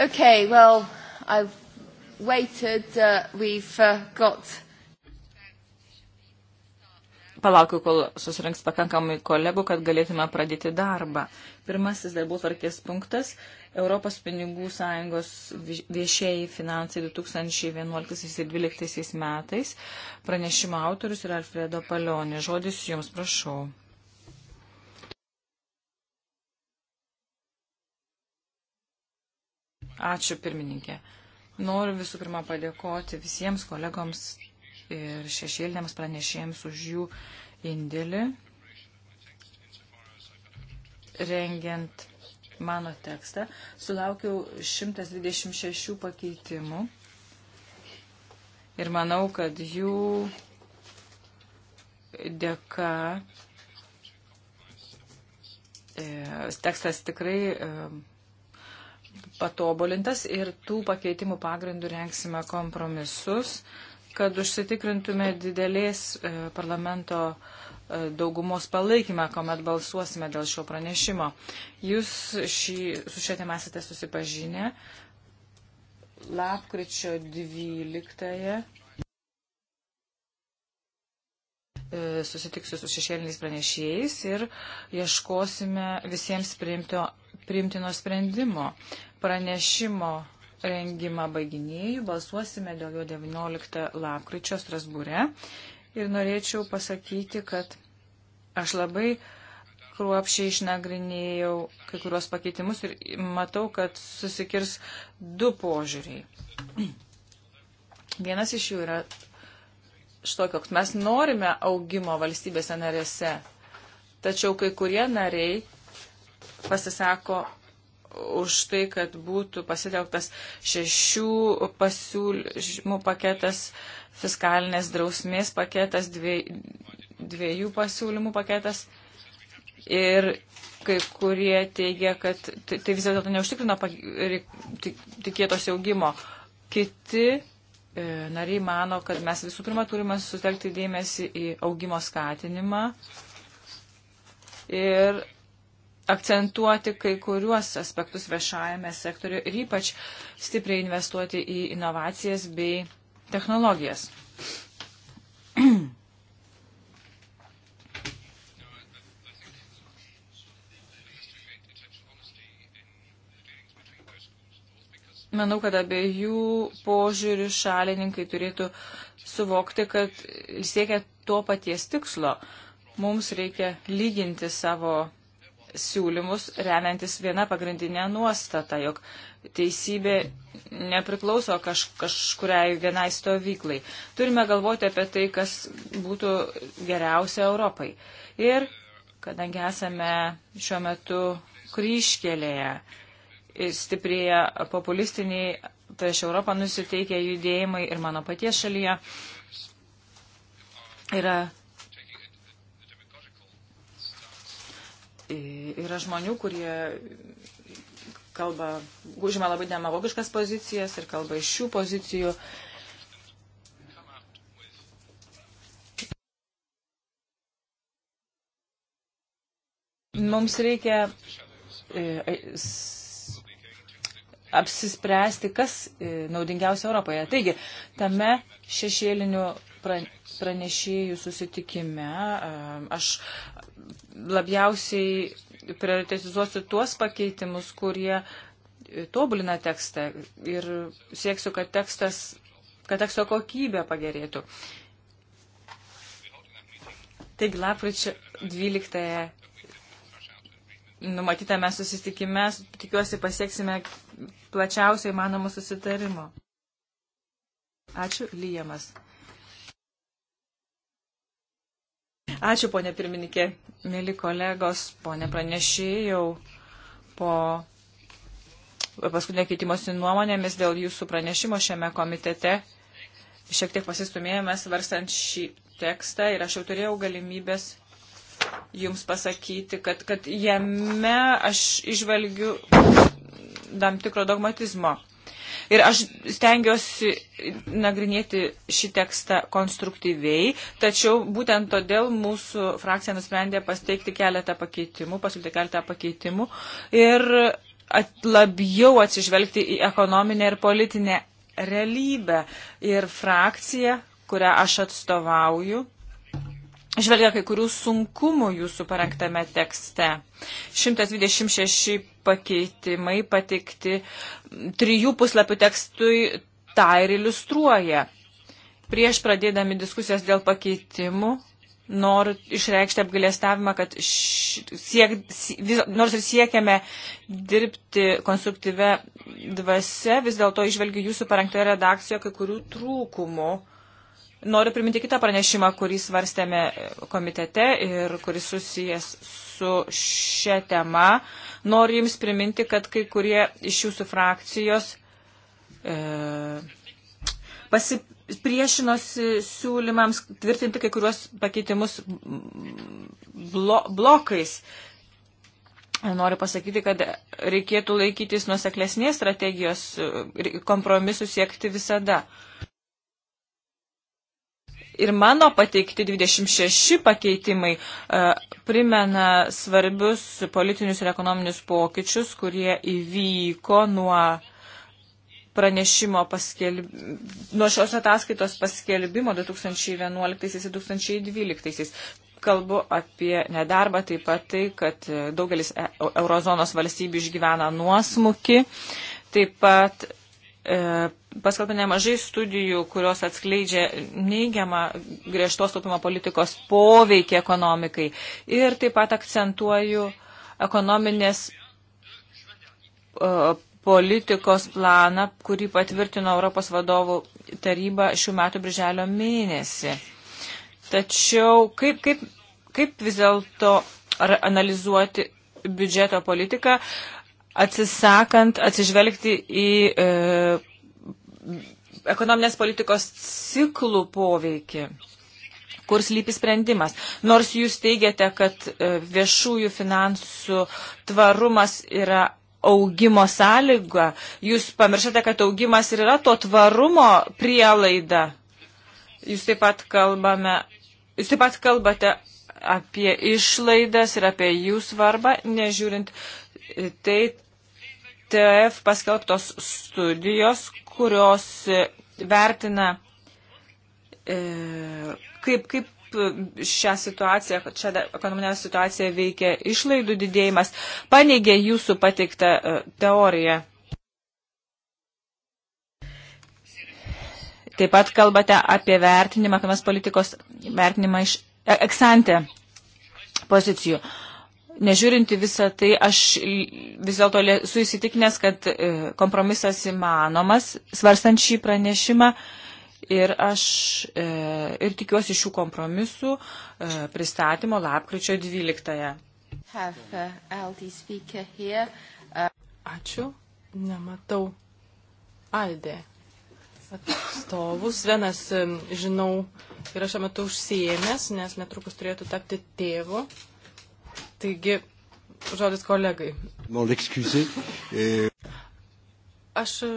Okay, well, I've waited. Uh, we've uh, got. Palaukiu, kol susirinks pakankamai kolegų, kad galėtume pradėti darbą. Pirmasis darbų tvarkės punktas - Europos pinigų sąjungos viešieji finansai 2011-2012 metais. Pranešimo autorius yra Alfredo Palionė. Žodis jums, prašau. Ačiū pirmininkė. Noriu visų pirma padėkoti visiems kolegoms ir šešėliniams pranešėjams už jų indėlį, rengiant mano tekstą. Sulaukiau 126 pakeitimų ir manau, kad jų dėka e, tekstas tikrai e, patobulintas ir tų pakeitimų pagrindų renksime kompromisus, kad užsitikrintume didelės e, parlamento e, daugumos palaikymą, kuomet balsuosime dėl šio pranešimo. Jūs šį, su šią temą esate susipažinę lapkričio 12. E, susitiksiu su šešėliniais pranešėjais ir ieškosime visiems priimto priimtino sprendimo. Pranešimo rengimą baiginėjų, balsuosime dėl jo 19 lapkričio Strasbūre. Ir norėčiau pasakyti, kad aš labai kruopšiai išnagrinėjau kai kuriuos pakeitimus ir matau, kad susikirs du požiūriai. Vienas iš jų yra štai koks. Mes norime augimo valstybėse narėse, tačiau kai kurie nariai pasisako už tai, kad būtų pasitelktas šešių pasiūlymų paketas, fiskalinės drausmės paketas, dviejų pasiūlymų paketas. Ir kai kurie teigia, kad tai, tai vis dėlto neužtikrino tikėtos augimo. Kiti e, nariai mano, kad mes visų pirma turime sutelkti dėmesį į augimo skatinimą ir akcentuoti kai kuriuos aspektus viešajame sektoriu ir ypač stipriai investuoti į inovacijas bei technologijas. Manau, kad abiejų požiūrių šalininkai turėtų suvokti, kad siekia to paties tikslo. Mums reikia lyginti savo siūlymus remiantis viena pagrindinė nuostata, jog teisybė nepriklauso kaž, kažkuriai vienai stovyklai. Turime galvoti apie tai, kas būtų geriausia Europai. Ir kadangi esame šiuo metu kryškelėje ir stiprėja populistiniai prieš tai Europą nusiteikę judėjimai ir mano paties šalyje, yra Yra žmonių, kurie kalba, užima labai demagogiškas pozicijas ir kalba iš šių pozicijų. Mums reikia e, e, apsispręsti, kas e, naudingiausia Europoje. Taigi, tame šešėlinių pranešėjų susitikime aš labiausiai prioritetizuosiu tuos pakeitimus, kurie tobulina tekstą ir sieksiu, kad, tekstas, kad teksto kokybė pagerėtų. Taigi, lapkričio 12 numatytame susitikime, tikiuosi, pasieksime plačiausiai manomų susitarimo. Ačiū, Lyjamas. Ačiū, ponė pirmininkė, mėly kolegos, ponė pranešėjau po paskutinio keitimosi nuomonėmis dėl jūsų pranešimo šiame komitete. Šiek tiek pasistumėjome svarstant šį tekstą ir aš jau turėjau galimybės jums pasakyti, kad, kad jame aš išvelgiu tam tikro dogmatizmo. Ir aš stengiuosi nagrinėti šį tekstą konstruktyviai, tačiau būtent todėl mūsų frakcija nusprendė pasteikti keletą pakeitimų, pasiūlyti keletą pakeitimų ir at, labiau atsižvelgti į ekonominę ir politinę realybę. Ir frakcija, kurią aš atstovauju, žvelgia kai kurių sunkumų jūsų parengtame tekste. 126 pakeitimai patikti trijų puslapių tekstui tą ir iliustruoja. Prieš pradėdami diskusijas dėl pakeitimų, noriu išreikšti apgalėstavimą, kad siek, vis, nors ir siekiame dirbti konstruktyvę dvasę, vis dėlto išvelgiu jūsų parengtoje redakcijoje kai kurių trūkumų. Uh, Noriu priminti kitą pranešimą, kurį svarstėme komitete ir kuris susijęs su šia tema. Noriu Jums priminti, kad kai kurie iš Jūsų frakcijos e, pasipriešinosi siūlymams tvirtinti kai kuriuos pakeitimus blo, blokais. Noriu pasakyti, kad reikėtų laikytis nuoseklesnės strategijos, e, kompromisų siekti visada. Ir mano pateikti 26 pakeitimai e, primena svarbius politinius ir ekonominius pokyčius, kurie įvyko nuo pranešimo paskelb... nuo šios ataskaitos paskelbimo 2011-2012. Kalbu apie nedarbą, taip pat tai, kad daugelis e-, eurozonos valstybių išgyvena nuosmukį, taip pat E, paskelbė nemažai studijų, kurios atskleidžia neigiamą griežtos taupimo politikos poveikį ekonomikai. Ir taip pat akcentuoju ekonominės e, politikos planą, kurį patvirtino Europos vadovų taryba šių metų birželio mėnesį. Tačiau kaip, kaip, kaip vis dėlto analizuoti biudžeto politiką, uh, atsisakant atsižvelgti į e, ekonominės politikos ciklų poveikį, kur slypi sprendimas. Nors jūs teigiate, kad e, viešųjų finansų tvarumas yra augimo sąlyga, jūs pamiršate, kad augimas ir yra to tvarumo prielaida. Jūs taip pat, kalbame, jūs taip pat kalbate apie išlaidas ir apie jų svarbą, nežiūrint e, tai, TF paskelbtos studijos, kurios e, vertina, e, kaip, kaip šią situaciją, šią ekonominę situaciją veikia išlaidų didėjimas, paneigė jūsų pateiktą e, teoriją. Taip pat kalbate apie vertinimą, apie mes politikos vertinimą iš eksantę pozicijų. Uh, nežiūrinti visą tai, aš vis dėlto esu įsitikinęs, kad e, kompromisas įmanomas, svarstant šį pranešimą. Ir aš e, ir tikiuosi šių kompromisų e, pristatymo lapkričio 12. Have, uh, uh, Ačiū, nematau. Aldė atstovus. Vienas, žinau, yra šiuo metu užsiemęs, nes netrukus turėtų tapti tėvu. Taigi, žodis kolegai. Aš e,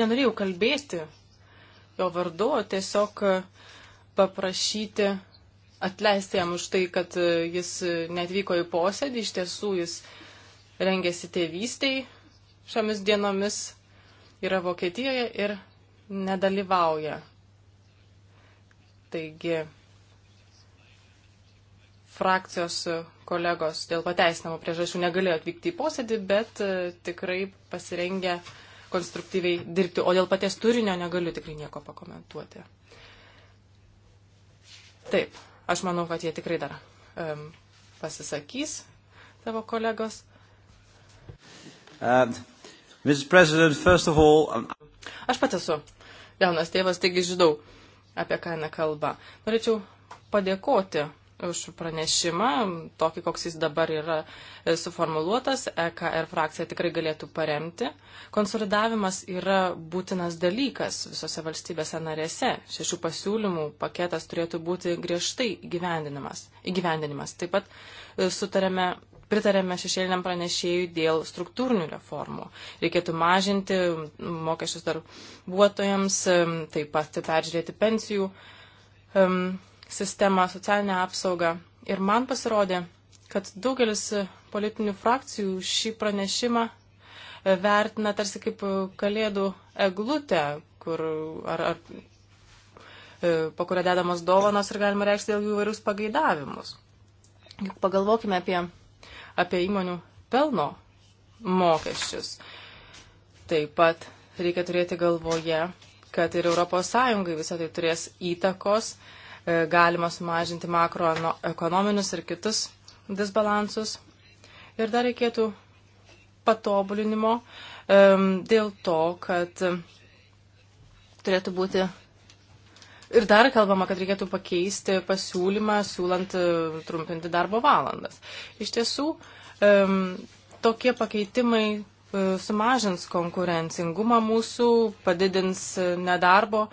nenorėjau kalbėti jo vardu, o tiesiog e, paprašyti atleisti jam už tai, kad e, jis netvyko į posėdį. Iš tiesų jis rengėsi tėvystiai šiomis dienomis, yra Vokietijoje ir nedalyvauja. Taigi frakcijos kolegos dėl pateisinamų priežasčių negalėjo atvykti į posėdį, bet e, tikrai pasirengę konstruktyviai dirbti, o dėl paties turinio negaliu tikrai nieko pakomentuoti. Taip, aš manau, kad jie tikrai dar um, pasisakys tavo kolegos. And, all, um... Aš pats esu jaunas tėvas, taigi žinau, apie ką nekalba. Norėčiau padėkoti už pranešimą, tokį, koks jis dabar yra e, suformuluotas, EKR er frakcija tikrai galėtų paremti. Konsolidavimas yra būtinas dalykas visose valstybėse narėse. Šešių pasiūlymų paketas turėtų būti griežtai įgyvendinimas. įgyvendinimas. Taip pat e, sutarėme. Pritarėme šešėliniam pranešėjui dėl struktūrinių reformų. Reikėtų mažinti mokesčius darbuotojams, e, taip pat peržiūrėti pensijų um, sistemą, socialinę apsaugą. Ir man pasirodė, kad daugelis politinių frakcijų šį pranešimą e, vertina tarsi kaip e, kalėdų eglutę, kur, ar, ar e, po kurią dedamos dovanos ir galima reikšti dėl jų įvairius pagaidavimus. Juk pagalvokime apie, apie įmonių pelno mokesčius. Taip pat reikia turėti galvoje, kad ir ES visą tai turės įtakos E, galima sumažinti makroekonominius ir kitus disbalansus. Ir dar reikėtų patobulinimo dėl to, kad turėtų būti. Ir dar kalbama, kad reikėtų pakeisti pasiūlymą, siūlant e, trumpinti darbo valandas. Iš tiesų, tokie pakeitimai E, sumažins konkurencingumą mūsų, padidins e, nedarbo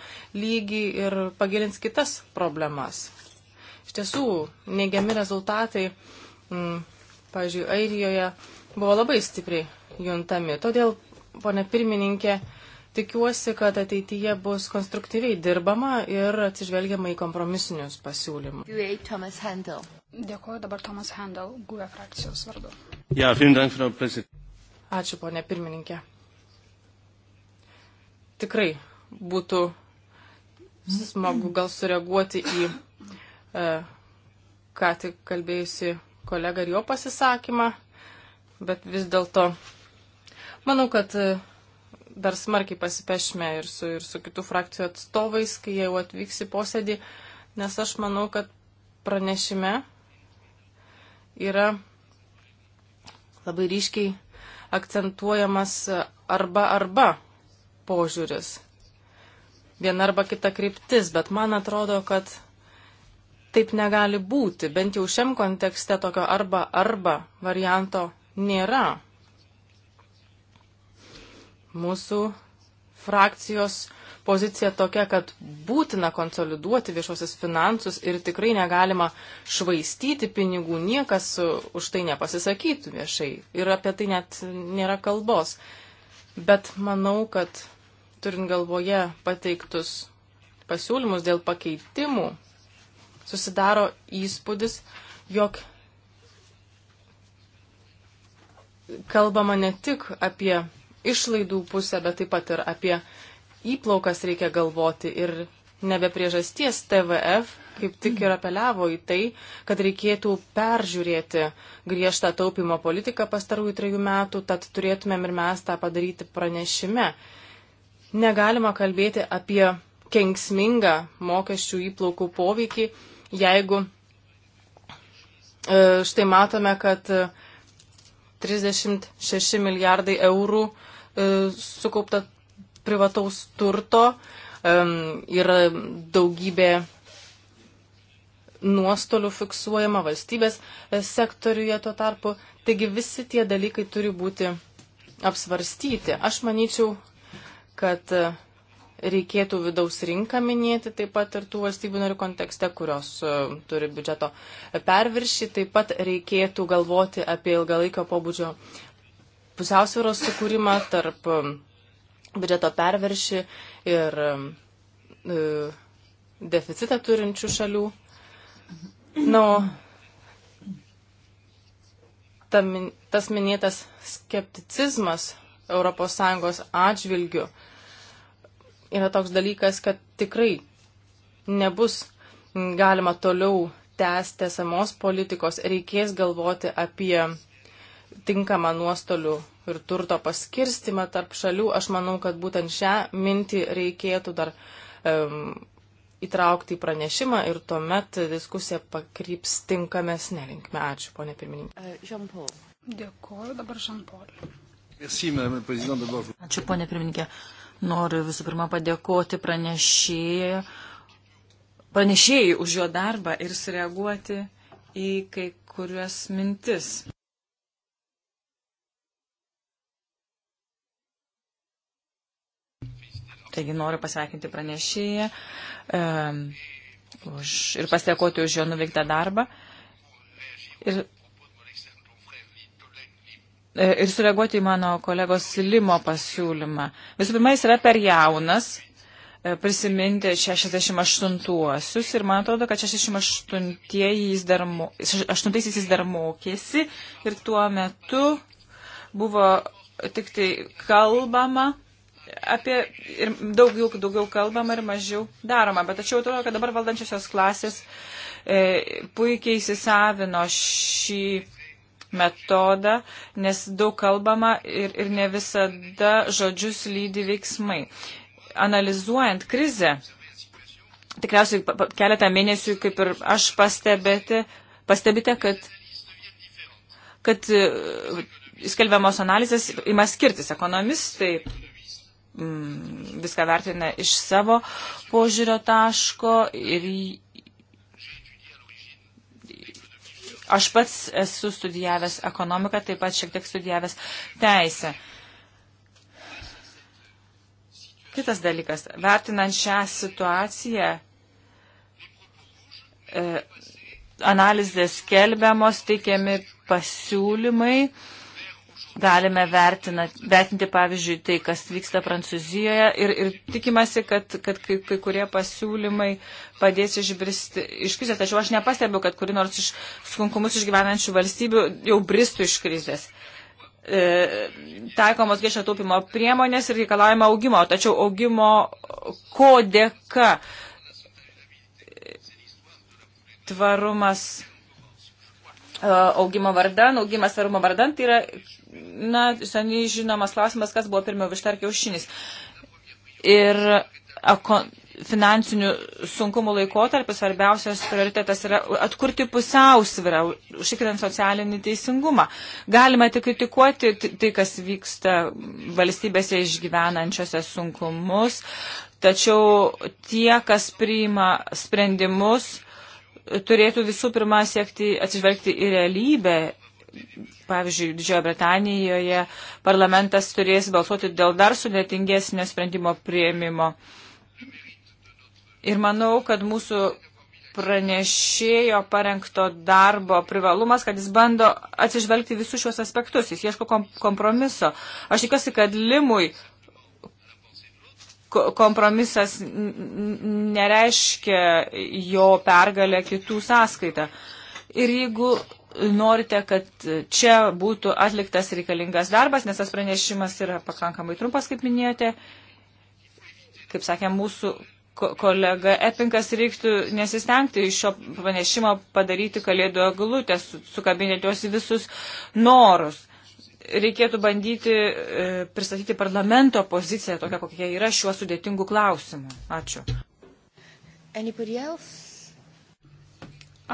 lygį ir pagilins kitas problemas. Iš tiesų, neigiami rezultatai, m, mm, pavyzdžiui, Airijoje buvo labai stipriai juntami. Todėl, ponė pirmininkė, tikiuosi, kad ateityje bus konstruktyviai dirbama ir atsižvelgiama į kompromisinius pasiūlymus. Dėkuoju dabar Tomas Handel, GUE frakcijos vardu. Ja, Ačiū, ponė pirmininkė. Tikrai būtų smagu gal sureaguoti į e, ką tik kalbėjusi kolegą ir jo pasisakymą, bet vis dėlto manau, kad e, dar smarkiai pasipešime ir su, ir su kitų frakcijų atstovais, kai jie jau atvyks į posėdį, nes aš manau, kad pranešime yra labai ryškiai akcentuojamas arba arba požiūris. Viena arba kita kryptis, bet man atrodo, kad taip negali būti. Bent jau šiam kontekste tokio arba arba varianto nėra. Mūsų frakcijos pozicija tokia, kad būtina konsoliduoti viešosius finansus ir tikrai negalima švaistyti pinigų, niekas e, už tai nepasisakytų viešai ir apie tai net nėra kalbos. Bet manau, kad turint galvoje pateiktus pasiūlymus dėl pakeitimų, susidaro įspūdis, jog kalbama ne tik apie išlaidų pusę, bet taip pat ir apie įplaukas reikia galvoti ir nebe priežasties TVF kaip tik ir apeliavo į tai, kad reikėtų peržiūrėti griežtą taupimo politiką pastarųjų trejų metų, tad turėtumėm ir mes tą padaryti pranešime. Negalima kalbėti apie kenksmingą mokesčių įplaukų poveikį, jeigu e, štai matome, kad 36 milijardai eurų e, sukaupta privataus turto ir daugybė nuostolių fiksuojama valstybės e, sektoriuje tuo tarpu. Taigi visi tie dalykai turi būti apsvarstyti. Aš manyčiau, kad e, reikėtų vidaus rinką minėti taip pat ir tų valstybių narių kontekste, kurios e, turi biudžeto perviršį. Taip pat reikėtų galvoti apie ilgalaikio pobūdžio pusiausvėros sukūrimą tarp biudžeto perviršį ir e, deficitą turinčių šalių. Na, o ta, tas minėtas skepticizmas ES atžvilgių yra toks dalykas, kad tikrai nebus galima toliau tęsti esamos politikos, reikės galvoti apie tinkamą nuostolių ir turto paskirstimą tarp šalių, aš manau, kad būtent šią mintį reikėtų dar um, įtraukti į pranešimą ir tuomet diskusija pakryps tinkamesnė linkme. Ačiū, ponė pirmininkė. Žampol. E, Dėkuoju dabar Žampol. Ačiū, ponė pirmininkė. Noriu visų pirma padėkoti pranešėjai, pranešėjai už jo darbą ir sureaguoti į kai kuriuos mintis. Taigi noriu pasveikinti pranešėją e, už, ir pasiekoti už jo nuveiktą darbą. Ir, e, ir sureaguoti į mano kolegos Limo pasiūlymą. Visų pirma, jis yra per jaunas e, prisiminti 68-uosius ir man atrodo, kad 68-aisiais dar, mo, jis dar mokėsi ir tuo metu buvo tik tai kalbama apie ir daug, daug daugiau kalbama ir mažiau daroma. Bet tačiau atrodo, kad dabar valdančiosios klasės e, puikiai įsisavino šį metodą, nes daug kalbama ir, ir ne visada žodžius lydi veiksmai. Analizuojant krizę, tikriausiai keletą mėnesių, kaip ir aš pastebėti, pastebite, kad, kad e, skelbiamos analizės ima skirtis ekonomistai mm, viską vertina iš savo požiūrio taško ir aš pats esu studijavęs ekonomiką, taip pat šiek tiek studijavęs teisę. Kitas dalykas, vertinant šią situaciją, e, analizės kelbiamos, teikiami pasiūlymai, e, galime vertina, vertinti, pavyzdžiui, tai, kas vyksta Prancūzijoje ir, ir tikimasi, kad, kad kai, kai kurie pasiūlymai padės išbristi iš krizės. Tačiau aš nepastebiu, kad kuri nors iš sunkumus išgyvenančių valstybių jau bristų iš krizės. E, taikomos viešo taupimo priemonės ir reikalavimo augimo, tačiau augimo ko dėka tvarumas augimo vardan, augimas tvarumo vardan, tai yra, na, seniai žinomas klausimas, kas buvo pirmiau višta ar kiaušinis. Ir akon, finansinių sunkumų laikotarpį svarbiausias prioritetas yra atkurti pusiausvyrą, užtikrinant socialinį teisingumą. Galima tik kritikuoti tai, kas vyksta valstybėse išgyvenančiose sunkumus, tačiau tie, kas priima sprendimus, turėtų visų pirma siekti atsižvelgti į realybę. Pavyzdžiui, Didžiojo Britanijoje parlamentas turės balsuoti dėl dar sudėtingesnio sprendimo prieimimo. Ir manau, kad mūsų pranešėjo parengto darbo privalumas, kad jis bando atsižvelgti visus šios aspektus, jis ieško kompromiso. Aš tikiuosi, kad Limui kompromisas nereiškia jo pergalę kitų sąskaitą. Ir jeigu norite, kad čia būtų atliktas reikalingas darbas, nes tas pranešimas yra pakankamai trumpas, kaip minėjote, kaip sakė mūsų kolega Epinkas, reiktų nesistengti iš šio pranešimo padaryti kalėdų eglutę, sukabinėti su jos visus norus reikėtų bandyti e, pristatyti parlamento poziciją tokią, kokia yra šiuo sudėtingu klausimu. Ačiū.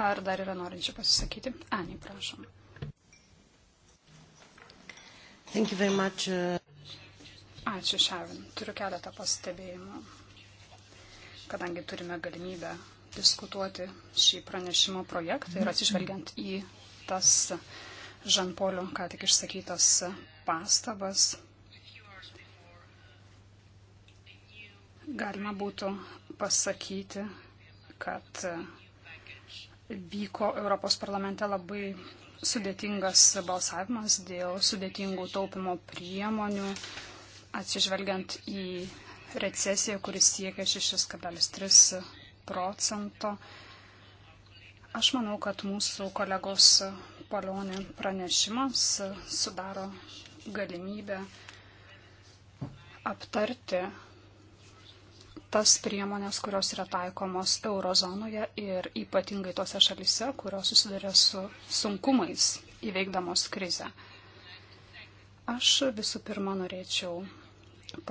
Ar dar yra norinčių pasisakyti? Ani, prašom. Uh, Ačiū, Šavin. Turiu keletą pastebėjimų, kadangi turime galimybę diskutuoti šį pranešimo projektą ir atsižvelgiant į tas uh, Žanpoliu ką tik išsakytas pastabas. Galima būtų pasakyti, kad vyko Europos parlamente labai sudėtingas balsavimas dėl sudėtingų taupimo priemonių, atsižvelgiant į recesiją, kuris siekia 6,3 procento. Aš manau, kad mūsų kolegos Palionį pranešimas sudaro galimybę aptarti tas priemonės, kurios yra taikomos eurozonoje ir ypatingai tose šalise, kurios susiduria su sunkumais įveikdamos krizę. Aš visų pirma norėčiau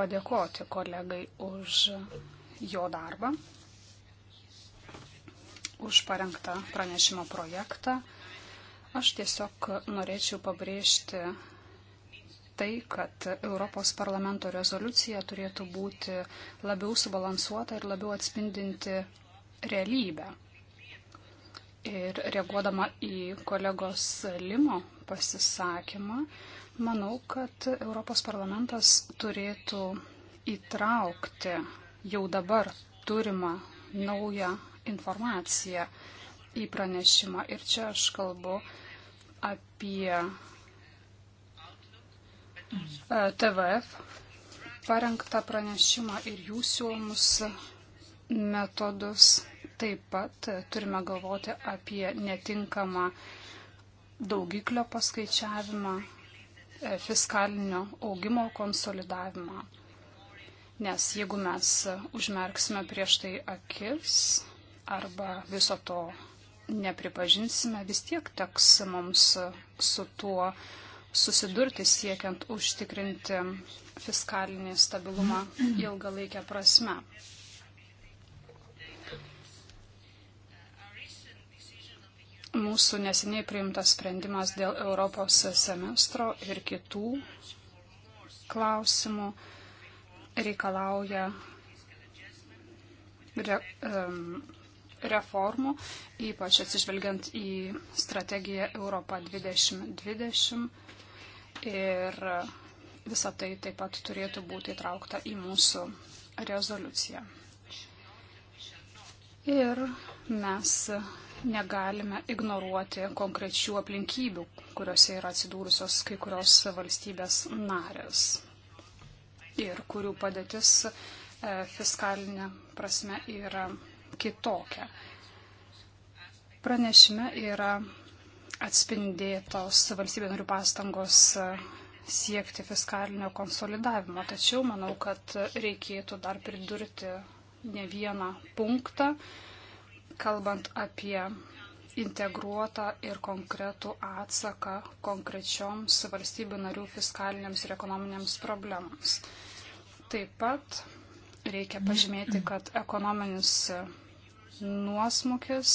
padėkoti kolegai už jo darbą, už parengtą pranešimo projektą. Aš tiesiog norėčiau pabrėžti tai, kad Europos parlamento rezoliucija turėtų būti labiau subalansuota ir labiau atspindinti realybę. Ir reaguodama į kolegos Limo pasisakymą, manau, kad Europos parlamentas turėtų įtraukti jau dabar turimą naują informaciją į pranešimą. Ir čia aš kalbu apie e, TVF parengtą pranešimą ir jų siūlomus metodus. Taip pat turime galvoti apie netinkamą daugiklio paskaičiavimą, e, fiskalinio augimo konsolidavimą. Nes jeigu mes užmerksime prieš tai akis arba viso to nepripažinsime, vis tiek teks mums su tuo susidurti siekiant užtikrinti fiskalinį stabilumą ilgalaikę prasme. Mūsų neseniai priimtas sprendimas dėl Europos semestro ir kitų klausimų reikalauja re, um, reformų, ypač atsižvelgiant į strategiją Europą 2020 ir visa tai taip pat turėtų būti įtraukta į mūsų rezoliuciją. Ir mes negalime ignoruoti konkrečių aplinkybių, kuriuose yra atsidūrusios kai kurios valstybės narės ir kurių padėtis e, fiskalinė prasme yra kitokia. Pranešime yra atspindėtos valstybė narių pastangos siekti fiskalinio konsolidavimo, tačiau manau, kad reikėtų dar pridurti ne vieną punktą, kalbant apie integruotą ir konkretų atsaką konkrečioms valstybių narių fiskaliniams ir ekonominiams problemams. Taip pat reikia pažymėti, kad ekonominis nuosmukis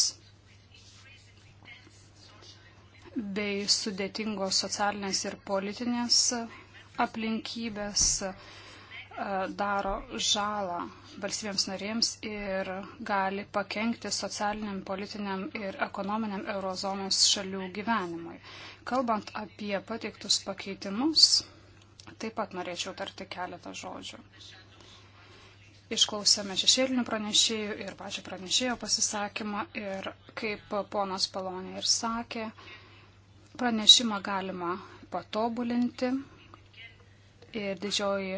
bei sudėtingos socialinės ir politinės aplinkybės e, daro žalą valstybėms narėms ir gali pakengti socialiniam, politiniam ir ekonominiam eurozonos šalių gyvenimui. Kalbant apie pateiktus pakeitimus, taip pat norėčiau tarti keletą žodžių. Išklausėme šešėlinių pranešėjų ir pačio pranešėjo pasisakymą ir kaip ponas Palonė ir sakė, pranešimą galima patobulinti ir didžioji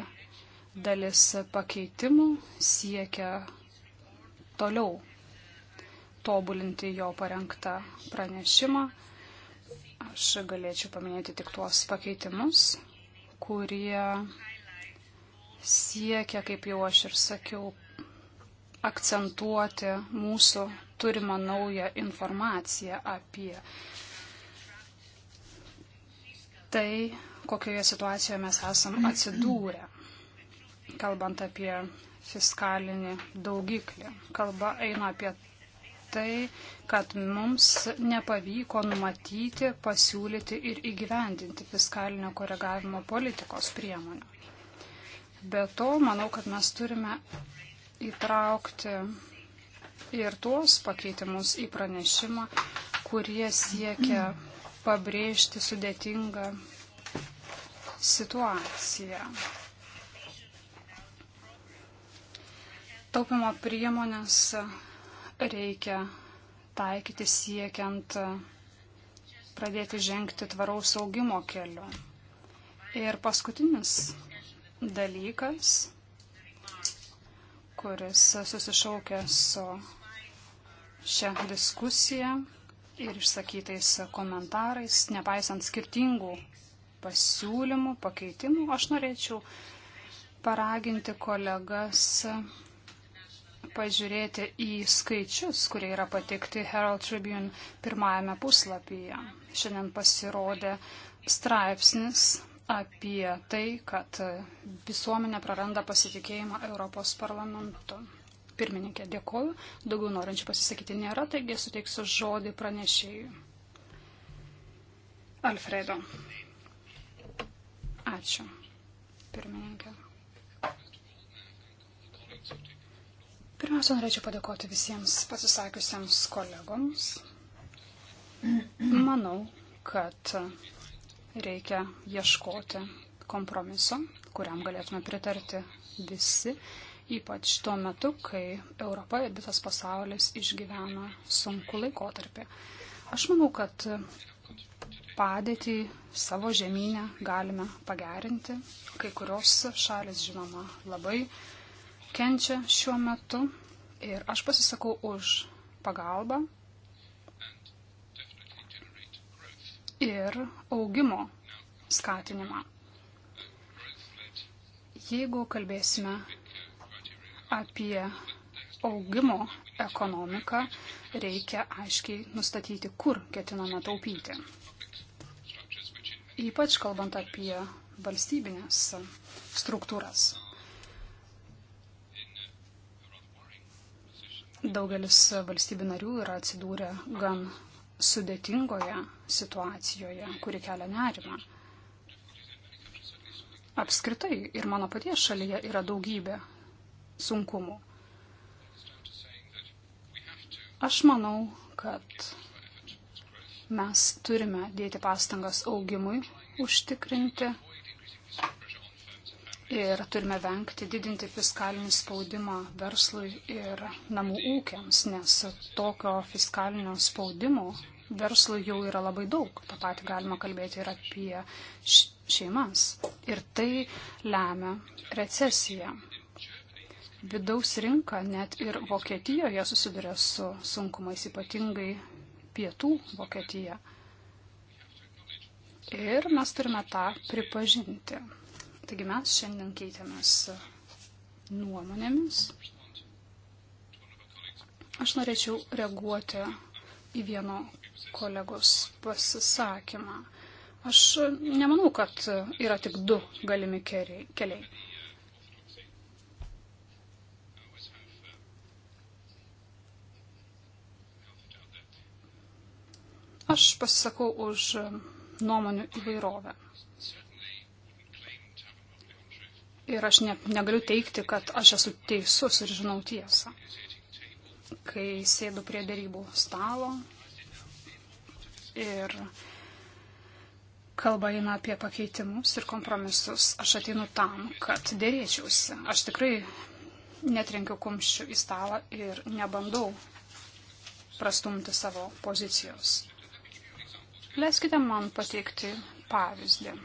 dalis pakeitimų siekia toliau tobulinti jo parengtą pranešimą. Aš galėčiau paminėti tik tuos pakeitimus, kurie siekia, kaip jau aš ir sakiau, akcentuoti mūsų turimą naują informaciją apie tai, kokioje situacijoje mes esam atsidūrę, kalbant apie fiskalinį daugiklį. Kalba eina apie tai, kad mums nepavyko numatyti, pasiūlyti ir įgyvendinti fiskalinio koregavimo politikos priemonių. Be to, manau, kad mes turime įtraukti ir tuos pakeitimus į pranešimą, kurie siekia pabrėžti sudėtingą situaciją. Taupimo priemonės reikia taikyti siekiant pradėti žengti tvaraus augimo keliu. Ir paskutinis dalykas, kuris susišaukia su šią diskusiją ir išsakytais komentarais, nepaisant skirtingų pasiūlymų, pakeitimų, aš norėčiau paraginti kolegas pažiūrėti į skaičius, kurie yra patikti Herald Tribune pirmajame puslapyje. Šiandien pasirodė straipsnis apie tai, kad visuomenė praranda pasitikėjimą Europos parlamentu. Pirmininkė, dėkoju. Daugiau norinčių pasisakyti nėra, taigi suteiksiu žodį pranešėjui. Alfredo. Ačiū. Pirmininkė. Pirmiausia, norėčiau padėkoti visiems pasisakiusiems kolegoms. Manau, kad reikia ieškoti kompromiso, kuriam galėtume pritarti visi, ypač tuo metu, kai Europa ir visas pasaulis išgyvena sunku laikotarpį. Aš manau, kad padėtį savo žemynę galime pagerinti. Kai kurios šalis, žinoma, labai kenčia šiuo metu ir aš pasisakau už pagalbą ir augimo skatinimą. Jeigu kalbėsime apie augimo ekonomiką, reikia aiškiai nustatyti, kur ketiname taupyti. Ypač kalbant apie valstybinės struktūras. Daugelis valstybių narių yra atsidūrę gan sudėtingoje situacijoje, kuri kelia nerimą. Apskritai ir mano paties šalyje yra daugybė sunkumų. Aš manau, kad mes turime dėti pastangas augimui užtikrinti ir turime vengti didinti fiskalinį spaudimą verslui ir namų ūkiams, nes tokio fiskalinio spaudimo verslui jau yra labai daug. Ta pati galima kalbėti ir apie šeimas. Ir tai lemia recesiją. Vidaus rinka net ir Vokietijoje susiduria su sunkumais, ypatingai pietų Vokietija. Ir mes turime tą pripažinti Taigi mes šiandien keitėmės nuomonėmis. Aš norėčiau reaguoti į vieno kolegos pasisakymą. Aš nemanau, kad yra tik du galimi keliai. Aš pasisakau už nuomonių įvairovę. Ir aš ne, negaliu teikti, kad aš esu teisus ir žinau tiesą. Kai sėdu prie dėrybų stalo ir kalba eina apie pakeitimus ir kompromisus, aš ateinu tam, kad dėrėčiausi. Aš tikrai netrenkiu kumščių į stalą ir nebandau prastumti savo pozicijos. Leiskite man pateikti pavyzdį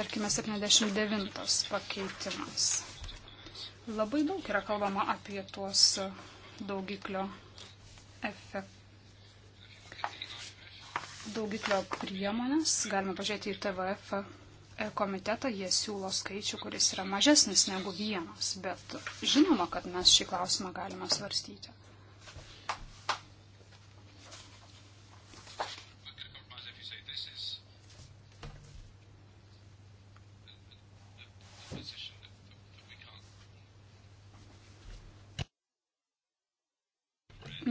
tarkime, 79 pakeitimas. Labai daug yra kalbama apie tuos daugiklio efektus. Daugiklio priemonės, galima pažiūrėti į TVF komitetą, jie siūlo skaičių, kuris yra mažesnis negu vienas, bet žinoma, kad mes šį klausimą galime svarstyti.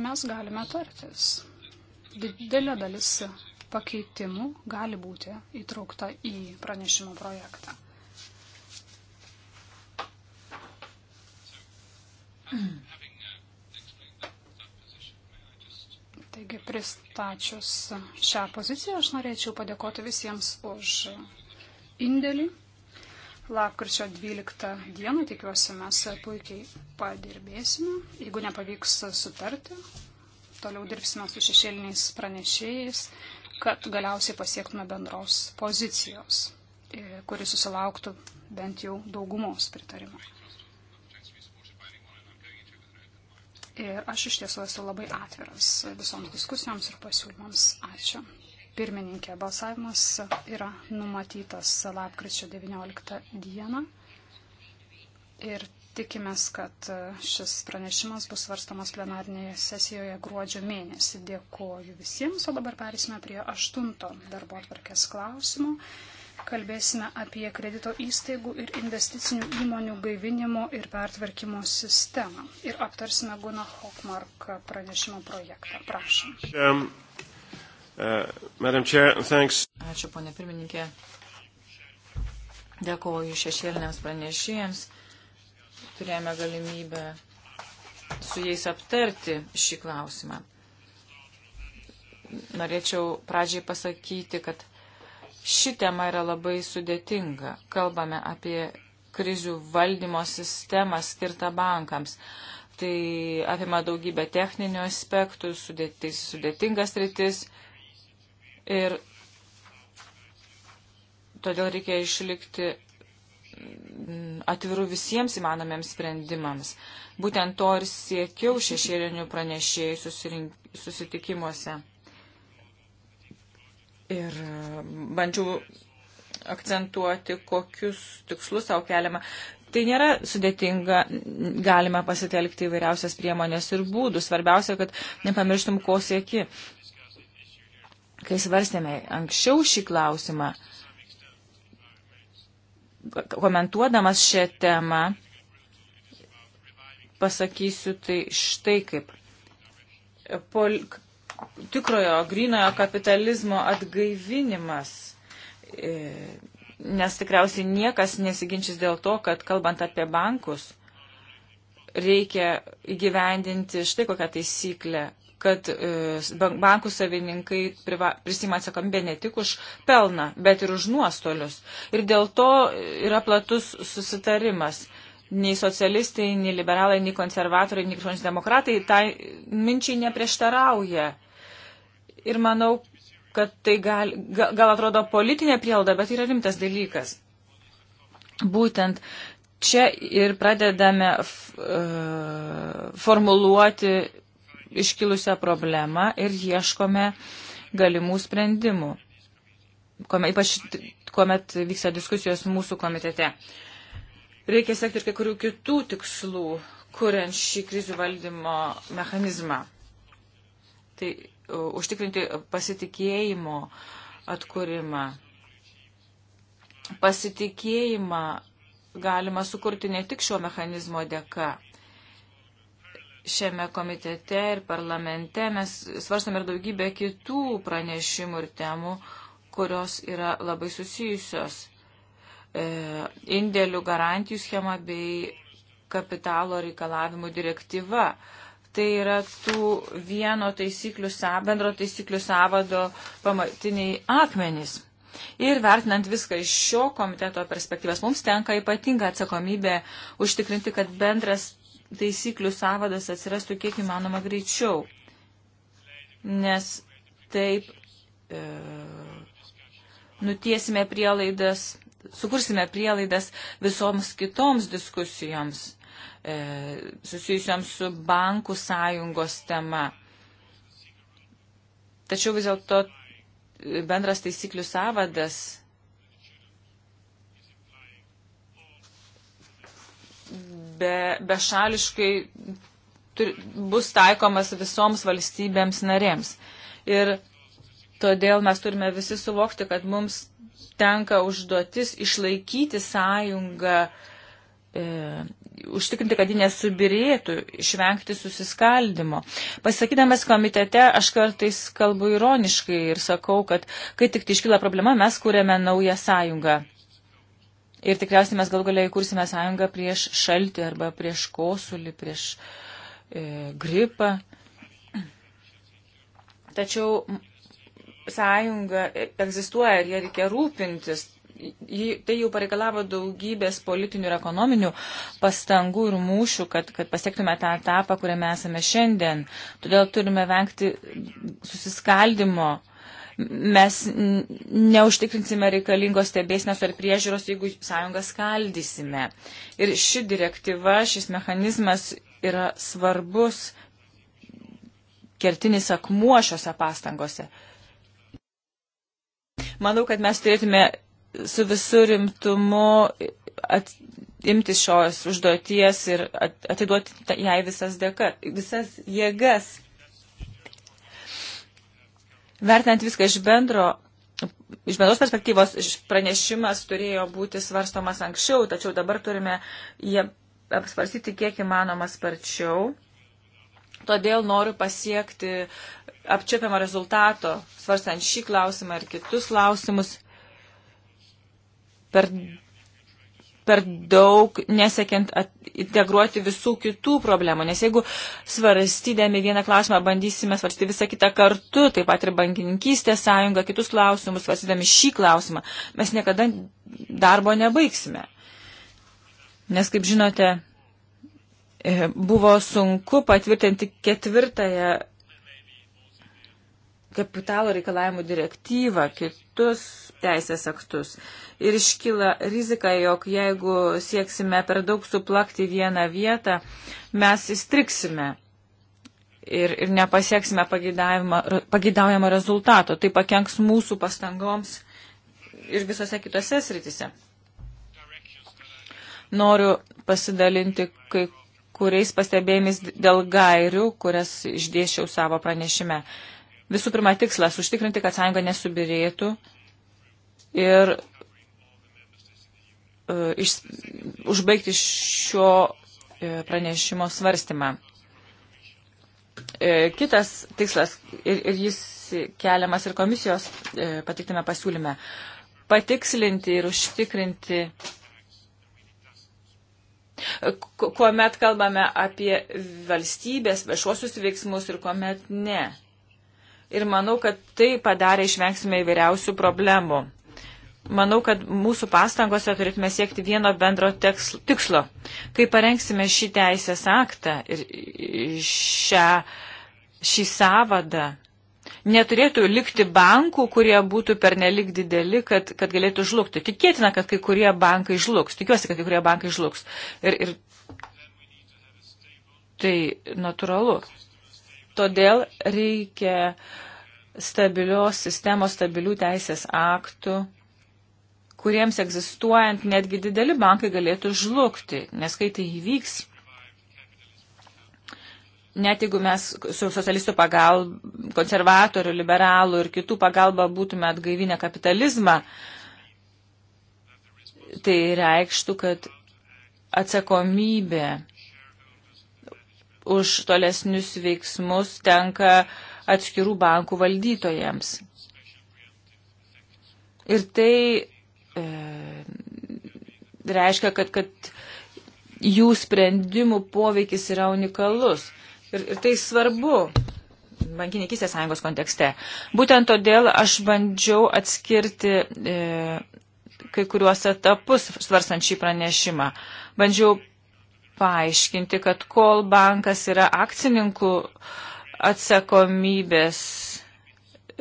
mes galime tartis. Didelė dalis pakeitimų gali būti įtraukta į pranešimo projektą. Taigi pristačius šią poziciją aš norėčiau padėkoti visiems už indėlį. Lapkričio 12 dieną tikiuosi mes puikiai padirbėsime. Jeigu nepavyks sutarti, toliau dirbsime su šešėliniais pranešėjais, kad galiausiai pasiektume bendros pozicijos, e, kuri susilauktų bent jau daugumos pritarimo. Ir aš iš tiesų esu labai atviras visoms diskusijoms ir pasiūlymams. Ačiū pirmininkė. Balsavimas yra numatytas lapkričio 19 dieną ir tikimės, kad šis pranešimas bus svarstamas plenarnėje sesijoje gruodžio mėnesį. Dėkuoju visiems, o dabar perėsime prie aštunto darbo atvarkės klausimo. Kalbėsime apie kredito įstaigų ir investicinių įmonių gaivinimo ir pertvarkymo sistemą. Ir aptarsime Guna Hokmark pranešimo projektą. Prašom. Um. Uh, Madam Chair, thanks. Ačiū, ponė pirmininkė. Dėkuoju šešėliniams pranešėjams. Turėjome galimybę su jais aptarti šį klausimą. Norėčiau pradžiai pasakyti, kad ši tema yra labai sudėtinga. Kalbame apie krizių valdymo sistemą skirtą bankams. Tai apima daugybę techninių aspektų, sudėtis, sudėtingas rytis. Sudėtingas Ir todėl reikia išlikti mm, atvirų visiems įmanomiems sprendimams. Būtent to ir siekiau šešėlinių pranešėjų susitikimuose. Ir mm, bandžiau akcentuoti, kokius tikslus savo keliamą. Tai nėra sudėtinga, galime pasitelkti įvairiausias priemonės ir būdų. Svarbiausia, kad nepamirštum, ko sieki. Kai svarstėme anksčiau šį klausimą, komentuodamas šią temą, pasakysiu tai štai kaip. Pol, tikrojo grinojo kapitalizmo atgaivinimas. E, nes tikriausiai niekas nesiginčys dėl to, kad kalbant apie bankus, reikia įgyvendinti štai kokią taisyklę kad e, bankų savininkai prisima atsakomybę ne tik už pelną, bet ir už nuostolius. Ir dėl to yra platus susitarimas. Nei socialistai, nei liberalai, nei konservatoriai, nei krikščionys demokratai tai minčiai neprieštarauja. Ir manau, kad tai gal, gal atrodo politinė prielda, bet yra rimtas dalykas. Būtent čia ir pradedame f, e, formuluoti iškilusią problemą ir ieškome galimų sprendimų, kuomet, ypač kuomet vyksta diskusijos mūsų komitete. Reikia sekti ir kai kurių kitų tikslų, kuriant šį krizių valdymo mechanizmą. Tai e, užtikrinti pasitikėjimo atkūrimą. Pasitikėjimą galima sukurti ne tik šio mechanizmo dėka šiame komitete ir parlamente mes svarstame ir daugybę kitų pranešimų ir temų, kurios yra labai susijusios. E, indėlių garantijų schema bei kapitalo reikalavimų direktyva. Tai yra tų vieno taisyklių, bendro taisyklių savado pamatiniai akmenys. Ir vertinant viską iš šio komiteto perspektyvas, mums tenka ypatinga atsakomybė užtikrinti, kad bendras taisyklių savadas atsirastų kiek įmanoma greičiau, nes taip e, nutiesime prielaidas, sukursime prielaidas visoms kitoms diskusijoms e, susijusiams su bankų sąjungos tema. Tačiau vis dėlto bendras taisyklių savadas be, bešališkai tur, bus taikomas visoms valstybėms narėms. Ir todėl mes turime visi suvokti, kad mums tenka užduotis išlaikyti sąjungą, e, užtikrinti, kad ji nesubirėtų, išvengti susiskaldimo. Pasakydamas komitete, aš kartais kalbu ironiškai ir sakau, kad kai tik iškyla problema, mes kūrėme naują sąjungą. Ir tikriausiai mes gal galiai kursime sąjungą prieš šaltį arba prieš kosulį, prieš e, gripą. Tačiau sąjunga egzistuoja ir jie reikia rūpintis. Tai jau pareikalavo daugybės politinių ir ekonominių pastangų ir mūšių, kad, kad pasiektume tą etapą, kuriame esame šiandien. Todėl turime vengti susiskaldimo mes neužtikrinsime reikalingos stebėsnės ar priežiūros, jeigu sąjungą skaldysime. Ir ši direktyva, šis mechanizmas yra svarbus kertinis akmuo šiuose pastangose. Manau, kad mes turėtume su visų rimtumu at, imtis šios užduoties ir at, atiduoti jai visas, dėka, visas jėgas. Vertinant viską iš bendro, iš bendros perspektyvos pranešimas turėjo būti svarstomas anksčiau, tačiau dabar turime jį apsvarstyti kiek įmanoma sparčiau. Todėl noriu pasiekti apčiopiamą rezultato, svarstant šį klausimą ir kitus klausimus per per daug nesiekiant integruoti visų kitų problemų. Nes jeigu svarstydami vieną klausimą bandysime svarstyti visą kitą kartu, taip pat ir bankininkystės sąjungą, kitus klausimus, svarstydami šį klausimą, mes niekada darbo nebaigsime. Nes, kaip žinote, e, buvo sunku patvirtinti ketvirtąją kapitalo reikalavimų direktyvą, kitus teisės aktus. Ir iškyla rizika, jog jeigu sieksime per daug suplakti vieną vietą, mes įstriksime ir, ir nepasieksime pageidaujamo rezultato. Tai pakenks mūsų pastangoms ir visose kitose sritise. Noriu pasidalinti kai kuriais pastebėjimais dėl gairių, kurias išdėšiau savo pranešime. Visų pirma, tikslas - užtikrinti, kad sąjunga nesubirėtų ir uh, iš, užbaigti šio uh, pranešimo svarstymą. Uh, kitas tikslas, ir, ir jis keliamas ir komisijos uh, patiktame pasiūlyme, patikslinti ir užtikrinti kuomet kalbame apie valstybės viešuosius veiksmus ir kuomet ne ir manau, kad tai padarė išvengsime įvairiausių problemų. Manau, kad mūsų pastangose turėtume siekti vieno bendro tikslo. Kai parengsime šį teisės aktą ir šią, šį savadą, neturėtų likti bankų, kurie būtų pernelik dideli, kad, kad galėtų žlugti. Tikėtina, kad kai kurie bankai žlugs. Tikiuosi, kad kai kurie bankai žlugs. Ir, ir tai natūralu. Todėl reikia stabilios sistemos, stabilių teisės aktų, kuriems egzistuojant netgi dideli bankai galėtų žlugti, nes kai tai įvyks, net jeigu mes su socialistų pagalba, konservatorių, liberalų ir kitų pagalba būtume atgaivinę kapitalizmą, tai reikštų, kad atsakomybė už tolesnius veiksmus tenka atskirų bankų valdytojams. Ir tai e, reiškia, kad, kad jų sprendimų poveikis yra unikalus. Ir, ir tai svarbu bankininkistės sąjungos kontekste. Būtent todėl aš bandžiau atskirti e, kai kuriuos etapus svarstant šį pranešimą. Bandžiau paaiškinti, kad kol bankas yra akcininkų atsakomybės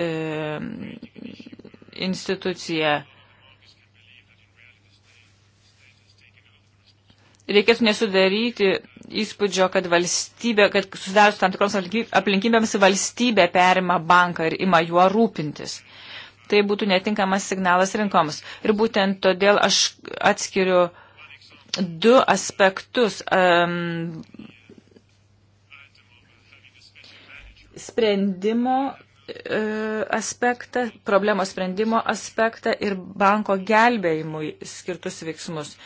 e, institucija, reikėtų nesudaryti įspūdžio, kad valstybė, kad susidarius tam tikroms aplinkybėms valstybė perima banką ir ima juo rūpintis. Tai būtų netinkamas signalas rinkoms. Ir būtent todėl aš atskiriu uh, du aspektus. Um, sprendimo e, aspektą, problemos sprendimo aspektą ir banko gelbėjimui skirtus veiksmus.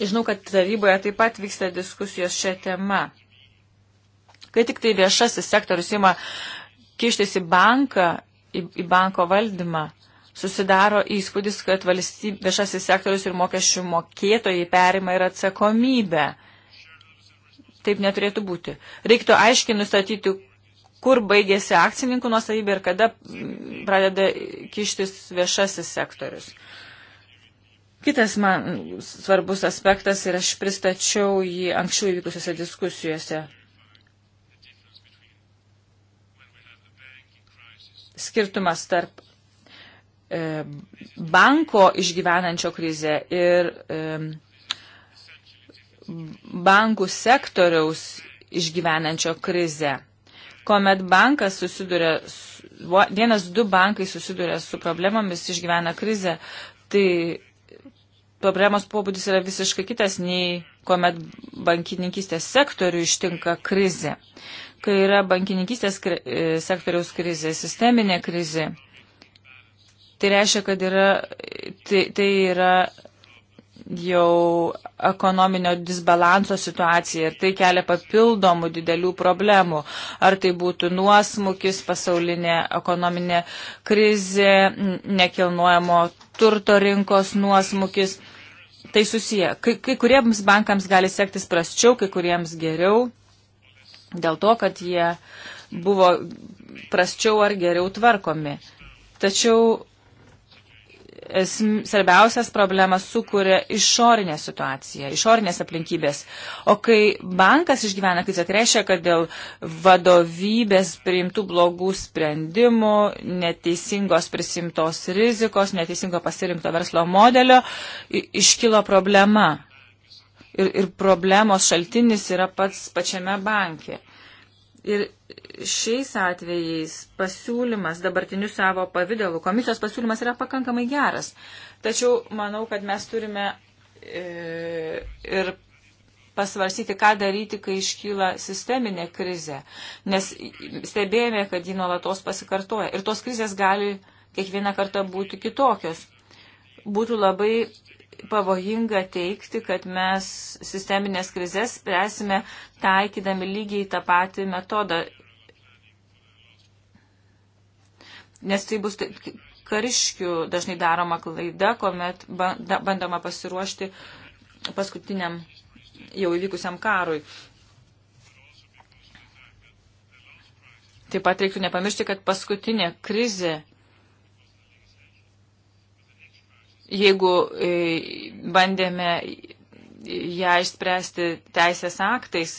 Žinau, kad taryboje taip pat vyksta diskusijos šią temą. Kai tik tai viešasis sektorius ima kištis į banką, į, į banko valdymą, uh, susidaro įspūdis, kad valstyb, viešasis sektorius ir mokesčių mokėtojai perima ir atsakomybę. Taip neturėtų būti. Reiktų aiškiai nustatyti, kur baigėsi akcininkų nuosavybė ir kada pradeda kištis viešasis sektorius. Kitas man svarbus aspektas ir aš pristačiau jį anksčiau įvykusiose diskusijose. Skirtumas tarp E, banko išgyvenančio krizę ir e, bankų sektoriaus išgyvenančio krizę. Komet bankas susiduria, vienas du bankai susiduria su problemomis, išgyvena krizę, tai problemos pobūdis yra visiškai kitas nei kuomet bankininkystės sektorių ištinka krizė. Kai yra bankininkystės e, sektoriaus krizė, sisteminė krizė, Tai reiškia, kad yra, tai, tai yra jau ekonominio disbalanso situacija ir tai kelia papildomų didelių problemų. Ar tai būtų nuosmukis, pasaulinė ekonominė krizė, nekilnojamo turto rinkos nuosmukis. Tai susiję. Kai, kai kuriems bankams gali sektis prasčiau, kai kuriems geriau, dėl to, kad jie buvo prasčiau ar geriau tvarkomi. Tačiau svarbiausias problemas sukuria išorinė situacija, išorinės aplinkybės. O kai bankas išgyvena krizę, tai reiškia, kad dėl vadovybės priimtų blogų sprendimų, neteisingos prisimtos rizikos, neteisingo pasirinkto verslo modelio iškilo problema. Ir, ir problemos šaltinis yra pats pačiame banke. Ir šiais atvejais pasiūlymas dabartiniu savo pavydalu, komisijos pasiūlymas yra pakankamai geras. Tačiau manau, kad mes turime e, ir pasvarsyti, ką daryti, kai iškyla sisteminė krizė. Nes stebėjome, kad ji nuolatos pasikartoja. Ir tos krizės gali kiekvieną kartą būti kitokios. Būtų labai pavojinga teikti, kad mes sisteminės krizės spręsime taikydami lygiai tą patį metodą. Nes tai bus kariškių dažnai daroma klaida, kuomet bandoma pasiruošti paskutiniam jau įvykusiam karui. Taip pat reiktų nepamiršti, kad paskutinė krizė jeigu e, bandėme ją išspręsti teisės aktais,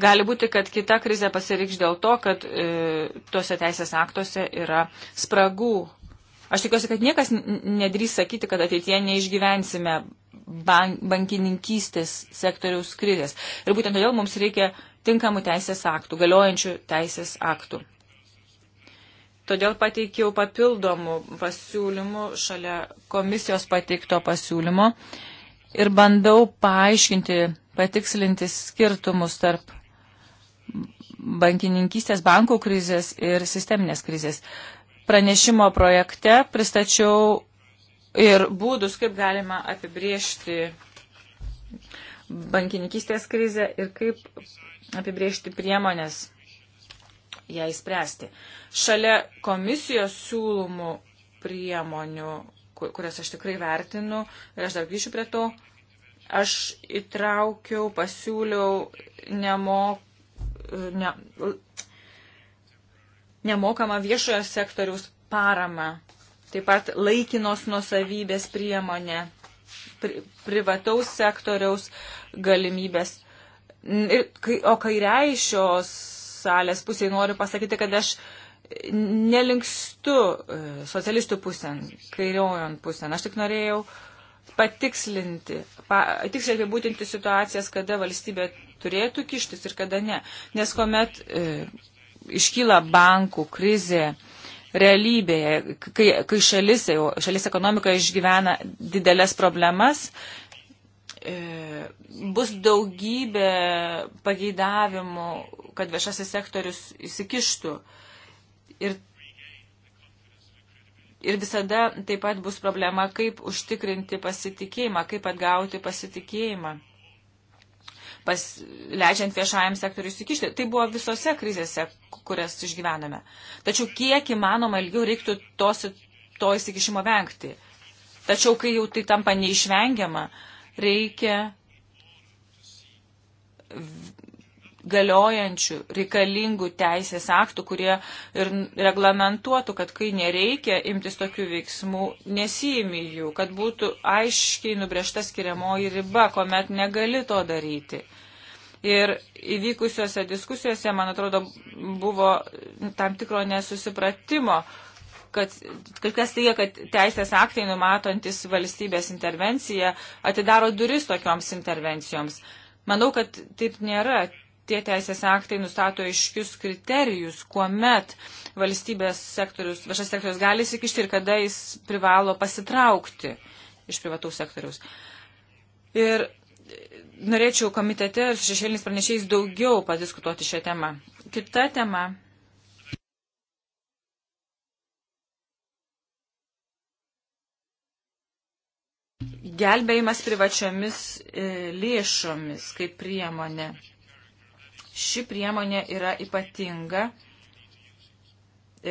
gali būti, kad kita krizė pasireikš dėl to, kad e, tuose teisės aktuose yra spragų. Aš tikiuosi, kad niekas nedrys sakyti, kad ateitie neišgyvensime bank, bankininkystės sektoriaus krizės. Ir būtent todėl mums reikia tinkamų teisės aktų, galiojančių teisės aktų. Todėl pateikiau papildomų pasiūlymų šalia komisijos pateikto pasiūlymo ir bandau paaiškinti, patikslinti skirtumus tarp bankininkystės bankų krizės ir sisteminės krizės. Pranešimo projekte pristačiau ir būdus, kaip galima apibriežti bankininkystės krizę ir kaip apibriežti priemonės ją įspręsti. Šalia komisijos siūlomų priemonių, kurias aš tikrai vertinu, ir aš dar grįšiu prie to, aš įtraukiau, pasiūliau nemok, ne, nemokamą viešojo sektoriaus paramą, taip pat laikinos nusavybės priemonė, pri, privataus sektoriaus galimybės. Ir, kai, o kairiai šios salės pusėje noriu pasakyti, kad aš nelinkstu e, socialistų pusėn, kairiojon pusėn. Aš tik norėjau patikslinti, pa, tiksliai apibūtinti situacijas, kada valstybė turėtų kištis ir kada ne. Nes kuomet e, iškyla bankų krizė realybėje, kai, kai šalis, šalis ekonomika išgyvena didelės problemas, E, bus daugybė pageidavimų, kad viešasis sektorius įsikištų. Ir, ir visada taip pat bus problema, kaip užtikrinti pasitikėjimą, kaip atgauti pasitikėjimą, pas, leidžiant viešajam sektoriui įsikišti. Tai buvo visose krizėse, kurias išgyvename. Tačiau kiek įmanoma ilgiau reiktų tos, to įsikišimo vengti. Tačiau, kai jau tai tampa neišvengiama, uh, reikia galiojančių, reikalingų teisės aktų, kurie ir reglamentuotų, kad kai nereikia imtis tokių veiksmų, nesijimi jų, kad būtų aiškiai nubriežta skiriamoji riba, kuomet negali to daryti. Ir įvykusiuose diskusijose, man atrodo, buvo tam tikro nesusipratimo, uh, kad kai kas teigia, kad teisės aktai numatantis valstybės intervenciją atidaro duris tokioms intervencijoms. Manau, kad taip nėra. Tie teisės aktai nustato aiškius kriterijus, kuomet valstybės sektorius, viešas sektorius gali įsikišti ir kada jis privalo pasitraukti iš privataus sektoriaus. Ir norėčiau komitete ir šešėlinis pranešėjais daugiau padiskutuoti šią temą. Kita tema gelbėjimas privačiomis e, lėšomis kaip priemonė. Ši priemonė yra ypatinga,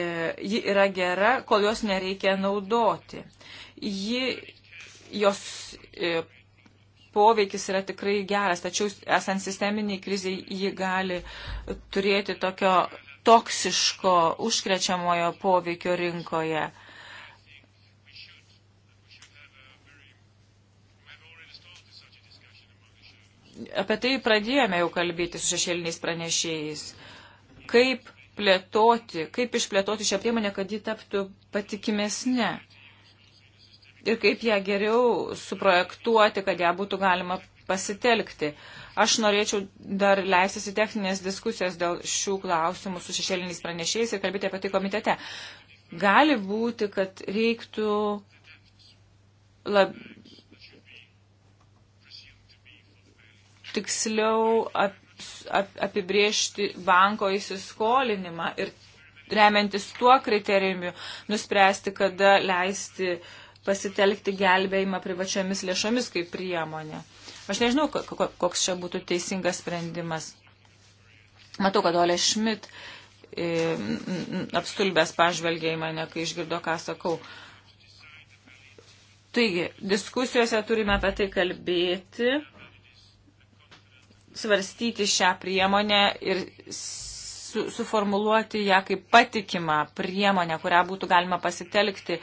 e, ji yra gera, kol jos nereikia naudoti. Ji, jos e, poveikis yra tikrai geras, tačiau esant sisteminiai kriziai ji gali turėti tokio toksiško užkrečiamojo poveikio rinkoje. apie tai pradėjome jau kalbėti su šešėliniais pranešėjais. Kaip plėtoti, kaip išplėtoti šią priemonę, kad ji taptų patikimesnė. Ir kaip ją geriau suprojektuoti, kad ją būtų galima pasitelkti. Aš norėčiau dar leistis į techninės diskusijas dėl šių klausimų su šešėliniais pranešėjais ir kalbėti apie tai komitete. Gali būti, kad reiktų lab, tiksliau ap, ap, apibriežti banko įsiskolinimą ir remiantis tuo kriterijumi nuspręsti, kada leisti pasitelkti gelbėjimą privačiomis lėšomis kaip priemonė. Aš nežinau, koks čia būtų teisingas sprendimas. Matau, kad Ole Schmidt e, apstulbęs pažvelgė į mane, kai išgirdo, ką sakau. Taigi, diskusijose turime apie tai kalbėti svarstyti šią priemonę ir su, suformuluoti ją kaip patikimą priemonę, kurią būtų galima pasitelkti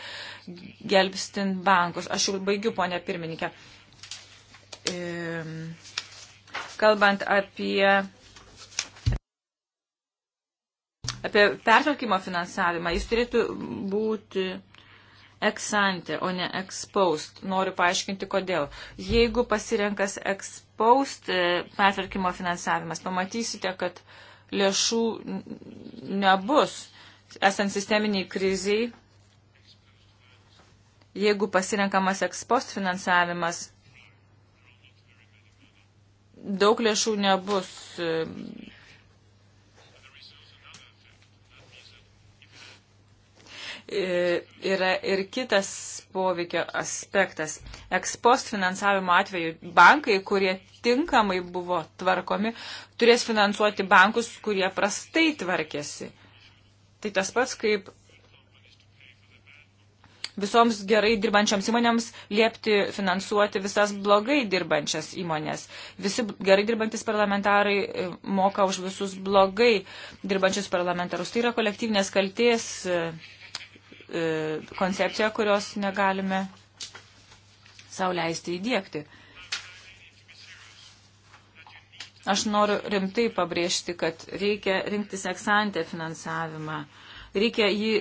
gelbstint bankus. Aš jau baigiu, ponė pirmininkė. Kalbant apie apie pertraukimo finansavimą, jis turėtų būti ex ante, o ne ex post. Noriu paaiškinti, kodėl. Jeigu pasirenkas ex post e, pertvarkymo finansavimas. Pamatysite, kad lėšų nebus, esant sisteminiai kriziai, jeigu pasirenkamas ekspost finansavimas, daug lėšų nebus e, E, yra ir kitas poveikio aspektas. Ekspost finansavimo atveju bankai, kurie tinkamai buvo tvarkomi, turės finansuoti bankus, kurie prastai tvarkėsi. Tai tas pats kaip visoms gerai dirbančioms įmonėms liepti finansuoti visas blogai dirbančias įmonės. Visi gerai dirbantis parlamentarai e, moka už visus blogai dirbančius parlamentarus. Tai yra kolektyvinės kalties e, E, koncepciją, kurios negalime sauliaisti įdėkti. Aš noriu rimtai pabrėžti, kad reikia rinktis eksantę finansavimą. Reikia, jį,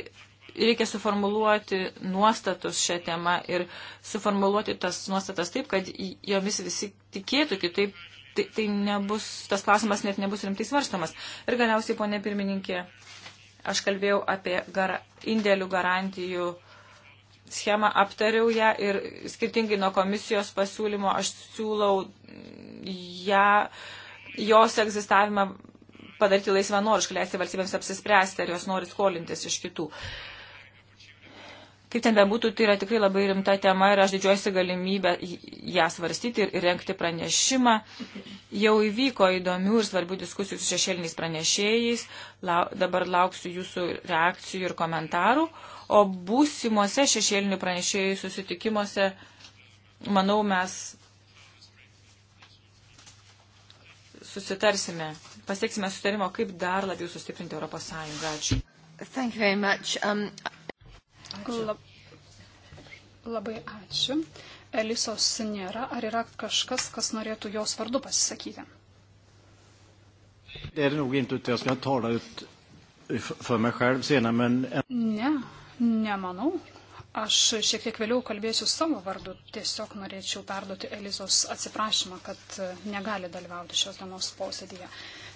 reikia suformuluoti nuostatus šią temą ir suformuluoti tas nuostatas taip, kad jomis visi tikėtų, kitaip tai, tai nebus, tas klausimas net nebus rimtai svarstamas. Ir galiausiai, ponė pirmininkė, Aš kalbėjau apie gar, indėlių garantijų schemą, aptariau ją ir skirtingai nuo komisijos pasiūlymo aš siūlau ją, jos egzistavimą padaryti laisvanoriškai, leisti valstybėms apsispręsti, ar jos nori skolintis iš kitų. Uh, Kaip ten bebūtų, tai yra tikrai labai rimta tema ir aš didžiuojuosi galimybę ją svarstyti ir renkti pranešimą. Jau įvyko įdomių ir svarbių diskusijų su šešėliniais pranešėjais, Lau, dabar lauksiu jūsų reakcijų ir komentarų, o būsimuose šešėlinių pranešėjų susitikimuose, manau, mes susitarsime, pasieksime sutarimo, kaip dar labiau sustiprinti Europos Sąjungą. Ačiū. Thank you very much. Um, Lab, labai ačiū. Elisos nėra. Ar yra kažkas, kas norėtų jos vardu pasisakyti? Ne, nemanau. Aš šiek tiek vėliau kalbėsiu savo vardu. Tiesiog norėčiau perduoti Elizos atsiprašymą, kad e, negali dalyvauti šios dienos posėdėje.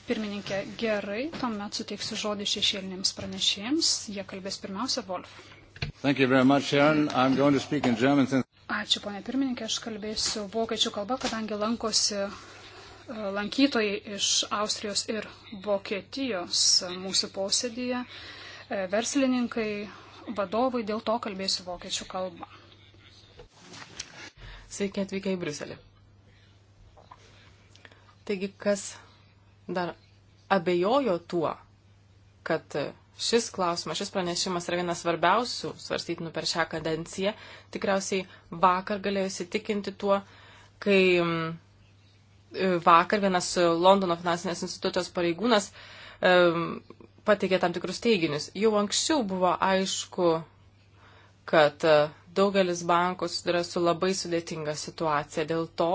Pirmininkė, gerai, tuomet suteiksiu žodį šešėlinėms pranešėjams. Jie kalbės pirmiausia Wolf. Much, Ačiū, ponė pirmininkė, aš kalbėsiu vokiečių kalba, kadangi lankosi e, lankytojai iš Austrijos ir Vokietijos mūsų posėdėje, e, verslininkai, vadovai, dėl to kalbėsiu vokiečių kalbą. Sveiki atvykę į Bruselį. Taigi, kas dar abejojo tuo, kad Šis klausimas, šis pranešimas yra vienas svarbiausių svarstytinų per šią kadenciją. Tikriausiai vakar galėjau įsitikinti tuo, kai mm, vakar vienas Londono finansinės institucijos pareigūnas um, pateikė tam tikrus teiginius. Jau anksčiau buvo aišku, kad e, daugelis bankų susiduria su labai sudėtinga situacija. Dėl to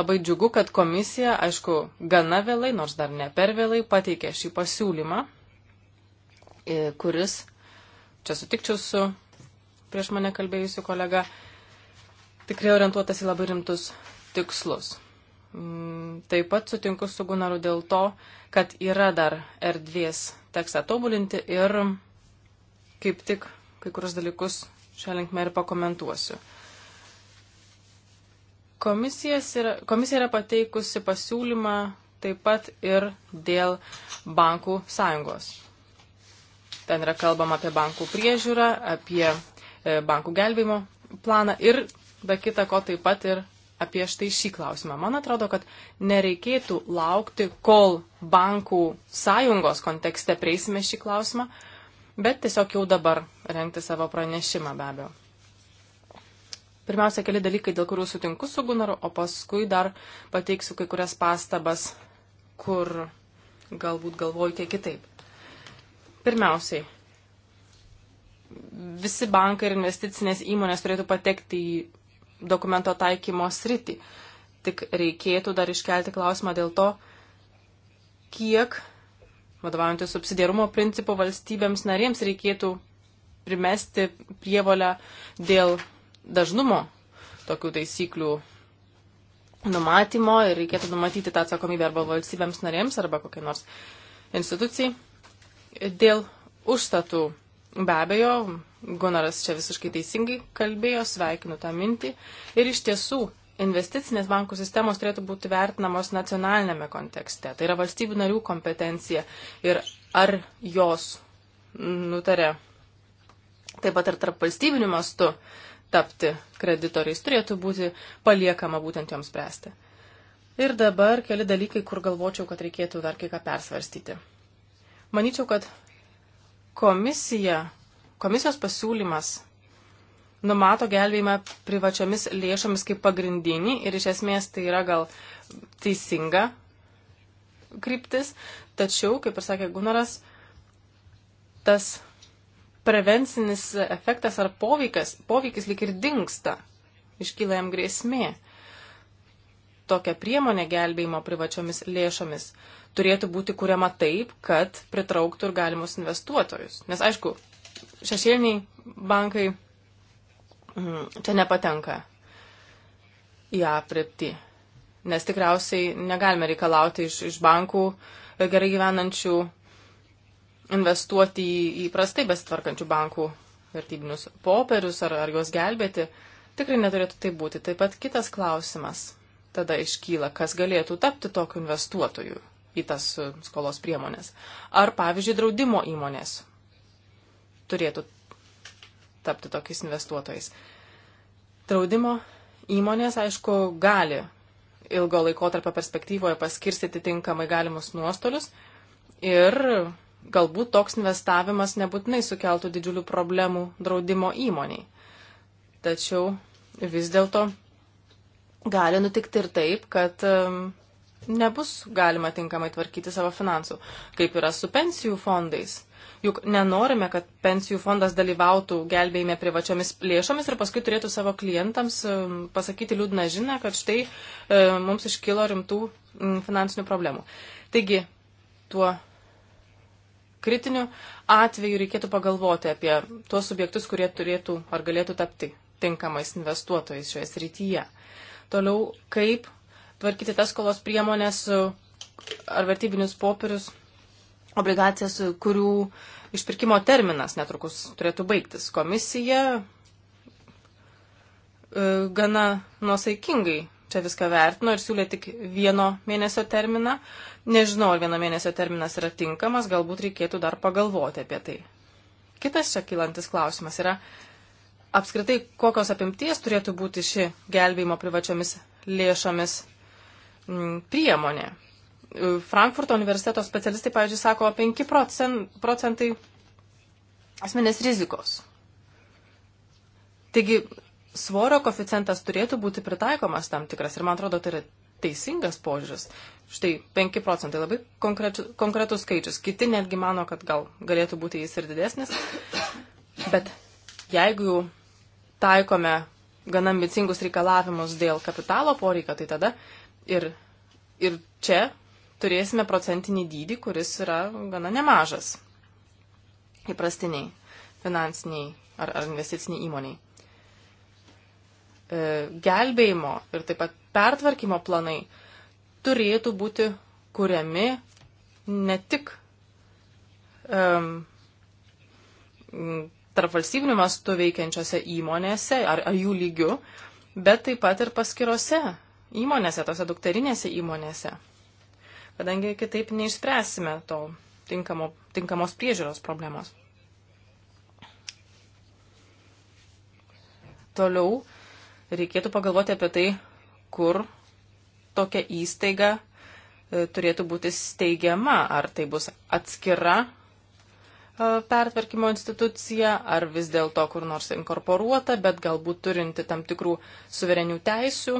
labai džiugu, kad komisija, aišku, gana vėlai, nors dar ne per vėlai, pateikė šį pasiūlymą E, kuris, čia sutikčiau su prieš mane kalbėjusiu kolega, tikrai orientuotas į labai rimtus tikslus. Mm, taip pat sutinku su Gunaru dėl to, kad yra dar erdvės tekstą tobulinti ir kaip tik kai kurios dalykus šią linkmę ir pakomentuosiu. Komisijas yra, komisija yra pateikusi pasiūlymą taip pat ir dėl bankų sąjungos. Ten yra kalbama apie bankų priežiūrą, apie e, bankų gelbėjimo planą ir be kita ko taip pat ir apie štai šį klausimą. Man atrodo, kad nereikėtų laukti, kol bankų sąjungos kontekste prieisime šį klausimą, bet tiesiog jau dabar renkti savo pranešimą be abejo. Pirmiausia, keli dalykai, dėl kurių sutinku su Gunaru, o paskui dar pateiksiu kai kurias pastabas, kur galbūt galvoju kiek kitaip. Pirmiausiai, visi bankai ir investicinės įmonės turėtų patekti į dokumento taikymo sritį. Tik reikėtų dar iškelti klausimą dėl to, kiek, vadovaujantis subsidiarumo principu, valstybėms narėms reikėtų primesti prievolę dėl dažnumo tokių taisyklių numatymo ir reikėtų numatyti tą atsakomybę arba valstybėms narėms, arba kokiai nors institucijai. Dėl užstatų be abejo, Gunaras čia visiškai teisingai kalbėjo, sveikinu tą mintį. Ir iš tiesų, investicinės bankų sistemos turėtų būti vertinamos nacionalinėme kontekste. Tai yra valstybių narių kompetencija. Ir ar jos nutarė taip pat ir tarp valstybinių mastų tapti kreditoriais turėtų būti paliekama būtent joms spręsti. Ir dabar keli dalykai, kur galvočiau, kad reikėtų dar kai ką persvarstyti. Manyčiau, kad komisija, komisijos pasiūlymas numato gelbėjimą privačiomis lėšomis kaip pagrindinį ir iš esmės tai yra gal teisinga kryptis, tačiau, kaip ir sakė Gunaras, tas prevencinis efektas ar poveikis, poveikis lik ir dinksta, iškyla jam grėsmė tokia priemonė gelbėjimo privačiomis lėšomis turėtų būti kuriama taip, kad pritrauktų ir galimus investuotojus. Nes aišku, šešėliniai bankai mm, čia nepatenka į aprepti. Nes tikriausiai negalime reikalauti iš, iš bankų gerai gyvenančių investuoti į įprastai besitvarkančių bankų vertybinius popierius ar, ar juos gelbėti. Tikrai neturėtų tai būti. Taip pat kitas klausimas tada iškyla, kas galėtų tapti tokiu investuotoju į tas e, skolos priemonės. Ar, pavyzdžiui, draudimo įmonės turėtų tapti tokiais investuotojais. Draudimo įmonės, aišku, gali ilgo laiko tarp perspektyvoje paskirstyti tinkamai galimus nuostolius ir galbūt toks investavimas nebūtinai sukeltų didžiulių problemų draudimo įmoniai. Tačiau vis dėlto gali nutikti ir taip, kad nebus galima tinkamai tvarkyti savo finansų, kaip yra su pensijų fondais. Juk nenorime, kad pensijų fondas dalyvautų gelbėjime privačiomis lėšomis ir paskui turėtų savo klientams pasakyti liūdną žinę, kad štai mums iškilo rimtų finansinių problemų. Taigi, tuo kritiniu atveju reikėtų pagalvoti apie tuos subjektus, kurie turėtų ar galėtų tapti tinkamais investuotojais šioje srityje. Toliau, kaip tvarkyti tas skolos priemonės e, ar vertybinius popierius, obligacijas, e, kurių išpirkimo terminas netrukus turėtų baigtis. Komisija e, gana nuosaikingai čia viską vertino ir siūlė tik vieno mėnesio terminą. Nežinau, ar vieno mėnesio terminas yra tinkamas, galbūt reikėtų dar pagalvoti apie tai. Kitas čia kilantis klausimas yra apskritai kokios apimties turėtų būti ši gelbėjimo privačiomis lėšomis mm, priemonė. Frankfurto universiteto specialistai, pavyzdžiui, sako 5 procentai asmenės rizikos. Taigi svorio koficijantas turėtų būti pritaikomas tam tikras ir man atrodo tai yra teisingas požiūris. Štai 5 procentai labai konkretus, konkretus skaičius. Kiti netgi mano, kad gal galėtų būti jis ir didesnis. Bet jeigu jau taikome gana ambicingus reikalavimus dėl kapitalo poreikio, tai tada ir, ir čia turėsime procentinį dydį, kuris yra gana nemažas įprastiniai finansiniai ar, ar investiciniai įmoniai. E, gelbėjimo ir taip pat pertvarkymo planai turėtų būti kuriami ne tik um, tarp valstybinių mastų veikiančiose įmonėse ar, ar jų lygių, bet taip pat ir paskirose įmonėse, tose dukterinėse įmonėse. Kadangi kitaip neišspręsime to tinkamo, tinkamos priežiūros problemos. Toliau reikėtų pagalvoti apie tai, kur tokia įstaiga e, turėtų būti steigiama. Ar tai bus atskira E, pertvarkymo institucija, ar vis dėlto kur nors inkorporuota, bet galbūt turinti tam tikrų suverenių teisių.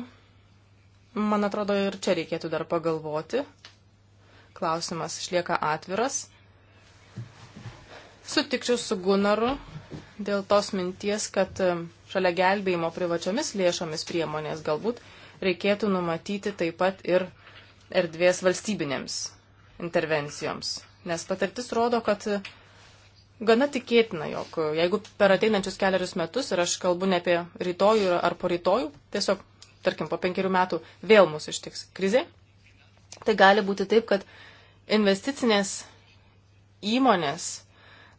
Man atrodo, ir čia reikėtų dar pagalvoti. Klausimas išlieka atviras. Sutikčiau su Gunaru dėl tos minties, kad e, šalia gelbėjimo privačiomis lėšomis priemonės galbūt reikėtų numatyti taip pat ir erdvės valstybinėms intervencijoms. Nes patirtis rodo, kad gana tikėtina, jog e, jeigu per ateinančius keliarius metus, ir aš kalbu ne apie rytojų ar po rytojų, tiesiog, tarkim, po penkerių metų vėl mus ištiks krizė, tai gali būti taip, kad investicinės įmonės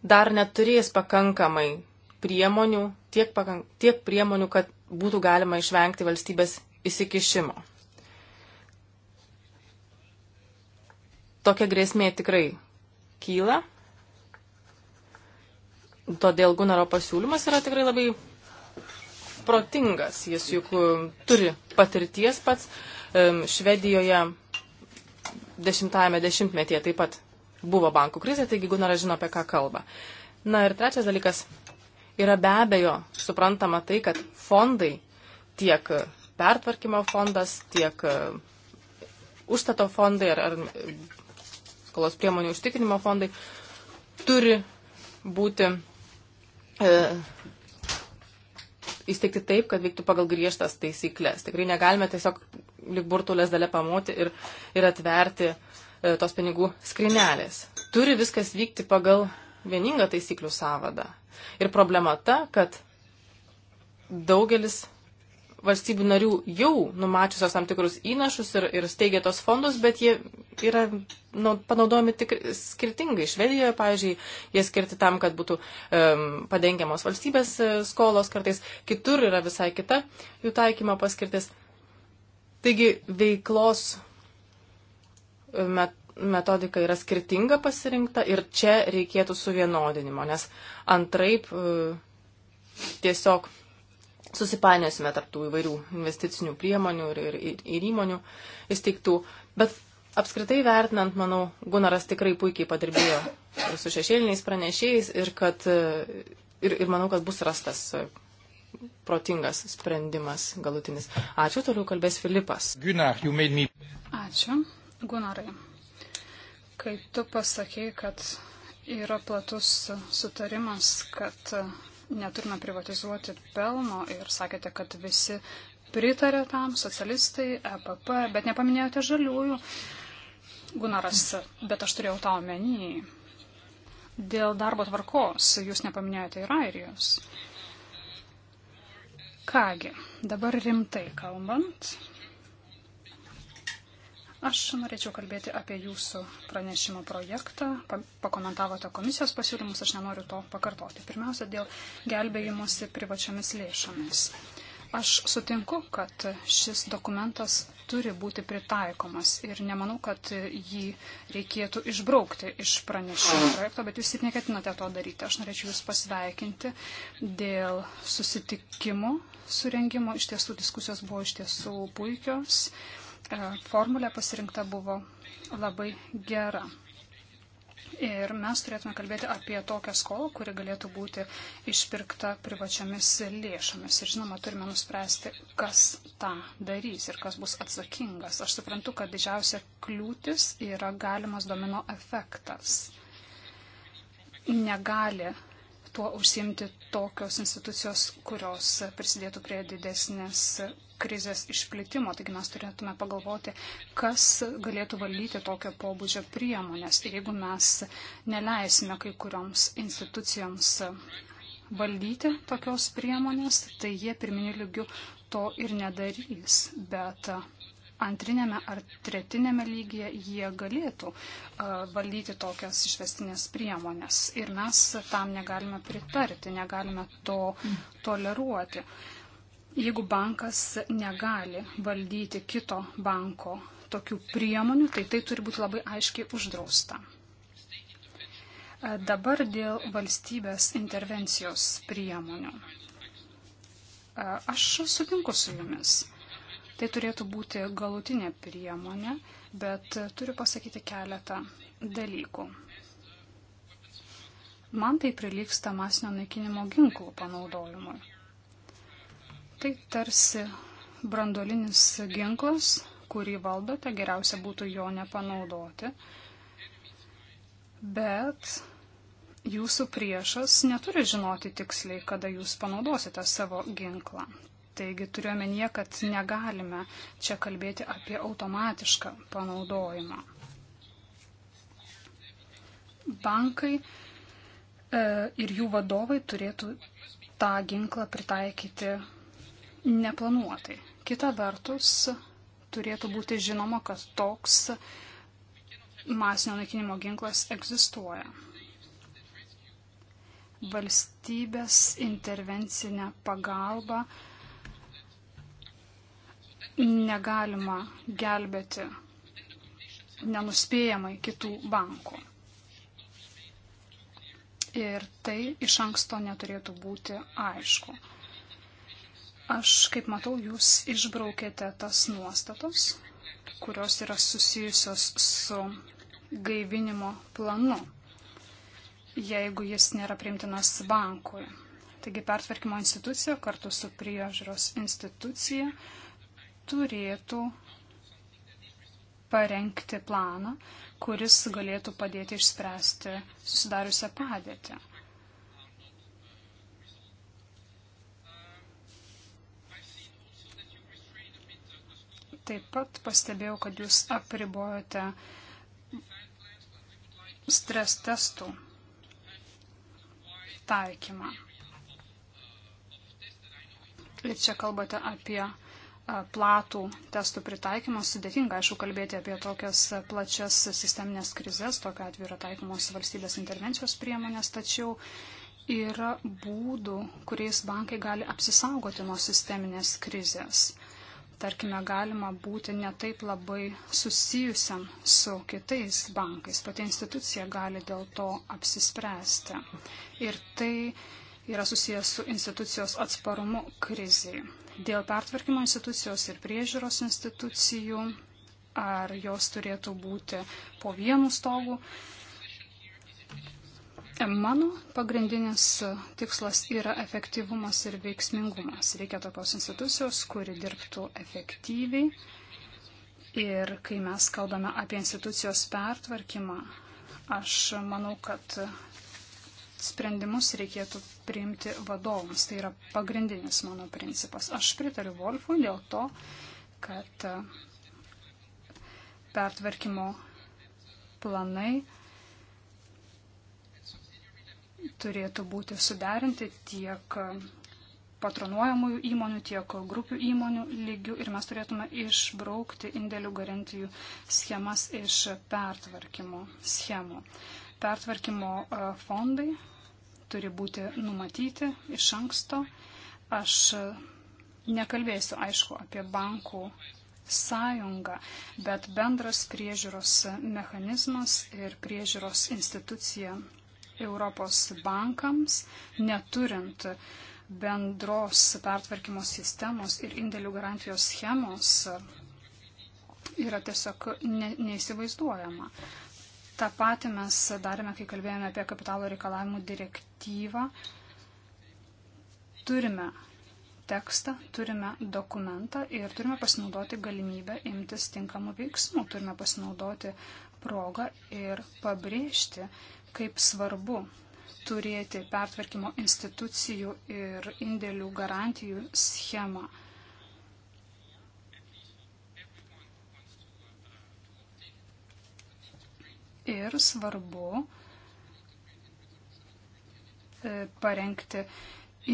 dar neturės pakankamai priemonių, tiek, pakank, tiek priemonių, kad būtų galima išvengti valstybės įsikišimo. Tokia grėsmė tikrai kyla Todėl Gunaro pasiūlymas yra tikrai labai protingas. Jis juk e, turi patirties pats. E, Švedijoje dešimtajame dešimtmetyje taip pat buvo bankų krizė, taigi Gunaras žino, apie ką kalba. Na ir trečias dalykas yra be abejo suprantama tai, kad fondai tiek pertvarkymo fondas, tiek e, užstato fondai ar, ar skolos priemonių užtikrinimo fondai turi būti E, įsteigti taip, kad veiktų pagal griežtas taisyklės. Tikrai negalime tiesiog lik burtulės dalę pamoti ir, ir atverti e, tos pinigų skrinelės. Turi viskas vykti pagal vieningą taisyklių savadą. Ir problema ta, kad daugelis valstybių narių jau numačiusios tam tikrus įnašus ir, ir steigia tos fondus, bet jie yra nu, panaudojami tik skirtingai. Švedijoje, pavyzdžiui, jie skirti tam, kad būtų um, padengiamos valstybės e, skolos kartais, kitur yra visai kita jų taikymo paskirtis. Taigi veiklos e, met, metodika yra skirtinga pasirinkta ir čia reikėtų suvienodinimo, nes antraip uh, tiesiog susipainiosime tarptų įvairių investicinių priemonių ir, ir, ir, ir įmonių įsteigtų. Bet apskritai vertinant, manau, Gunaras tikrai puikiai padirbėjo ir su šešėliniais pranešėjais ir, kad, ir, ir manau, kad bus rastas protingas sprendimas galutinis. Ačiū, toliau kalbės Filipas. Gunnar, me... Ačiū, Gunarai. Kai tu pasakėjai, kad yra platus sutarimas, kad neturime privatizuoti pelno ir sakėte, kad visi pritarė tam, socialistai, EPP, bet nepaminėjote žaliųjų. Gunaras, bet aš turėjau tą omeny. Dėl darbo tvarkos jūs nepaminėjote ir airijos. Kągi, dabar rimtai kalbant, Aš norėčiau kalbėti apie jūsų pranešimo projektą. Pakomentavote komisijos pasiūlymus, aš nenoriu to pakartoti. Pirmiausia, dėl gelbėjimosi privačiomis lėšomis. Aš sutinku, kad šis dokumentas turi būti pritaikomas ir nemanau, kad jį reikėtų išbraukti iš pranešimo projekto, bet jūs ir neketinate to daryti. Aš norėčiau jūs pasveikinti dėl susitikimo surengimo. Iš tiesų diskusijos buvo iš tiesų puikios E, formulė pasirinkta buvo labai gera. Ir mes turėtume kalbėti apie tokią skolą, kuri galėtų būti išpirkta privačiamis lėšomis. Ir žinoma, turime nuspręsti, kas tą darys ir kas bus atsakingas. Aš suprantu, kad didžiausia kliūtis yra galimas domino efektas. Negali tuo užsiimti tokios institucijos, kurios prisidėtų prie didesnės krizės išplitimo. Taigi mes turėtume pagalvoti, kas galėtų valdyti tokio pobūdžio priemonės. Ir jeigu mes neleisime kai kurioms institucijoms valdyti tokios priemonės, tai jie pirminių lygių to ir nedarys. Bet antrinėme ar tretinėme lygyje jie galėtų valdyti tokias išvestinės priemonės. Ir mes tam negalime pritarti, negalime to toleruoti. Jeigu bankas negali valdyti kito banko tokių priemonių, tai tai turi būti labai aiškiai uždrausta. Dabar dėl valstybės intervencijos priemonių. Aš sutinku su jumis. Tai turėtų būti galutinė priemonė, bet turiu pasakyti keletą dalykų. Man tai prilyksta masinio naikinimo ginklų panaudojimui. Tai tarsi brandolinis ginklas, kurį valdote, geriausia būtų jo nepanaudoti, bet jūsų priešas neturi žinoti tiksliai, kada jūs panaudosite savo ginklą. Taigi turiuomenyje, kad negalime čia kalbėti apie automatišką panaudojimą. Bankai e, ir jų vadovai turėtų tą ginklą pritaikyti neplanuotai. Kita vertus, turėtų būti žinoma, kad toks masinio naikinimo ginklas egzistuoja valstybės intervencinę pagalbą negalima gelbėti nenuspėjamai kitų bankų. Ir tai iš anksto neturėtų būti aišku. Aš, kaip matau, jūs išbraukėte tas nuostatos, kurios yra susijusios su gaivinimo planu, jeigu jis nėra primtinas bankui. Taigi pertvarkymo institucija kartu su priežiūros institucija turėtų parengti planą, kuris galėtų padėti išspręsti susidariusią padėtį. Taip pat pastebėjau, kad jūs apribojate stres testų taikymą. Ir čia kalbate apie platų testų pritaikymą. Sudėtinga, aišku, kalbėti apie tokias plačias sisteminės krizės, tokia atveju yra taikomos valstybės intervencijos priemonės, tačiau yra būdų, kuriais bankai gali apsisaugoti nuo sisteminės krizės. Tarkime, galima būti netaip labai susijusiam su kitais bankais. Pati institucija gali dėl to apsispręsti. Ir tai yra susijęs su institucijos atsparumu kriziai. Dėl pertvarkymo institucijos ir priežiūros institucijų, ar jos turėtų būti po vienu stogu. Mano pagrindinis tikslas yra efektyvumas ir veiksmingumas. Reikia tokios institucijos, kuri dirbtų efektyviai. Ir kai mes kalbame apie institucijos pertvarkymą, aš manau, kad sprendimus reikėtų priimti vadovams. Tai yra pagrindinis mano principas. Aš pritariu Wolfui dėl to, kad e, pertvarkymo planai turėtų būti suderinti tiek patronuojamųjų įmonių, tiek grupių įmonių lygių ir mes turėtume išbraukti indėlių garantijų schemas iš pertvarkymo schemų. Pertvarkymo e, fondai turi būti numatyti iš anksto. Aš nekalbėsiu, aišku, apie bankų sąjungą, bet bendras priežiūros mechanizmas ir priežiūros institucija Europos bankams, neturint bendros pertvarkymo sistemos ir indėlių garantijos schemos, yra tiesiog ne, neįsivaizduojama. Ta pati mes darėme, kai kalbėjome apie kapitalo reikalavimų direktyvą. Turime tekstą, turime dokumentą ir turime pasinaudoti galimybę imtis tinkamų veiksmų, turime pasinaudoti progą ir pabrėžti, kaip svarbu turėti pertvarkymo institucijų ir indėlių garantijų schemą. ir svarbu e, parengti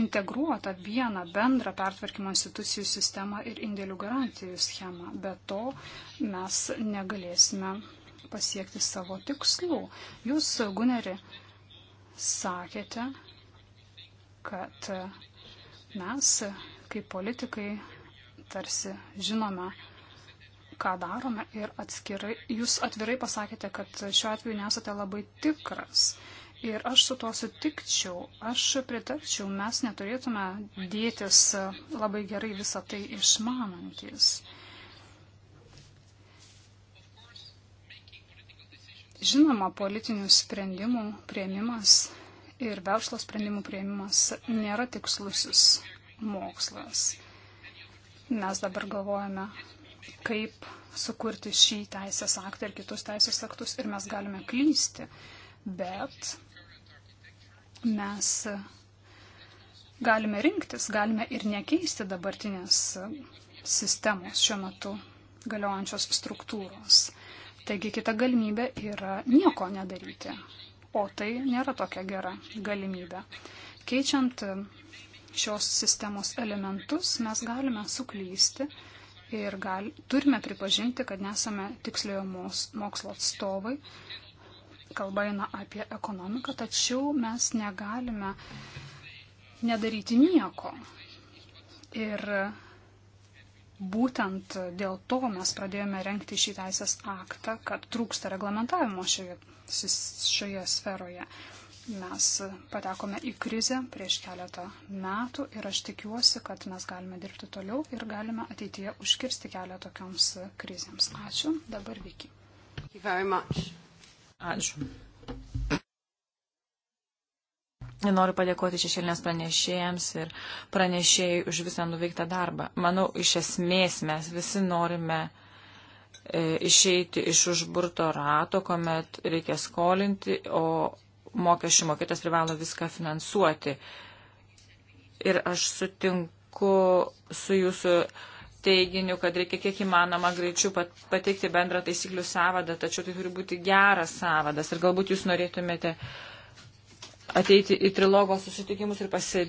integruotą vieną bendrą pertvarkymo institucijų sistemą ir indėlių garantijų schemą. Be to mes negalėsime pasiekti savo tikslų. Jūs, Guneri, sakėte, kad mes, kaip politikai, tarsi žinome, ką darome ir atskirai. Jūs atvirai pasakėte, kad šiuo atveju nesate labai tikras. Ir aš su tuo sutikčiau, aš pritarčiau, mes neturėtume dėtis labai gerai visą tai išmanantis. Žinoma, politinių sprendimų prieimimas ir verslo sprendimų prieimimas nėra tikslusis mokslas. Mes dabar galvojame kaip sukurti šį teisės aktą ir kitus teisės aktus ir mes galime klysti, bet mes galime rinktis, galime ir nekeisti dabartinės sistemos šiuo metu galiojančios struktūros. Taigi kita galimybė yra nieko nedaryti, o tai nėra tokia gera galimybė. Keičiant šios sistemos elementus mes galime suklysti ir gal, turime pripažinti, kad nesame tiksliojo mokslo atstovai. Kalba eina apie ekonomiką, tačiau mes negalime nedaryti nieko. Ir būtent dėl to mes pradėjome renkti šį teisės aktą, kad trūksta reglamentavimo šioje, šioje sferoje. Mes patekome į krizę prieš keletą metų ir aš tikiuosi, kad mes galime dirbti toliau ir galime ateityje užkirsti kelią tokioms krizėms. Ačiū. Dabar Viki. Ačiū. Noriu padėkoti šešėlinės pranešėjams ir pranešėjai už visą nuveiktą darbą. Manau, iš esmės mes visi norime e, išeiti iš užburto rato, kuomet reikia skolinti, o mokesčių mokėtas privalo viską finansuoti. Ir aš sutinku su jūsų teiginiu, kad reikia kiek įmanoma greičiau pateikti bendrą taisyklių savadą, tačiau tai turi būti geras savadas. Ir galbūt jūs norėtumėte ateiti į trilogo susitikimus ir pasi,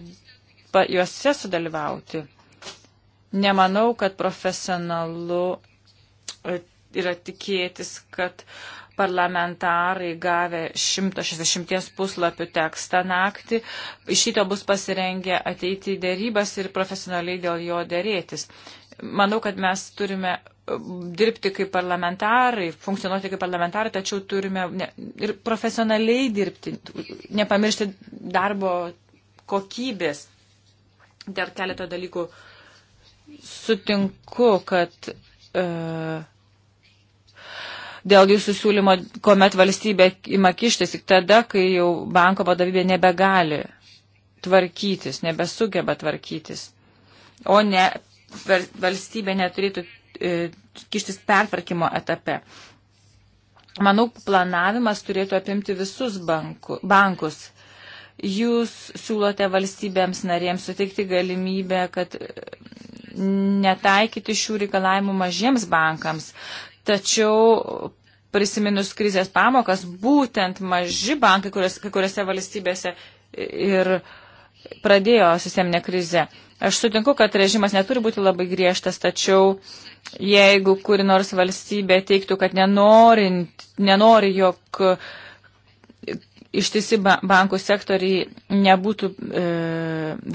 pa, juose sudalyvauti. Nemanau, kad profesionalu e, yra tikėtis, kad parlamentarai gavę 160 puslapių tekstą naktį, iš šito bus pasirengę ateiti į dėrybas ir profesionaliai dėl jo dėrėtis. Manau, kad mes turime uh, dirbti kaip parlamentarai, funkcionuoti kaip parlamentarai, tačiau turime ne, ir profesionaliai dirbti, nepamiršti darbo kokybės. Dar keletą dalykų sutinku, kad uh, e, dėl jūsų siūlymo, kuomet valstybė ima kištis tik tada, kai jau banko vadovybė nebegali tvarkytis, nebesugeba tvarkytis, o ne valstybė neturėtų e, kištis pertvarkymo etape. Manau, planavimas turėtų apimti visus banku, bankus jūs siūlote valstybėms narėms suteikti galimybę, kad netaikyti šių reikalavimų mažiems bankams, Tačiau prisiminus krizės pamokas, būtent maži bankai, kurios, kai kuriuose valstybėse ir pradėjo sisteminę krizę. Aš sutinku, kad režimas neturi būti labai griežtas, tačiau jeigu kuri nors valstybė teiktų, kad nenori, nenori jog e, ištisi bankų sektoriai nebūtų e,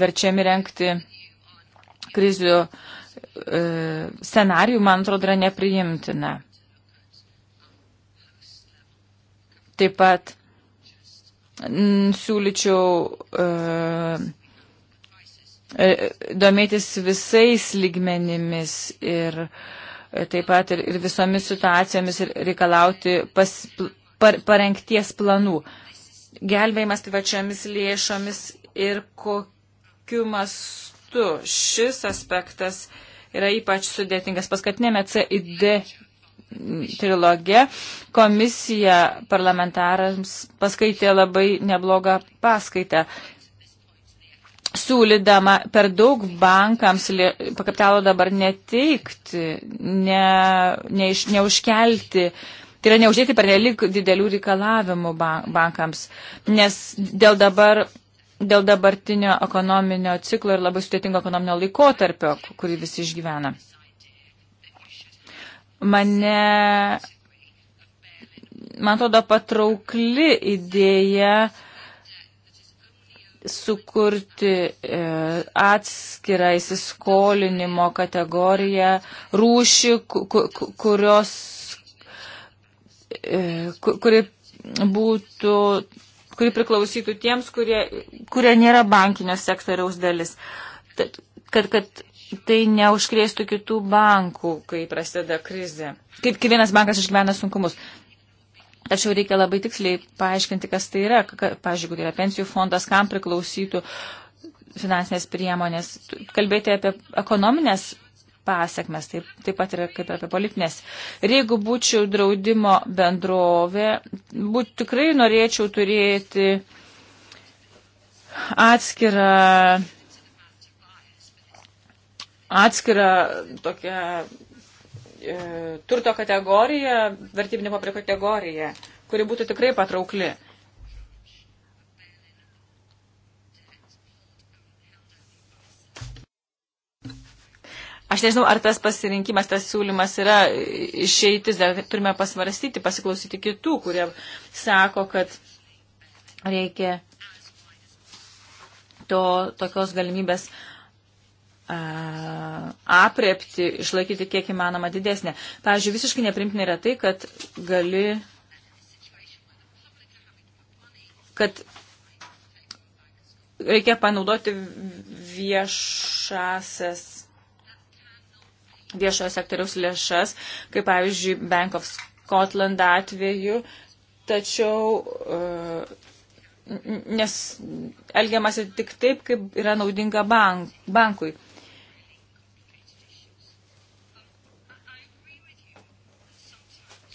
verčiami renkti krizių E, scenarijų, man atrodo, yra nepriimtina. Taip pat mm, siūlyčiau e, e, domėtis visais lygmenimis ir taip pat ir, ir visomis situacijomis ir reikalauti pas, par, parengties planų. Gelbėjimas privačiomis lėšomis ir kokiu mastu šis aspektas uh, yra ypač sudėtingas. Paskutinėme CID trilogė komisija parlamentarams paskaitė labai neblogą paskaitą siūlydama per daug bankams kapitalo dabar neteikti, ne, ne iš, neužkelti, tai yra neuždėti per nelik didelių reikalavimų bankams, nes dėl dabar dėl dabartinio ekonominio ciklo ir labai sudėtingo ekonominio laikotarpio, kurį visi išgyvena. Mane, man atrodo, patraukli idėja sukurti e, atskirą įsiskolinimo kategoriją, rūšį, kurios, e, kuri būtų kuri priklausytų tiems, kurie, kurie nėra bankinio sektoriaus dalis. Tad, kad, kad tai neužkrėstų kitų bankų, kai prasideda krizė. Kaip kai vienas bankas išgyvena sunkumus. Tačiau reikia labai tiksliai paaiškinti, kas tai yra. Pavyzdžiui, tai yra pensijų fondas, kam priklausytų finansinės priemonės. Kalbėti apie ekonominės pasiekmes, taip, taip pat ir kaip apie politinės. Ir jeigu būčiau draudimo bendrovė, būt, tikrai norėčiau turėti atskirą, atskirą tokią e, turto kategoriją, vertybinio papirko kategoriją, kuri būtų tikrai patraukli. E, Aš nežinau, ar tas pasirinkimas, tas siūlymas yra išeitis, dar turime pasvarstyti, pasiklausyti kitų, kurie sako, kad reikia to, tokios galimybės apriepti, išlaikyti kiek įmanoma didesnė. Pavyzdžiui, visiškai neprimtina yra tai, kad gali, kad reikia panaudoti viešasias viešojo sektoriaus lėšas, kaip pavyzdžiui Bank of Scotland atveju, tačiau e, nes elgiamasi tik taip, kaip yra naudinga bank, bankui.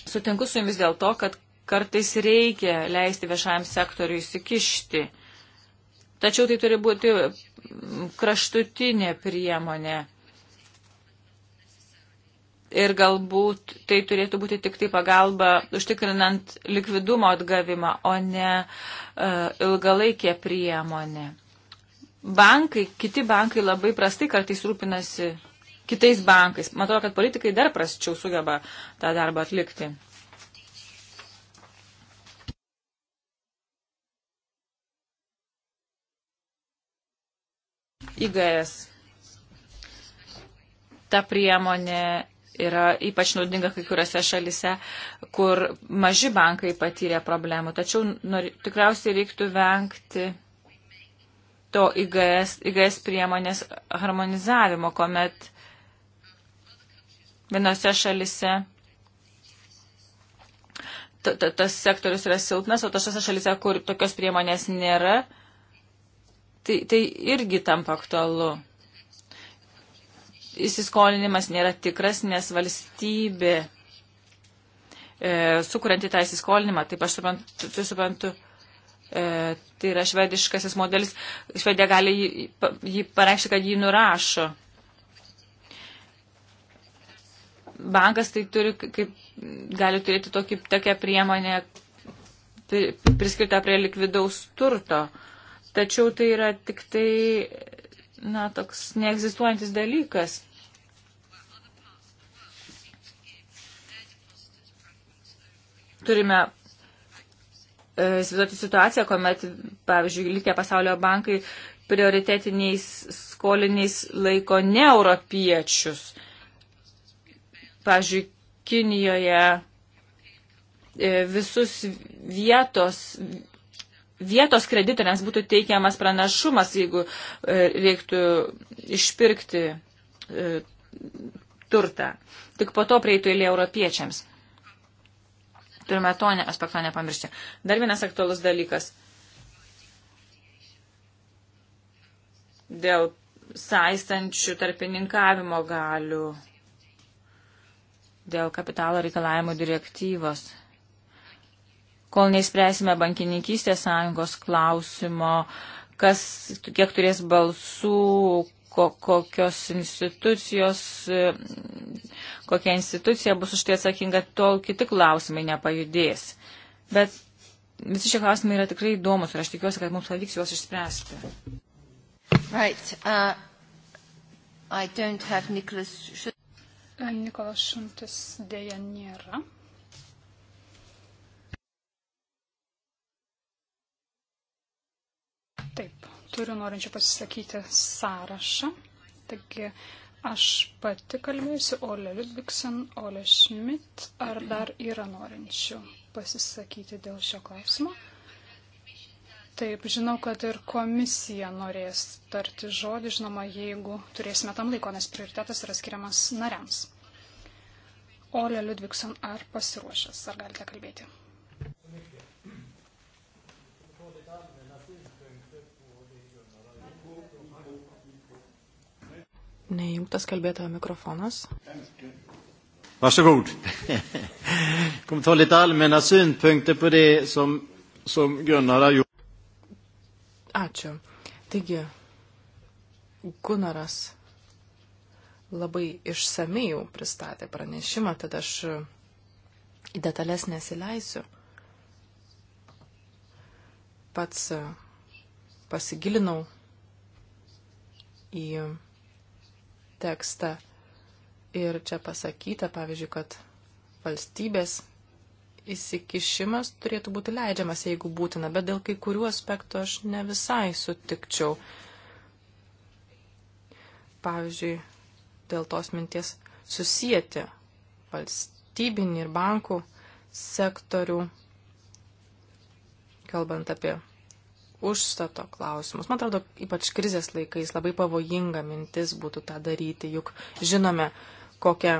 Sutinku su jumis dėl to, kad kartais reikia leisti viešajam sektoriui įsikišti. Tačiau tai turi būti kraštutinė priemonė ir galbūt tai turėtų būti tik tai pagalba užtikrinant likvidumo atgavimą, o ne uh, ilgalaikė priemonė. Bankai, kiti bankai labai prastai kartais rūpinasi kitais bankais. Matau, kad politikai dar prasčiau sugeba tą darbą atlikti. IGS. Ta priemonė yra ypač naudinga kai kuriuose šalise, kur maži bankai patyrė problemų. Tačiau nori, tikriausiai reiktų vengti to IGS, IGS priemonės harmonizavimo, kuomet vienose šalise tas sektorius yra silpnas, o tose šalise, kur tokios priemonės nėra, tai, tai irgi tampa aktualu įsiskolinimas nėra tikras, nes valstybė e, sukurianti tą įsiskolinimą, taip aš suprantu, tai suprantu e, tai yra švediškasis modelis, švedė gali jį, jį pareikšti, kad jį nurašo. Bankas tai turi, kaip, gali turėti tokį, tokią priemonę priskirtą prie likvidaus turto, tačiau tai yra tik tai na, toks neegzistuojantis dalykas. turime e, įsivaizduoti situaciją, kuomet, pavyzdžiui, likę pasaulio bankai prioritetiniais skoliniais laiko ne europiečius. Pavyzdžiui, Kinijoje e, visus vietos, vietos kreditoriams būtų teikiamas pranašumas, jeigu e, reiktų išpirkti turtą. Tik po to prieitų eilė europiečiams. Turime to ne, aspekto nepamiršti. Dar vienas aktualus dalykas. Dėl saistančių tarpininkavimo galių, dėl kapitalo reikalavimų direktyvos. Kol neįspręsime bankininkystės sąjungos klausimo, kas, kiek turės balsų ko, kokios institucijos, e, kokia institucija bus už tai atsakinga, tol kiti klausimai nepajudės. Bet visi šie klausimai yra tikrai įdomus ir aš tikiuosi, kad mums pavyks juos išspręsti. Right, uh, I don't have Nicholas Schultz. Nikolas Šuntis dėja nėra. Taip, turiu norinčių pasisakyti sąrašą. Taigi aš pati kalbėsiu Ole Ludvigsen, Ole Schmidt. Ar dar yra norinčių pasisakyti dėl šio klausimo? Taip, žinau, kad ir komisija norės tarti žodį, žinoma, jeigu turėsime tam laiko, nes prioritetas yra skiriamas nariams. Ole Ludvigson, ar pasiruošęs, ar galite kalbėti? Neįjungtas kalbėtojo mikrofonas. Varsågod. Kommer ta lite allmänna synpunkter på det som, som Gunnar har gjort. Ačiū. Taigi, Gunaras labai išsamei jau pristatė pranešimą, tad aš į detalės nesileisiu. Pats pasigilinau į tekstą. Ir čia pasakyta, pavyzdžiui, kad valstybės įsikišimas turėtų būti leidžiamas, jeigu būtina, bet dėl kai kurių aspektų aš ne visai sutikčiau. Pavyzdžiui, dėl tos minties susijęti valstybinį ir bankų sektorių, kalbant apie užstato klausimus. Man atrodo, ypač krizės laikais labai pavojinga mintis būtų tą daryti, juk žinome, kokią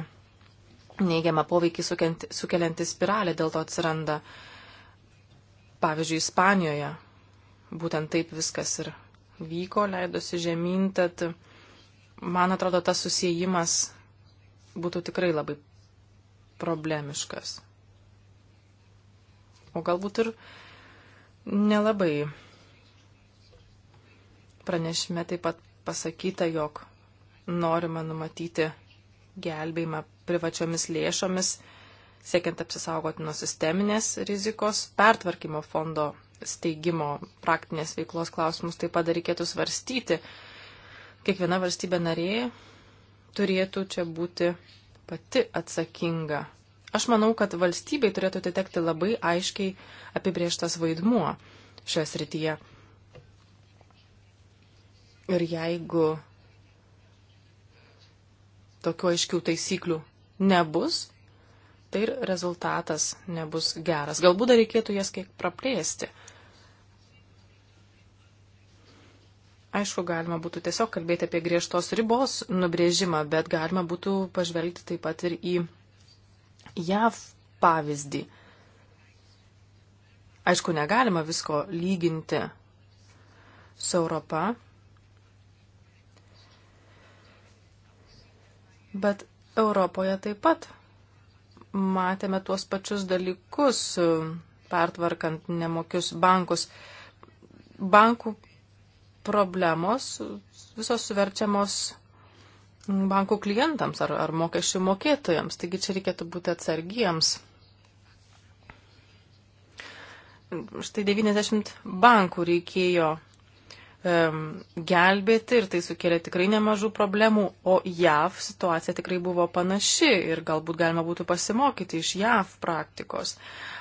neigiamą poveikį sukelianti spiralė dėl to atsiranda. Pavyzdžiui, Ispanijoje būtent taip viskas ir vyko, leidosi žemyn, tad man atrodo, tas susijimas būtų tikrai labai problemiškas. O galbūt ir nelabai Pranešime taip pat pasakyta, jog norima numatyti gelbėjimą privačiomis lėšomis, siekiant apsisaugoti nuo sisteminės rizikos, pertvarkymo fondo steigimo praktinės veiklos klausimus taip pat reikėtų svarstyti. Kiekviena valstybė narė turėtų čia būti pati atsakinga. Aš manau, kad valstybei turėtų atitekti labai aiškiai apibrieštas vaidmuo šioje srityje. Ir jeigu tokių aiškių taisyklių nebus, tai ir rezultatas nebus geras. Galbūt dar reikėtų jas kiek praplėsti. Aišku, galima būtų tiesiog kalbėti apie griežtos ribos nubrėžimą, bet galima būtų pažvelgti taip pat ir į JAV pavyzdį. Aišku, negalima visko lyginti su Europa, Bet Europoje taip pat matėme tuos pačius dalykus, pertvarkant nemokius bankus. Bankų problemos visos suverčiamos bankų klientams ar, ar mokesčių mokėtojams, taigi čia reikėtų būti atsargiems. Štai 90 bankų reikėjo gelbėti ir tai sukėlė tikrai nemažų problemų, o JAV situacija tikrai buvo panaši ir galbūt galima būtų pasimokyti iš JAV praktikos.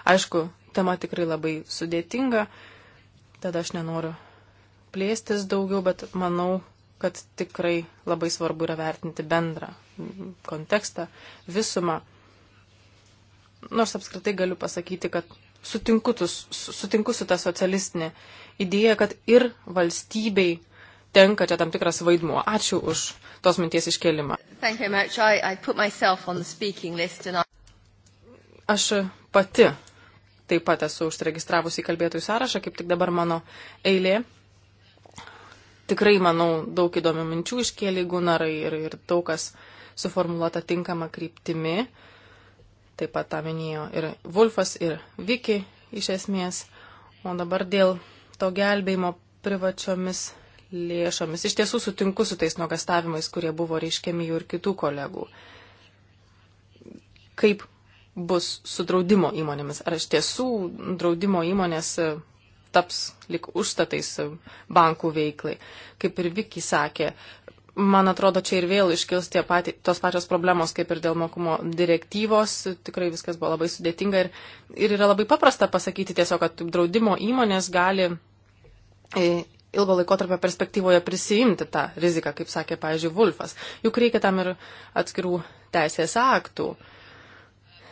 Aišku, tema tikrai labai sudėtinga, tada aš nenoriu plėstis daugiau, bet manau, kad tikrai labai svarbu yra vertinti bendrą kontekstą, visumą. Nors apskritai galiu pasakyti, kad sutinku, sutinku su ta socialistinė idėja, kad ir valstybei tenka čia tam tikras vaidmuo. Ačiū už tos minties iškelimą. Aš pati taip pat esu užsiregistravusi į kalbėtojų sąrašą, kaip tik dabar mano eilė. Tikrai, manau, daug įdomių minčių iškėlė Gunarai ir, ir daug kas suformuoluota tinkama kryptimi. Uh, taip pat tą minėjo ir Vulfas, ir Viki iš esmės. O dabar dėl to gelbėjimo privačiomis lėšomis. Iš tiesų sutinku su tais nuogastavimais, kurie buvo reiškiami jų ir kitų kolegų. Kaip bus su draudimo įmonėmis? Ar iš tiesų draudimo įmonės e, taps lik užstatais e, bankų veiklai? Kaip ir Viki sakė, Man atrodo, čia ir vėl iškils pati, tos pačios problemos, kaip ir dėl mokumo direktyvos. Tikrai viskas buvo labai sudėtinga ir, ir yra labai paprasta pasakyti tiesiog, kad draudimo įmonės gali e, ilgo laikotarpio perspektyvoje prisijimti tą riziką, kaip sakė, pavyzdžiui, Vulfas. Juk reikia tam ir atskirų teisės aktų.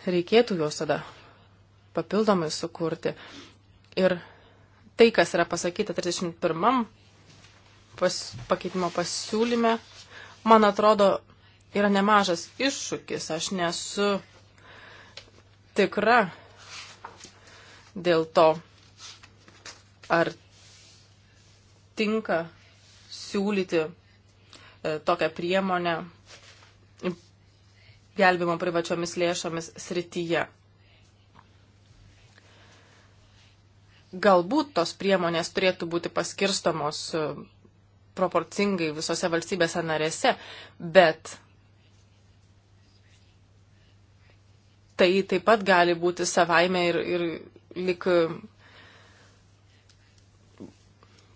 Reikėtų juos tada papildomai sukurti. Ir tai, kas yra pasakyta 31 pas, pakeitimo pasiūlyme, man atrodo, yra nemažas iššūkis. Aš nesu tikra dėl to, ar tinka siūlyti e, tokią priemonę gelbimo privačiomis lėšomis srityje. Galbūt tos priemonės turėtų būti paskirstamos e, proporcingai visose valstybėse narėse, bet tai taip pat gali būti savaime ir, ir lik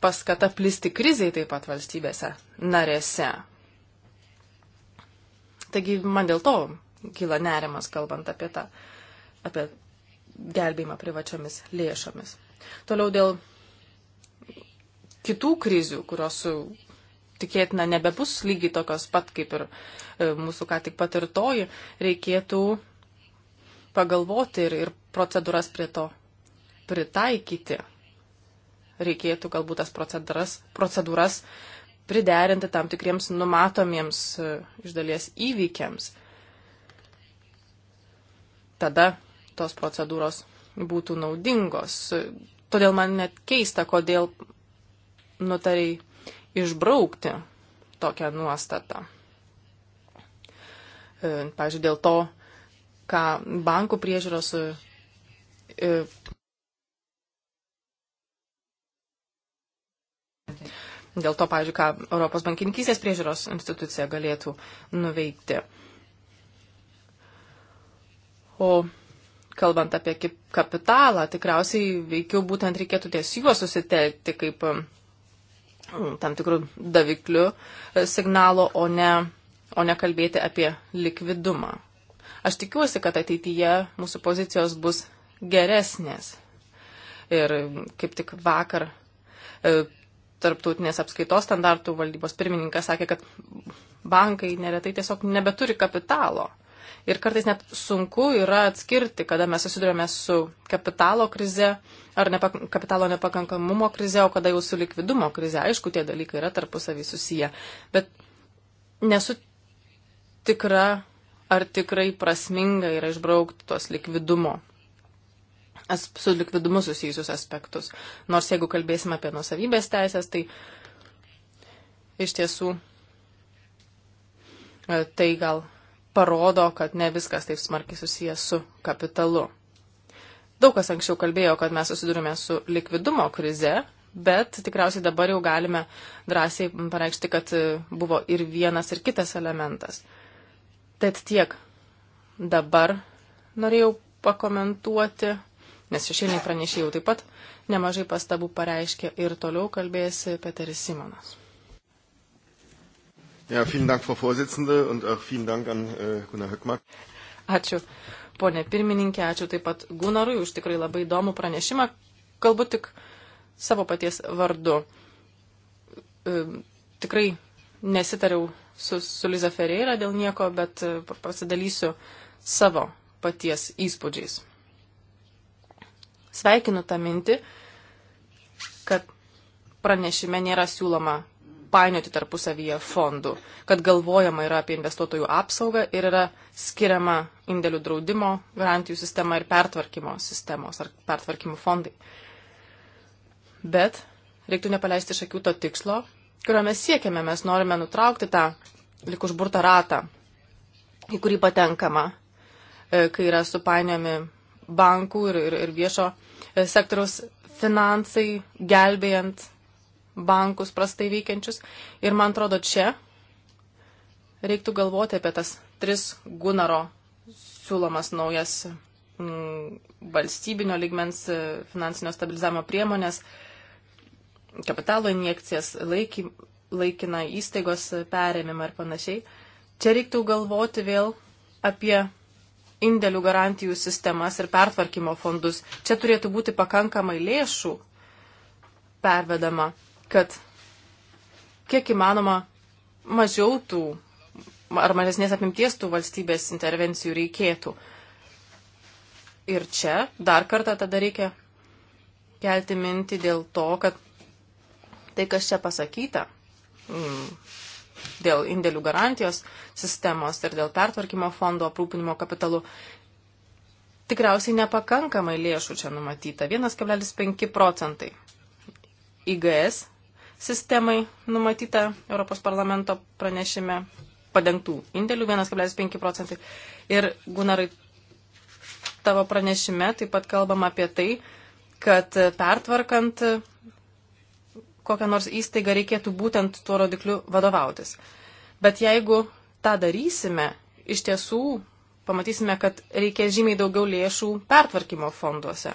paskata plisti kriziai taip pat valstybėse narėse. Taigi man dėl to kyla nerimas, kalbant apie tą, apie gelbėjimą privačiomis lėšomis. Toliau dėl kitų krizių, kurios e, tikėtina nebebus lygiai tokios pat kaip ir e, mūsų ką tik patirtoji, reikėtų pagalvoti ir, ir procedūras prie to pritaikyti. Reikėtų galbūt tas procedūras, procedūras priderinti tam tikriems numatomiems e, iš dalies įvykiams. Tada tos procedūros būtų naudingos. Todėl man net keista, kodėl nutariai išbraukti tokią nuostatą. E, pavyzdžiui, dėl to, ką bankų priežiūros e, e, Dėl to, pavyzdžiui, ką Europos bankininkysės priežiūros institucija galėtų nuveikti. O kalbant apie kapitalą, tikriausiai veikiau būtent reikėtų ties juos susitelkti kaip tam tikrų daviklių e, signalo, o ne, o ne kalbėti apie likvidumą. Aš tikiuosi, kad ateityje mūsų pozicijos bus geresnės. Ir kaip tik vakar e, tarptautinės apskaitos standartų valdybos pirmininkas sakė, kad bankai neretai tiesiog nebeturi kapitalo. E, Ir kartais net sunku yra atskirti, kada mes susidurėme su kapitalo krize ar nepa, kapitalo nepakankamumo krize, o kada jau su likvidumo krize. Aišku, tie dalykai yra tarpusavį susiję. Bet nesu tikra, ar tikrai prasminga yra išbraukti tos likvidumo su likvidumu susijusius aspektus. Nors jeigu kalbėsime apie nusavybės teisės, tai iš tiesų e, tai gal parodo, kad ne viskas taip smarkiai susijęs su kapitalu. Daug kas anksčiau kalbėjo, kad mes susidurime su likvidumo krize, bet tikriausiai dabar jau galime drąsiai pareikšti, kad buvo ir vienas, ir kitas elementas. Tad tiek dabar norėjau pakomentuoti, nes šešėliniai pranešėjai jau taip pat nemažai pastabų pareiškė ir toliau kalbės Peteris Simonas. Ja, vielen Dank, Frau Vorsitzende, und auch vielen Dank an äh, Gunnar Höckmark. Ačiū, ponė pirmininkė, ačiū taip pat Gunarui už tikrai labai įdomų pranešimą. Kalbu tik savo paties vardu. E, tikrai nesitariau su, su Liza Ferreira dėl nieko, bet e, pasidalysiu savo paties įspūdžiais. Sveikinu tą mintį, kad pranešime nėra siūloma painioti tarpusavyje fondų, kad galvojama yra apie investuotojų apsaugą ir yra skiriama indėlių draudimo garantijų sistema ir pertvarkymo sistemos ar pertvarkymų fondai. Bet reiktų nepaleisti iš akių to tikslo, kurio mes siekiame, mes norime nutraukti tą lik užburtą ratą, į kurį patenkama, e, kai yra supainiojami bankų ir, ir, ir viešo e, sektoriaus finansai, gelbėjant bankus prastai veikiančius. Ir man atrodo, čia reiktų galvoti apie tas tris Gunaro siūlomas naujas m, mm, valstybinio ligmens e, finansinio stabilizavimo priemonės, kapitalo injekcijas, laiky, laikiną įstaigos perėmimą ir panašiai. Čia reiktų galvoti vėl apie indėlių garantijų sistemas ir pertvarkymo fondus. Čia turėtų būti pakankamai lėšų pervedama kad kiek įmanoma mažiau tų ar mažesnės apimties tų valstybės intervencijų reikėtų. Ir čia dar kartą tada reikia kelti mintį dėl to, kad tai, kas čia pasakyta mm, dėl indėlių garantijos sistemos ir dėl pertvarkymo fondo aprūpinimo kapitalu, tikriausiai nepakankamai lėšų čia numatyta. 1,5 procentai. IGS sistemai numatyta Europos parlamento pranešime padengtų indėlių 1,5 procentai. Ir Gunarai, tavo pranešime taip pat kalbam apie tai, kad pertvarkant kokią nors įstaigą reikėtų būtent tuo rodikliu vadovautis. Bet jeigu tą darysime, iš tiesų pamatysime, kad reikės žymiai daugiau lėšų pertvarkymo fonduose.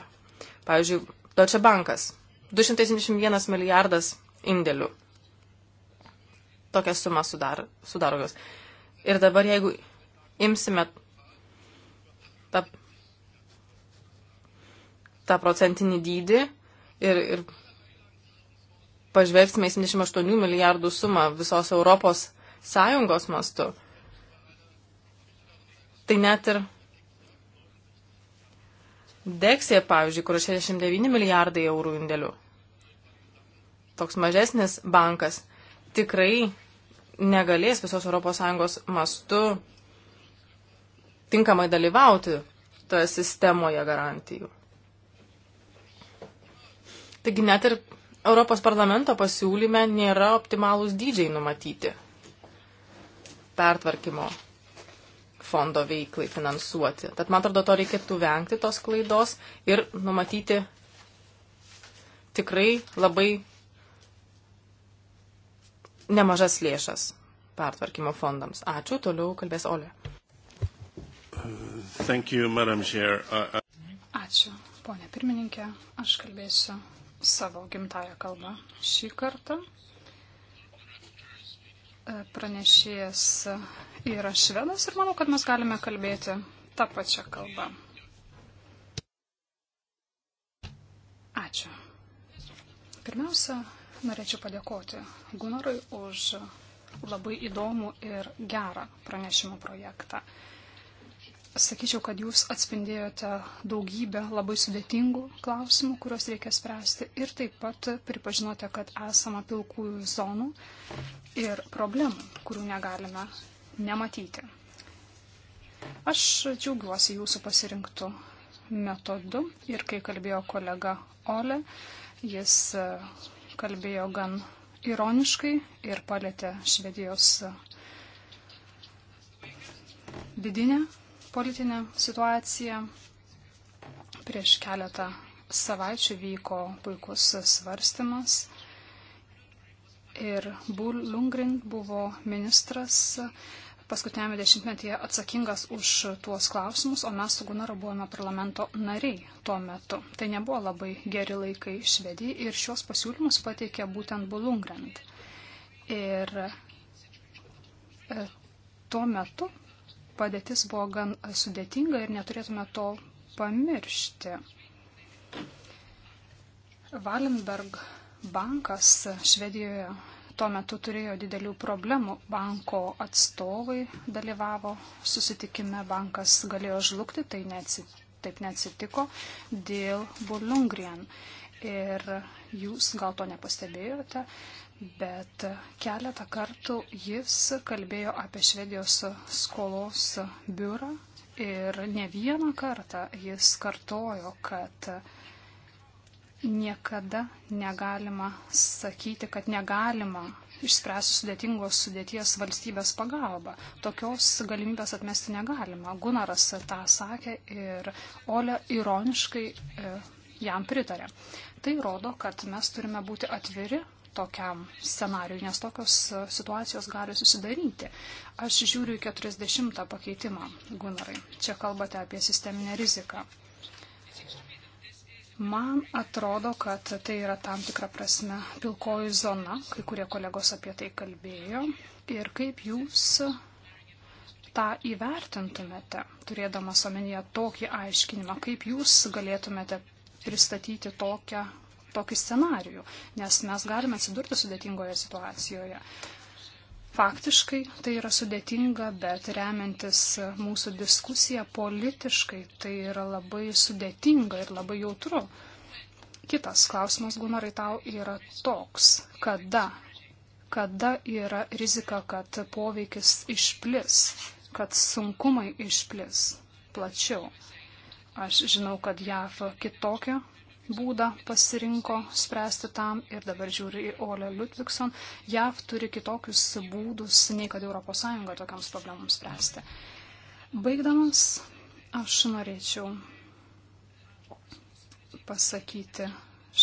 Pavyzdžiui, Deutsche Bankas 271 milijardas indėlių. Tokią sumą sudaro, sudaro jos. Ir dabar jeigu imsime tą, tą procentinį dydį ir, ir pažvelgsime į 78 milijardų sumą visos Europos Sąjungos mastu, tai net ir Deksija, pavyzdžiui, kur 69 milijardai eurų indėlių toks mažesnis bankas tikrai negalės visos ES mastu tinkamai dalyvauti toje sistemoje garantijų. Taigi net ir Europos parlamento pasiūlyme nėra optimalūs dydžiai numatyti pertvarkymo fondo veiklai finansuoti. Tad man atrodo, to reikėtų vengti tos klaidos ir numatyti tikrai labai nemažas lėšas pertvarkymo fondams. Ačiū, toliau kalbės Olė. You, I... Uh, uh, Ačiū, ponė pirmininkė. Aš kalbėsiu savo gimtają kalbą šį kartą. E, pranešėjas yra švedas ir manau, kad mes galime kalbėti tą pačią kalbą. Ačiū. Pirmiausia, norėčiau padėkoti Gunarui už labai įdomų ir gerą pranešimo projektą. Sakyčiau, kad jūs atspindėjote daugybę labai sudėtingų klausimų, kuriuos reikia spręsti ir taip pat pripažinote, kad esama pilkųjų zonų ir problemų, kurių negalime nematyti. Aš džiaugiuosi jūsų pasirinktų metodu ir kai kalbėjo kolega Ole, jis kalbėjo gan ironiškai ir palėtė Švedijos vidinę politinę situaciją. Prieš keletą savaičių vyko puikus svarstymas ir Bull Lungrin buvo ministras paskutinėme dešimtmetyje atsakingas už tuos klausimus, o mes su Gunaru buvome parlamento nariai tuo metu. Tai nebuvo labai geri laikai Švedijai ir šios pasiūlymus pateikė būtent Bulungrand. Ir e, tuo metu padėtis buvo gan sudėtinga ir neturėtume to pamiršti. Valenberg bankas Švedijoje Tuo metu turėjo didelių problemų. Banko atstovai dalyvavo susitikime, bankas galėjo žlugti, tai neatsitiko. Taip neatsitiko dėl Bullungrien. Ir jūs gal to nepastebėjote, bet keletą kartų jis kalbėjo apie Švedijos skolos biurą ir ne vieną kartą jis kartojo, kad Niekada negalima sakyti, kad negalima išspręsti sudėtingos sudėties valstybės pagalba. Tokios galimybės atmesti negalima. Gunaras tą sakė ir Olė ironiškai e, jam pritarė. Tai rodo, kad mes turime būti atviri tokiam scenariui, nes tokios e, situacijos gali susidaryti. Aš žiūriu į 40 pakeitimą, Gunarai. Čia kalbate apie sisteminę riziką. Man atrodo, kad tai yra tam tikra prasme pilkoji zona, kai kurie kolegos apie tai kalbėjo. Ir kaip jūs tą įvertintumėte, turėdamas omenyje tokį aiškinimą, kaip jūs galėtumėte pristatyti tokią, tokį scenarijų, nes mes galime atsidurti sudėtingoje situacijoje. Faktiškai tai yra sudėtinga, bet remiantis mūsų diskusiją politiškai tai yra labai sudėtinga ir labai jautru. Kitas klausimas, Gunarai, tau yra toks, kada, kada yra rizika, kad poveikis išplis, kad sunkumai išplis plačiau. Aš žinau, kad JAV kitokia būdą pasirinko spręsti tam ir dabar žiūri į Olę Ludvigson. JAV turi kitokius būdus nei kad ES tokiams problemams spręsti. Baigdamas, aš norėčiau pasakyti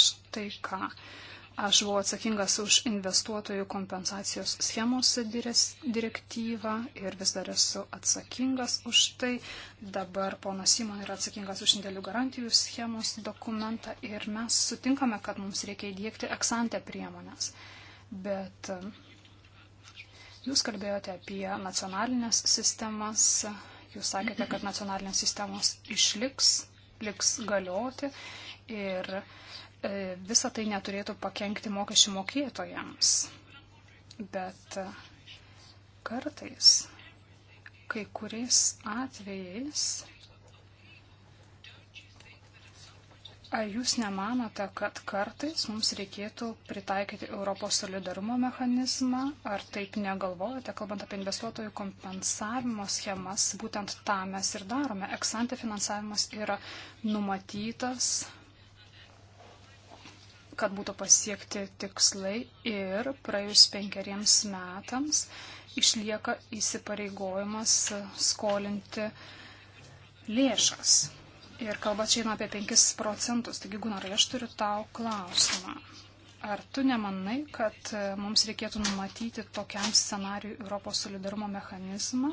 štai ką. Aš buvau atsakingas už investuotojų kompensacijos schemos direktyvą ir vis dar esu atsakingas už tai. Dabar ponas Simon yra atsakingas už indėlių garantijų schemos dokumentą ir mes sutinkame, kad mums reikia įdėkti eksantę priemonės. Bet e, jūs kalbėjote apie nacionalinės sistemas, jūs sakėte, kad nacionalinės sistemos išliks, liks galioti ir E, visa tai neturėtų pakengti mokesčių mokėtojams. Bet e, kartais, kai kuriais atvejais, ar jūs nemanote, kad kartais mums reikėtų pritaikyti Europos solidarumo mechanizmą, ar taip negalvojate, kalbant apie investuotojų kompensavimo schemas, būtent tą mes ir darome. Eksantė finansavimas yra numatytas kad būtų pasiekti tikslai ir praėjus penkeriems metams išlieka įsipareigojimas skolinti lėšas. Ir kalba čia eina apie 5 procentus. Taigi, Gunarai, aš turiu tau klausimą. Ar tu nemanai, kad mums reikėtų numatyti tokiam scenariui Europos solidarumo mechanizmą?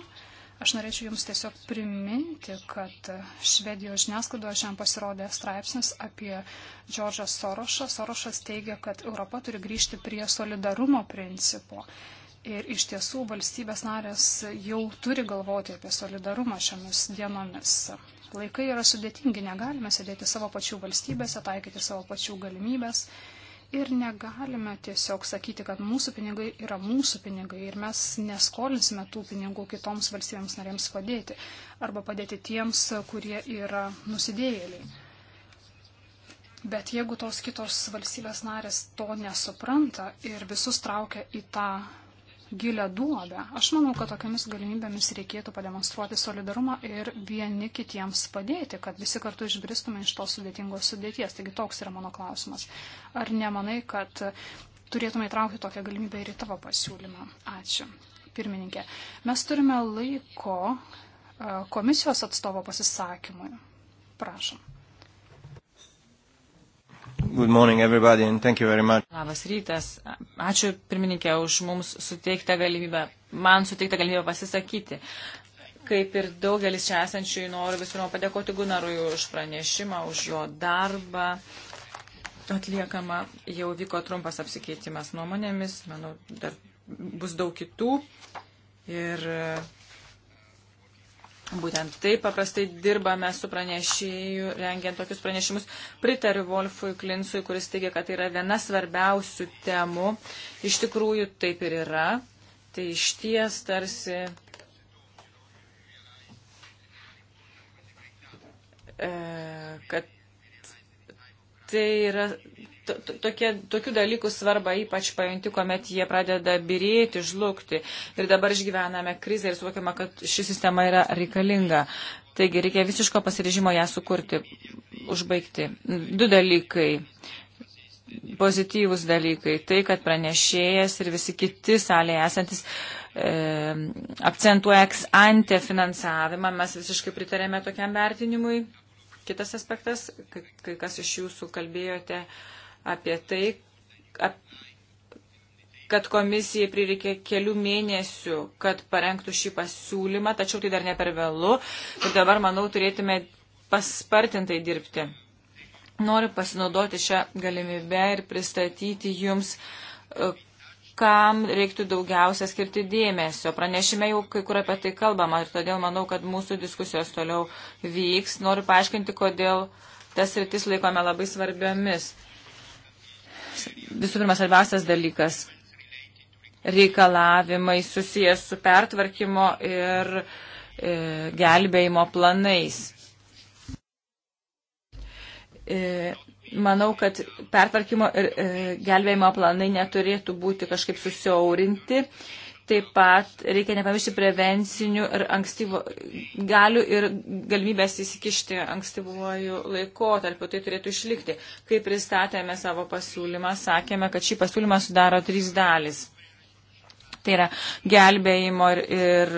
Aš norėčiau Jums tiesiog priminti, kad Švedijos žiniasklaidoje šiam pasirodė straipsnis apie Džordžą Sorošą. Sorošas teigia, kad Europa turi grįžti prie solidarumo principo. Ir iš tiesų valstybės narės jau turi galvoti apie solidarumą šiomis dienomis. Laikai yra sudėtingi, negalime sėdėti savo pačių valstybėse, taikyti savo pačių galimybės Ir negalime tiesiog sakyti, kad mūsų pinigai yra mūsų pinigai ir mes neskolinsime tų pinigų kitoms valstybėms narėms padėti arba padėti tiems, kurie yra nusidėjėliai. Bet jeigu tos kitos valstybės narės to nesupranta ir visus traukia į tą gilę duobę. Aš manau, kad tokiamis galimybėmis reikėtų pademonstruoti solidarumą ir vieni kitiems padėti, kad visi kartu išbristume iš tos sudėtingos sudėties. Taigi toks yra mano klausimas. Ar nemanai, kad turėtume įtraukti tokią galimybę ir į tavo pasiūlymą? Ačiū. Pirmininkė, mes turime laiko e, komisijos atstovo pasisakymui. Prašom. Good morning everybody and thank you very much. Labas rytas. Ačiū pirmininkė už mums suteiktą galimybę, man suteiktą galimybę pasisakyti. Kaip ir daugelis čia esančių, noriu visų pirma padėkoti Gunarui už pranešimą, už jo darbą. Atliekama, jau vyko trumpas apsikeitimas nuomonėmis, manau, dar bus daug kitų. Ir Būtent taip paprastai dirbame su pranešėjų, rengiant tokius pranešimus. Pritariu Wolfui Klinsui, kuris teigia, kad tai yra viena svarbiausių temų. Iš tikrųjų, taip ir yra. Tai iš ties tarsi. E, kad tai yra tokie, tokių dalykų svarbą ypač pajunti, kuomet jie pradeda birėti, žlugti. Ir dabar išgyvename krizę ir suvokiama, kad ši sistema yra reikalinga. Taigi reikia visiško pasirežimo ją sukurti, užbaigti. Du dalykai. Pozityvus dalykai. Tai, kad pranešėjas ir visi kiti salėje esantis e, akcentuoja ex ante finansavimą. Mes visiškai pritarėme tokiam vertinimui. Kitas aspektas, kai kas iš jūsų kalbėjote, e, apie tai, ap, kad komisijai prireikė kelių mėnesių, kad parengtų šį pasiūlymą, tačiau tai dar ne per vėlų ir dabar, manau, turėtume paspartintai dirbti. Noriu pasinaudoti šią galimybę ir pristatyti jums, e, kam reiktų daugiausia skirti dėmesio. Pranešime jau kai kur apie tai kalbama ir todėl manau, kad mūsų diskusijos toliau vyks. Noriu paaiškinti, kodėl tas rytis laikome labai svarbiomis visų pirma, svarbiausias dalykas reikalavimai susijęs su pertvarkymo ir e, gelbėjimo planais. E, manau, kad pertvarkymo ir e, gelbėjimo planai neturėtų būti kažkaip susiaurinti. E, Taip pat reikia nepamiršti prevencinių ir ankstyvo, galių ir galimybės įsikišti ankstyvuoju laikotarpiu. Tai turėtų išlikti. Kai pristatėme savo pasiūlymą, sakėme, kad šį pasiūlymą sudaro trys dalis. Tai yra gelbėjimo ir, ir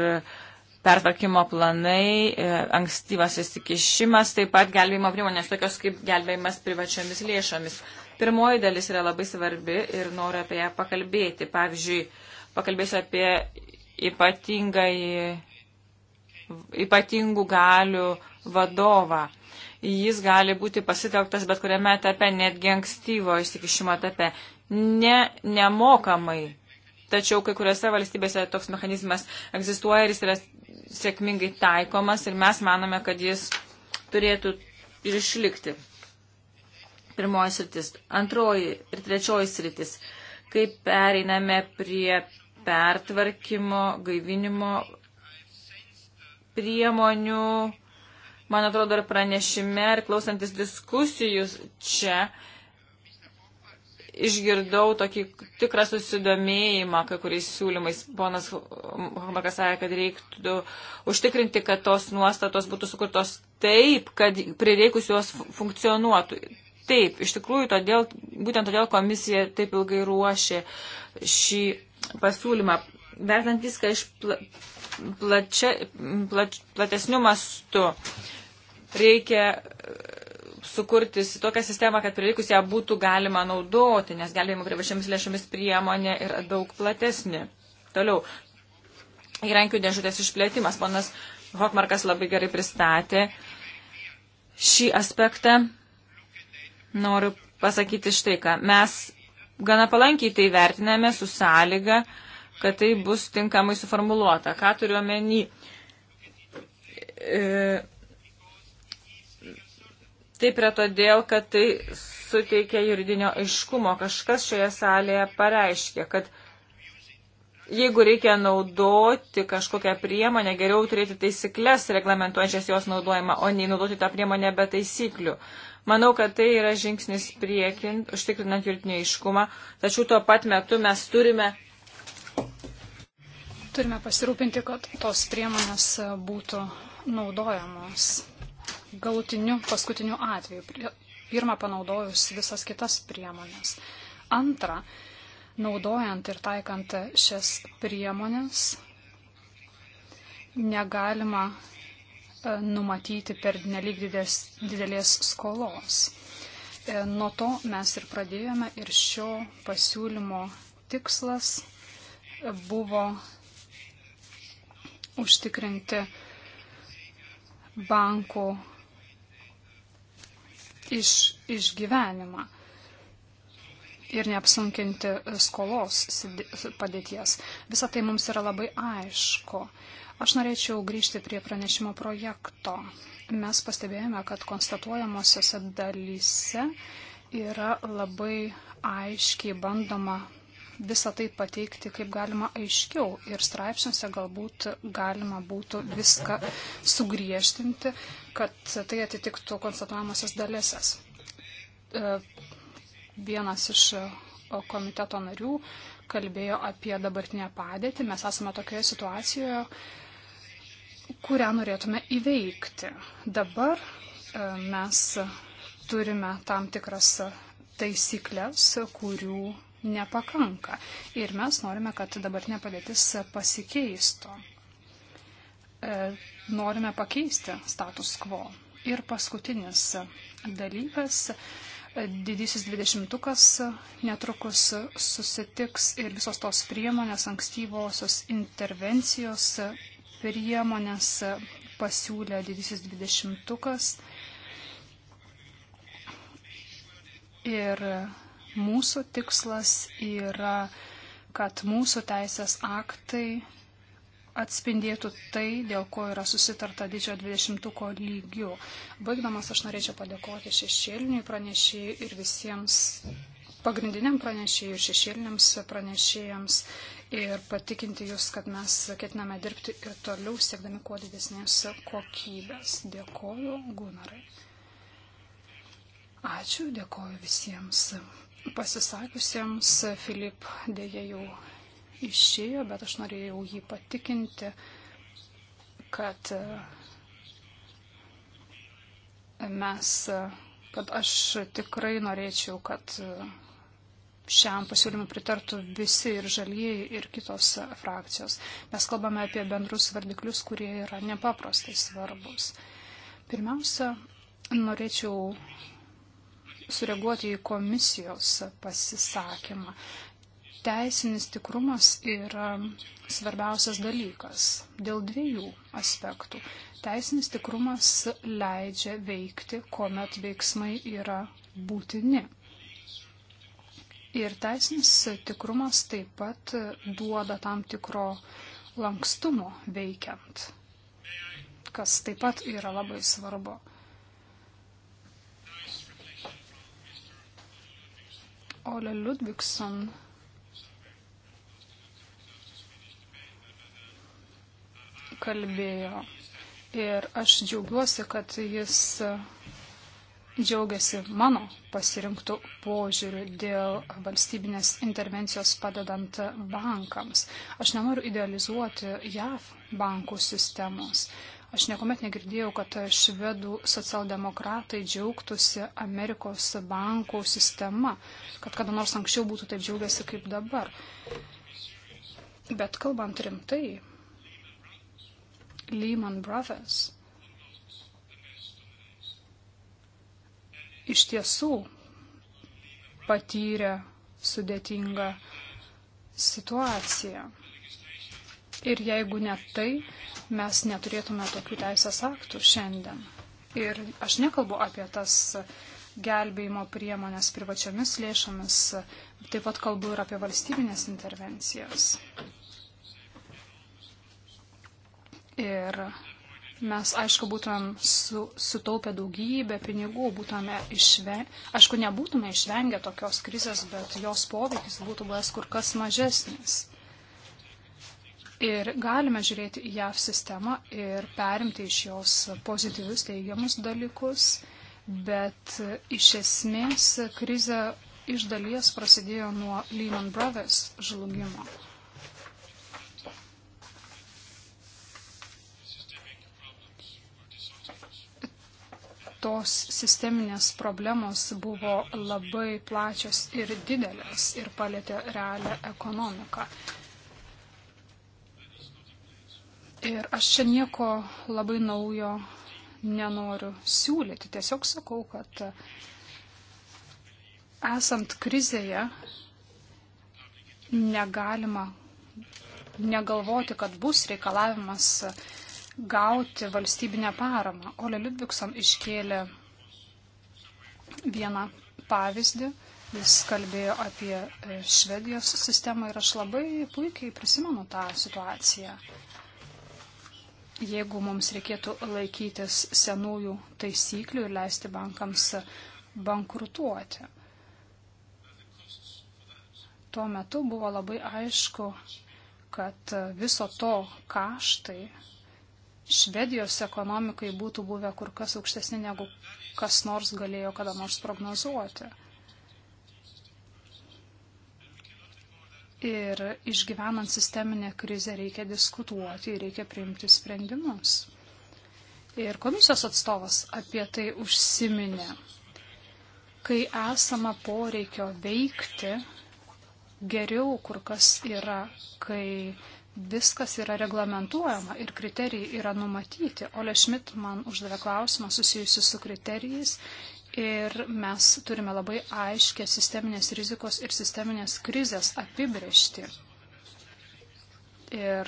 pertvarkymo planai, e, ankstyvas įsikišimas, taip pat gelbėjimo priemonės, tokios kaip gelbėjimas privačiomis lėšomis. Pirmoji dalis yra labai svarbi ir noriu apie ją pakalbėti. Pavyzdžiui, pakalbėsiu apie ypatingai, ypatingų galių vadovą. Jis gali būti pasitelktas bet kuriame etape, netgi ankstyvo įsikišimo etape. Ne, nemokamai. Tačiau kai kuriuose valstybėse toks mechanizmas egzistuoja ir jis yra sėkmingai taikomas ir mes manome, kad jis turėtų ir išlikti. Pirmoji sritis. Antroji ir trečioji sritis. Uh, kaip pereiname prie pertvarkymo, gaivinimo priemonių. Man atrodo, ir pranešime, ir klausantis diskusijus čia išgirdau tokį tikrą susidomėjimą, kai kuriais siūlymais ponas Hombakas sakė, kad reiktų užtikrinti, kad tos nuostatos būtų sukurtos taip, kad prireikus juos funkcionuotų taip. Iš tikrųjų, todėl, būtent todėl komisija taip ilgai ruošė šį pasiūlymą. Vertant viską iš pla, plačia, plač, platesnių mastų, reikia e, sukurti tokią sistemą, kad prireikus ją būtų galima naudoti, nes galėjimo privačiamis lėšomis priemonė yra daug platesnė. Toliau, įrankių dėžutės išplėtimas. Ponas Hokmarkas labai gerai pristatė šį aspektą noriu pasakyti štai ką. Mes gana palankiai tai vertiname su sąlyga, kad tai bus tinkamai suformuluota. Ką turiu omeny? E, taip yra todėl, kad tai suteikia juridinio aiškumo. Kažkas šioje salėje pareiškia, kad jeigu reikia naudoti kažkokią priemonę, geriau turėti taisyklės reglamentuojančias jos naudojimą, o nei naudoti tą priemonę be taisyklių. E, Manau, kad tai yra žingsnis priekin, užtikrinant juridinį iškumą, tačiau tuo pat metu mes turime. Turime pasirūpinti, kad tos priemonės būtų naudojamos galutiniu, paskutiniu atveju. Pirmą panaudojus visas kitas priemonės. Antra, naudojant ir taikant šias priemonės, negalima E, numatyti per nelik didelės skolos. E, nuo to mes ir pradėjome ir šio pasiūlymo tikslas buvo užtikrinti bankų iš, išgyvenimą ir neapsunkinti skolos padėties. Visą tai mums yra labai aišku. Aš norėčiau grįžti prie pranešimo projekto. Mes pastebėjome, kad konstatuojamosiose dalyse yra labai aiškiai bandoma visą tai pateikti kaip galima aiškiau ir straipsniuose galbūt galima būtų viską sugriežtinti, kad tai atitiktų konstatuojamosios dalėses. E, vienas iš komiteto narių kalbėjo apie dabartinę padėtį. Mes esame tokioje situacijoje, kurią norėtume įveikti. Dabar e, mes turime tam tikras taisyklės, kurių nepakanka. Ir mes norime, kad dabartinė padėtis pasikeistų. E, norime pakeisti status quo. Ir paskutinis dalykas. E, didysis dvidešimtukas netrukus susitiks ir visos tos priemonės, ankstyvosios intervencijos priemonės pasiūlė didysis dvidešimtukas. Ir mūsų tikslas yra, kad mūsų teisės aktai atspindėtų tai, dėl ko yra susitarta didžiojo dvidešimtuko lygių. Baigdamas aš norėčiau padėkoti šešėliniui pranešėjui ir visiems pagrindiniam pranešėjui, šešėliniams pranešėjams ir patikinti Jūs, kad mes ketiname dirbti ir toliau siekdami kuo didesnės kokybės. Dėkoju, Gunarai. Ačiū, dėkoju visiems pasisakiusiems. Filip dėja jau išėjo, bet aš norėjau jį patikinti, kad e, mes, kad aš tikrai norėčiau, kad šiam pasiūlymui pritartų visi ir žalieji, ir kitos frakcijos. Mes kalbame apie bendrus vardiklius, kurie yra nepaprastai svarbus. Pirmiausia, norėčiau sureaguoti į komisijos pasisakymą. Teisinis tikrumas yra svarbiausias dalykas dėl dviejų aspektų. Teisinis tikrumas leidžia veikti, kuomet veiksmai yra būtini Ir teisinis tikrumas taip pat duoda tam tikro lankstumo veikiant, kas taip pat yra labai svarbu. Ole Ludvigson kalbėjo ir aš džiaugiuosi, kad jis džiaugiasi mano pasirinktų požiūrių dėl valstybinės intervencijos padedant bankams. Aš nenoriu idealizuoti JAV bankų sistemos. Aš niekuomet negirdėjau, kad švedų socialdemokratai džiaugtųsi Amerikos bankų sistema, kad kada nors anksčiau būtų taip džiaugiasi kaip dabar. Bet kalbant rimtai, Lehman Brothers iš tiesų patyrė sudėtingą situaciją. Ir jeigu ne tai, mes neturėtume tokių teisės aktų šiandien. Ir aš nekalbu apie tas gelbėjimo priemonės privačiomis lėšomis, taip pat kalbu ir apie valstybinės intervencijas. Ir mes, aišku, būtumėm su, sutaupę daugybę pinigų, būtume išvengę, aišku, nebūtume išvengę tokios krizės, bet jos poveikis būtų buvęs kur kas mažesnis. Ir galime žiūrėti į JAV sistemą ir perimti iš jos pozityvius teigiamus dalykus, bet iš esmės krize iš dalies prasidėjo nuo Lehman Brothers žlugimo. tos sisteminės problemos buvo labai plačios ir didelės ir palėtė realią ekonomiką. Ir aš čia nieko labai naujo nenoriu siūlyti. Tiesiog sakau, kad esant krizėje negalima negalvoti, kad bus reikalavimas gauti valstybinę paramą. Ole Ludvigson iškėlė vieną pavyzdį. Jis kalbėjo apie e, Švedijos sistemą ir aš labai puikiai prisimenu tą situaciją. Jeigu mums reikėtų laikytis senųjų taisyklių ir leisti bankams bankrutuoti. Tuo metu buvo labai aišku, kad viso to kaštai Švedijos ekonomikai būtų buvę kur kas aukštesni, negu kas nors galėjo kada nors prognozuoti. Ir išgyvenant sisteminę krizę reikia diskutuoti, reikia priimti sprendimus. Ir komisijos atstovas apie tai užsiminė. Kai esama poreikio veikti, geriau kur kas yra, kai viskas yra reglamentuojama ir kriterijai yra numatyti. Ole Schmidt man uždavė klausimą susijusiu su kriterijais ir mes turime labai aiškę sisteminės rizikos ir sisteminės krizės apibrėžti. Ir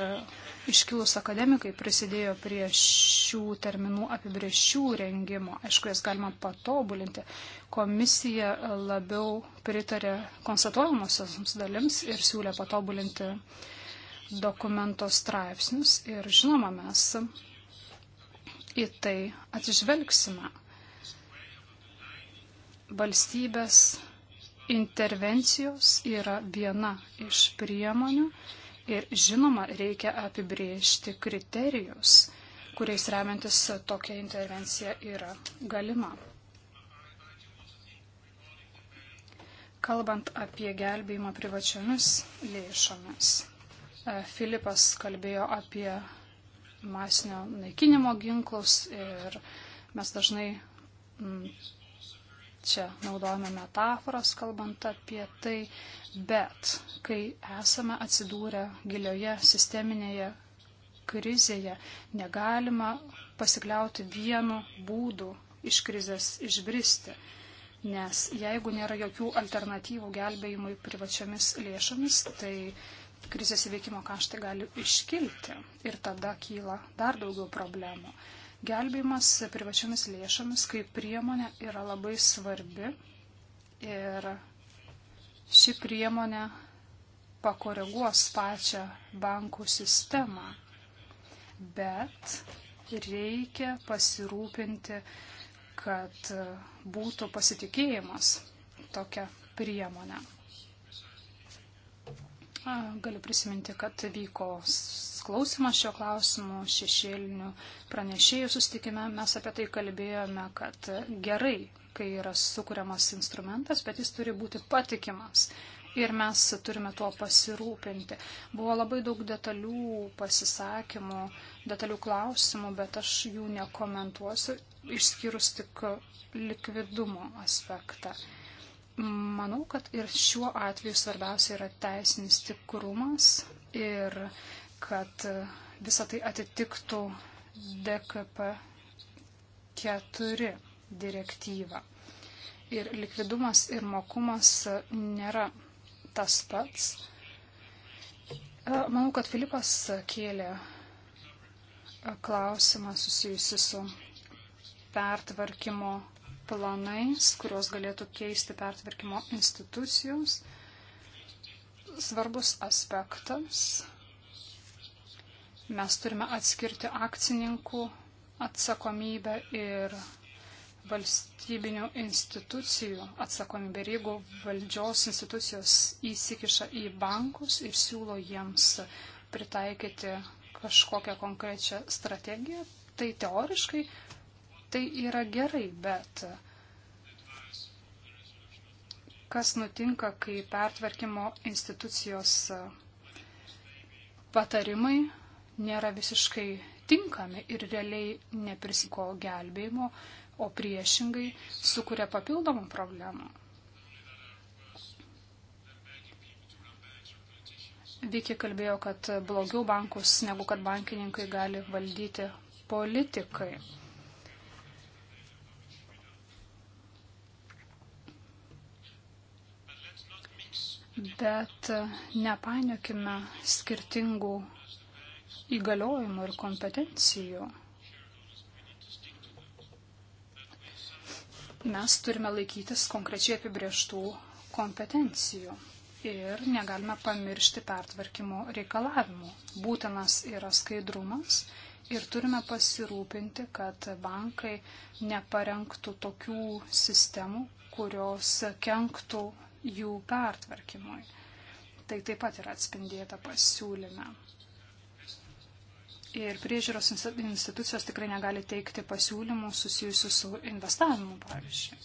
iškilus akademikai prisidėjo prie šių terminų apibrėžčių rengimo. Aišku, jas galima patobulinti. Komisija labiau pritarė konstatuojamosios dalims ir siūlė patobulinti uh, dokumento straipsnius ir žinoma mes į tai atsižvelgsime. Valstybės intervencijos yra viena iš priemonių ir žinoma reikia apibriežti kriterijus, kuriais remiantis tokia intervencija yra galima. Kalbant apie gelbėjimą privačiomis lėšomis. E, Filipas kalbėjo apie masinio naikinimo ginklus ir mes dažnai čia naudojame metaforas, kalbant apie tai, bet kai esame atsidūrę gilioje sisteminėje krizėje, negalima pasikliauti vienu būdu iš krizės išbristi. Nes jeigu nėra jokių alternatyvų gelbėjimui privačiomis lėšomis, tai krizės įveikimo kaštai gali iškilti ir tada kyla dar daugiau problemų. Gelbėjimas privačiomis lėšomis kaip priemonė yra labai svarbi ir ši priemonė pakoreguos pačią bankų sistemą, bet reikia pasirūpinti, kad būtų pasitikėjimas tokia priemonė. Galiu prisiminti, kad vyko klausimas šio klausimu šešėlinių pranešėjų sustikime. Mes apie tai kalbėjome, kad gerai, kai yra sukūriamas instrumentas, bet jis turi būti patikimas. Ir mes turime tuo pasirūpinti. Buvo labai daug detalių pasisakymų, detalių klausimų, bet aš jų nekomentuosiu, išskyrus tik likvidumo aspektą. Manau, kad ir šiuo atveju svarbiausia yra teisinis tikrumas ir kad visa tai atitiktų DKP 4 direktyvą. Ir likvidumas ir mokumas nėra tas pats. E, manau, kad Filipas kėlė klausimą susijusi su pertvarkymo planais, kuriuos galėtų keisti pertvarkymo institucijos. Svarbus aspektas. Mes turime atskirti akcininkų atsakomybę ir valstybinių institucijų atsakomybė. Ir jeigu valdžios institucijos įsikiša į bankus ir siūlo jiems pritaikyti kažkokią konkrečią strategiją, tai teoriškai Tai yra gerai, bet kas nutinka, kai pertvarkymo institucijos patarimai nėra visiškai tinkami ir realiai neprisiko gelbėjimo, o priešingai sukuria papildomų problemų. Vykė kalbėjo, kad blogiau bankus negu kad bankininkai gali valdyti politikai. bet nepaniokime skirtingų įgaliojimų ir kompetencijų. Mes turime laikytis konkrečiai apibrieštų kompetencijų ir negalime pamiršti pertvarkymo reikalavimų. Būtinas yra skaidrumas ir turime pasirūpinti, kad bankai neparengtų tokių sistemų, kurios kenktų jų pertvarkymui. Tai taip pat yra atspindėta pasiūlyme. Ir priežiūros institucijos tikrai negali teikti pasiūlymų susijusių su investavimu, pavyzdžiui.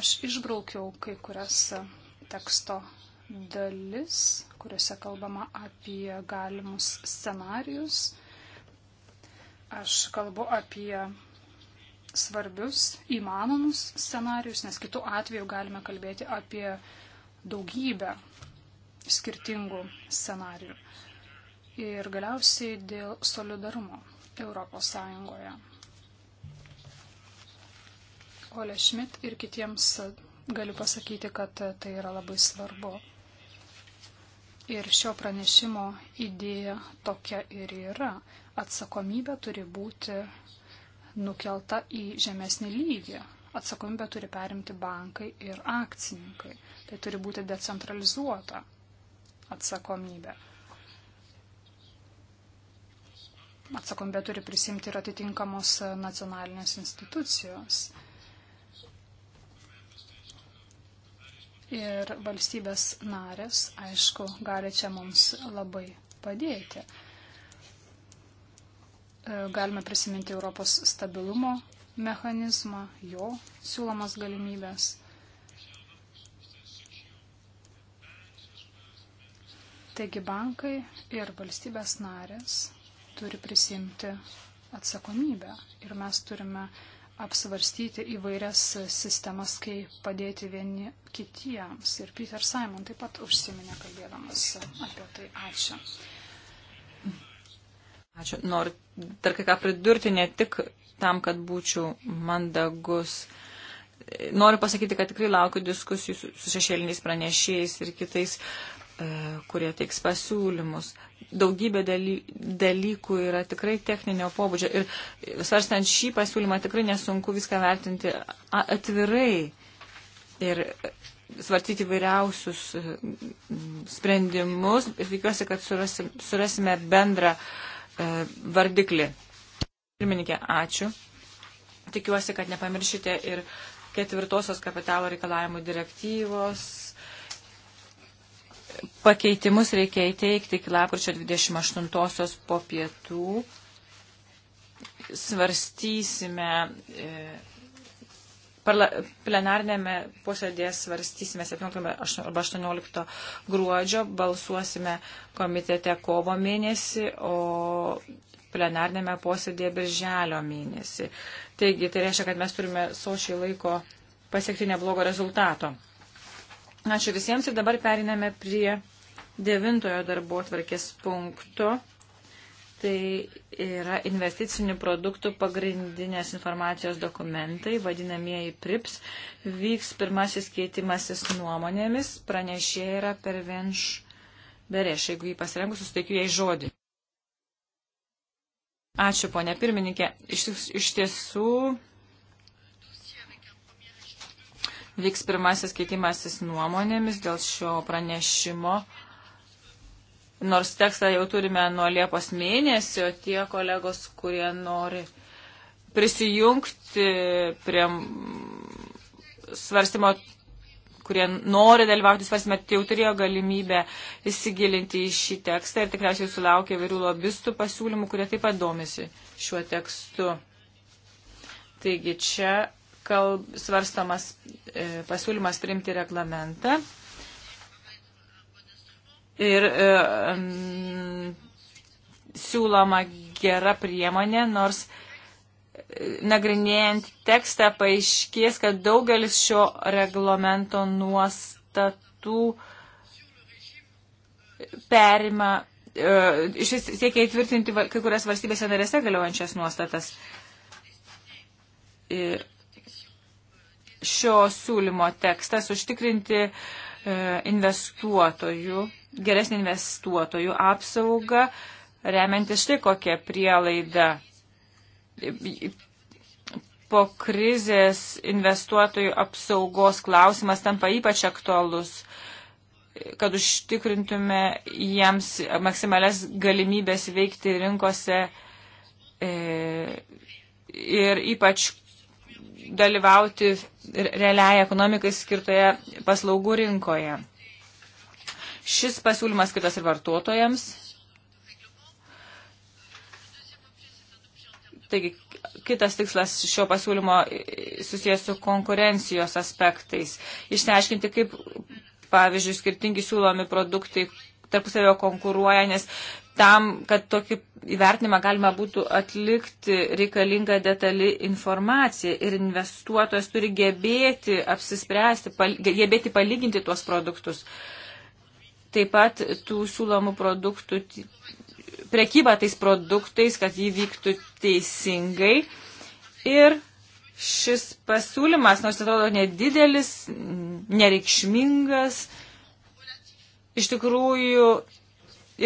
Aš išbraukiau kai kurias teksto dalis, kuriuose kalbama apie galimus scenarius. Aš kalbu apie svarbius įmanomus scenarius, nes kitų atveju galime kalbėti apie daugybę skirtingų scenarių. Ir galiausiai dėl solidarumo Europos Sąjungoje. Ole Schmidt ir kitiems galiu pasakyti, kad tai yra labai svarbu. Ir šio pranešimo idėja tokia ir yra. Atsakomybė turi būti nukelta į žemesnį lygį. Atsakomybę turi perimti bankai ir akcininkai. Tai turi būti decentralizuota atsakomybė. Atsakomybę turi prisimti ir atitinkamos nacionalinės institucijos. Ir valstybės narės, aišku, gali čia mums labai padėti. Galime prisiminti Europos stabilumo mechanizmą, jo siūlomas galimybės. Taigi bankai ir valstybės narės turi prisimti atsakomybę ir mes turime apsvarstyti įvairias sistemas, kaip padėti vieni kitiems. Ir Peter Simon taip pat užsiminė kalbėdamas apie tai. Ačiū. Ačiū. Noriu dar kai ką pridurti, ne tik tam, kad būčiau mandagus. Noriu pasakyti, kad tikrai laukiu diskusijų su, su šešėliniais pranešėjais ir kitais, e, kurie teiks pasiūlymus. Daugybė daly, dalykų yra tikrai techninio pobūdžio ir svarstant šį pasiūlymą tikrai nesunku viską vertinti atvirai ir svartyti vairiausius e, sprendimus ir tikiuosi, kad surasime, surasime bendrą. E, E, vardiklį. Pirmininkė, ačiū. Tikiuosi, kad nepamiršite ir ketvirtosios kapitalo reikalavimų direktyvos. Pakeitimus reikia įteikti iki lapkričio 28-osios po pietų. Svarstysime. E, Parla plenarnėme posėdėje svarstysime 17 arba 18 gruodžio, balsuosime komitete kovo mėnesį, o plenarnėme posėdėje birželio mėnesį. Taigi, tai reiškia, kad mes turime sošiai laiko pasiekti neblogo rezultato. Ačiū visiems ir dabar periname prie devintojo darbo tvarkės punkto tai yra investicinių produktų pagrindinės informacijos dokumentai, vadinamieji PRIPS, vyks pirmasis keitimasis nuomonėmis, pranešė yra per Venš Bereš, jeigu jį pasirengus, susteikiu jai žodį. Ačiū, ponė pirmininkė. Iš, iš tiesų vyks pirmasis keitimasis nuomonėmis dėl šio pranešimo nors tekstą jau turime nuo Liepos mėnesio, tie kolegos, kurie nori prisijungti prie svarstymo, kurie nori dalyvauti svarstymą, tai jau turėjo galimybę įsigilinti į šį tekstą ir tikriausiai sulaukė vairių lobistų pasiūlymų, kurie taip pat domisi šiuo tekstu. Taigi čia kalb, svarstamas e, pasiūlymas priimti reglamentą ir e, siūloma gera priemonė, nors e, nagrinėjant tekstą paaiškės, kad daugelis šio reglamento nuostatų perima, e, šis siekia įtvirtinti kai kurias valstybėse narėse galiojančias nuostatas. Ir šio siūlymo tekstas užtikrinti e, investuotojų geresnį investuotojų apsaugą, remiantis štai kokią prielaidą. Po krizės investuotojų apsaugos klausimas tampa ypač aktualus, kad užtikrintume jiems maksimales galimybės veikti rinkose e, ir ypač dalyvauti realiai ekonomikai skirtoje paslaugų rinkoje. Šis pasiūlymas skirtas ir vartotojams. Taigi, kitas tikslas šio pasiūlymo susijęs su konkurencijos aspektais. Išsiaiškinti, kaip, pavyzdžiui, skirtingi siūlomi produktai tarpusavio konkuruoja, nes tam, kad tokį įvertinimą galima būtų atlikti, reikalinga detali informacija ir investuotojas turi gebėti apsispręsti, pal, gebėti palyginti tuos produktus. Uh, Taip pat tų siūlomų produktų, prekyba tais produktais, kad jį vyktų teisingai. Ir šis pasiūlymas, nors atrodo nedidelis, nereikšmingas, iš tikrųjų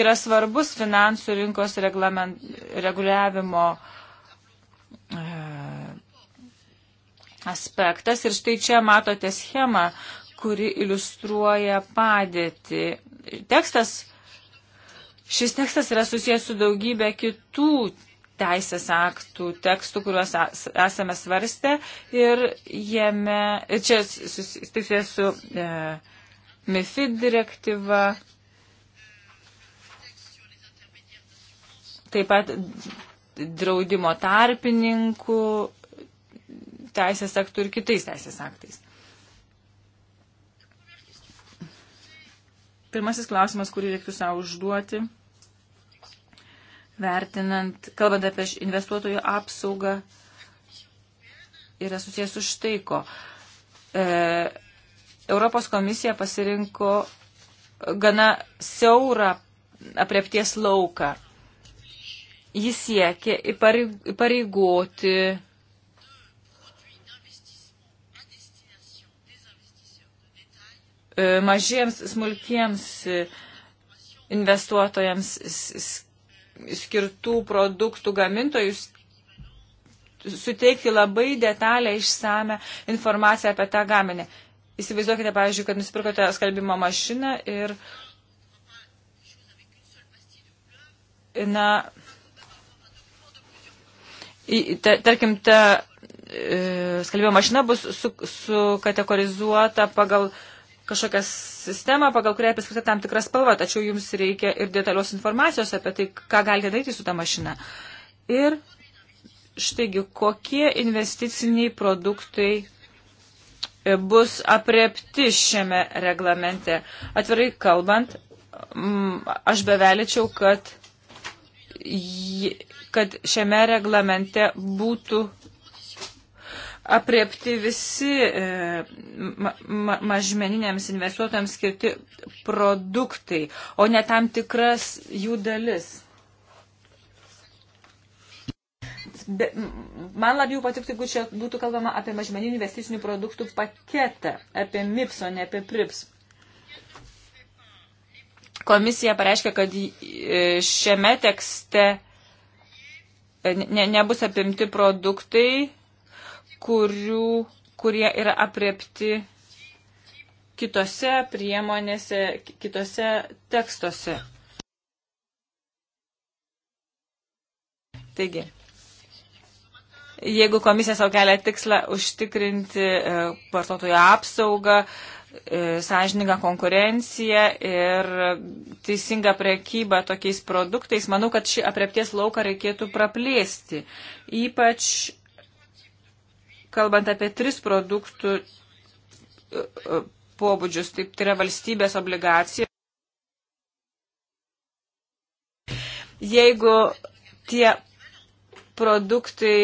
yra svarbus finansų rinkos reguliavimo e, aspektas. Ir štai čia matote schemą, kuri iliustruoja padėtį tekstas, šis tekstas yra susijęs su daugybė kitų teisės aktų tekstų, kuriuos esame svarstę ir jame, čia susijęs su e, MIFID direktyva, taip pat draudimo tarpininkų teisės aktų ir kitais teisės aktais. Pirmasis klausimas, kurį reiktų savo užduoti, vertinant, kalbant apie investuotojų apsaugą, yra susijęs už tai, ko. E, Europos komisija pasirinko gana siaurą apriepties lauką. Jis siekia įpareigoti E, mažiems smulkiems e, investuotojams skirtų produktų gamintojus suteikti labai detalę išsame informaciją apie tą gaminę. Įsivaizduokite, pavyzdžiui, kad nusipirkote skalbimo mašiną ir, na, ta, tarkim, ta e, skalbimo mašina bus sukategorizuota su, su pagal e, kažkokią sistemą, pagal kurią priskirti tam tikrą spalvą, tačiau jums reikia ir detalios informacijos apie tai, ką galite daryti su tą mašina. Ir štaigi, kokie investiciniai produktai e, bus aprepti šiame reglamente. Atvirai kalbant, aš beveličiau, kad, kad šiame reglamente būtų apriepti visi e, ma, mažmeniniams investuotojams skirti produktai, o ne tam tikras jų dalis. Be, man labiau patiktų, jeigu čia būtų kalbama apie mažmeninių investicinių produktų paketą, apie MIPS, o ne apie PRIPS. Komisija pareiškia, kad e, šiame tekste e, ne, nebus apimti produktai, kurių, kurie yra apriepti kitose priemonėse, kitose tekstuose. Taigi, jeigu komisija savo kelia tikslą užtikrinti e, vartotojų apsaugą, e, sąžininką konkurenciją ir teisingą prekybą tokiais produktais, manau, kad šį apriepties lauką reikėtų praplėsti. Ypač kalbant apie tris produktų e, e, pobūdžius, taip tai yra valstybės obligacija. Jeigu tie produktai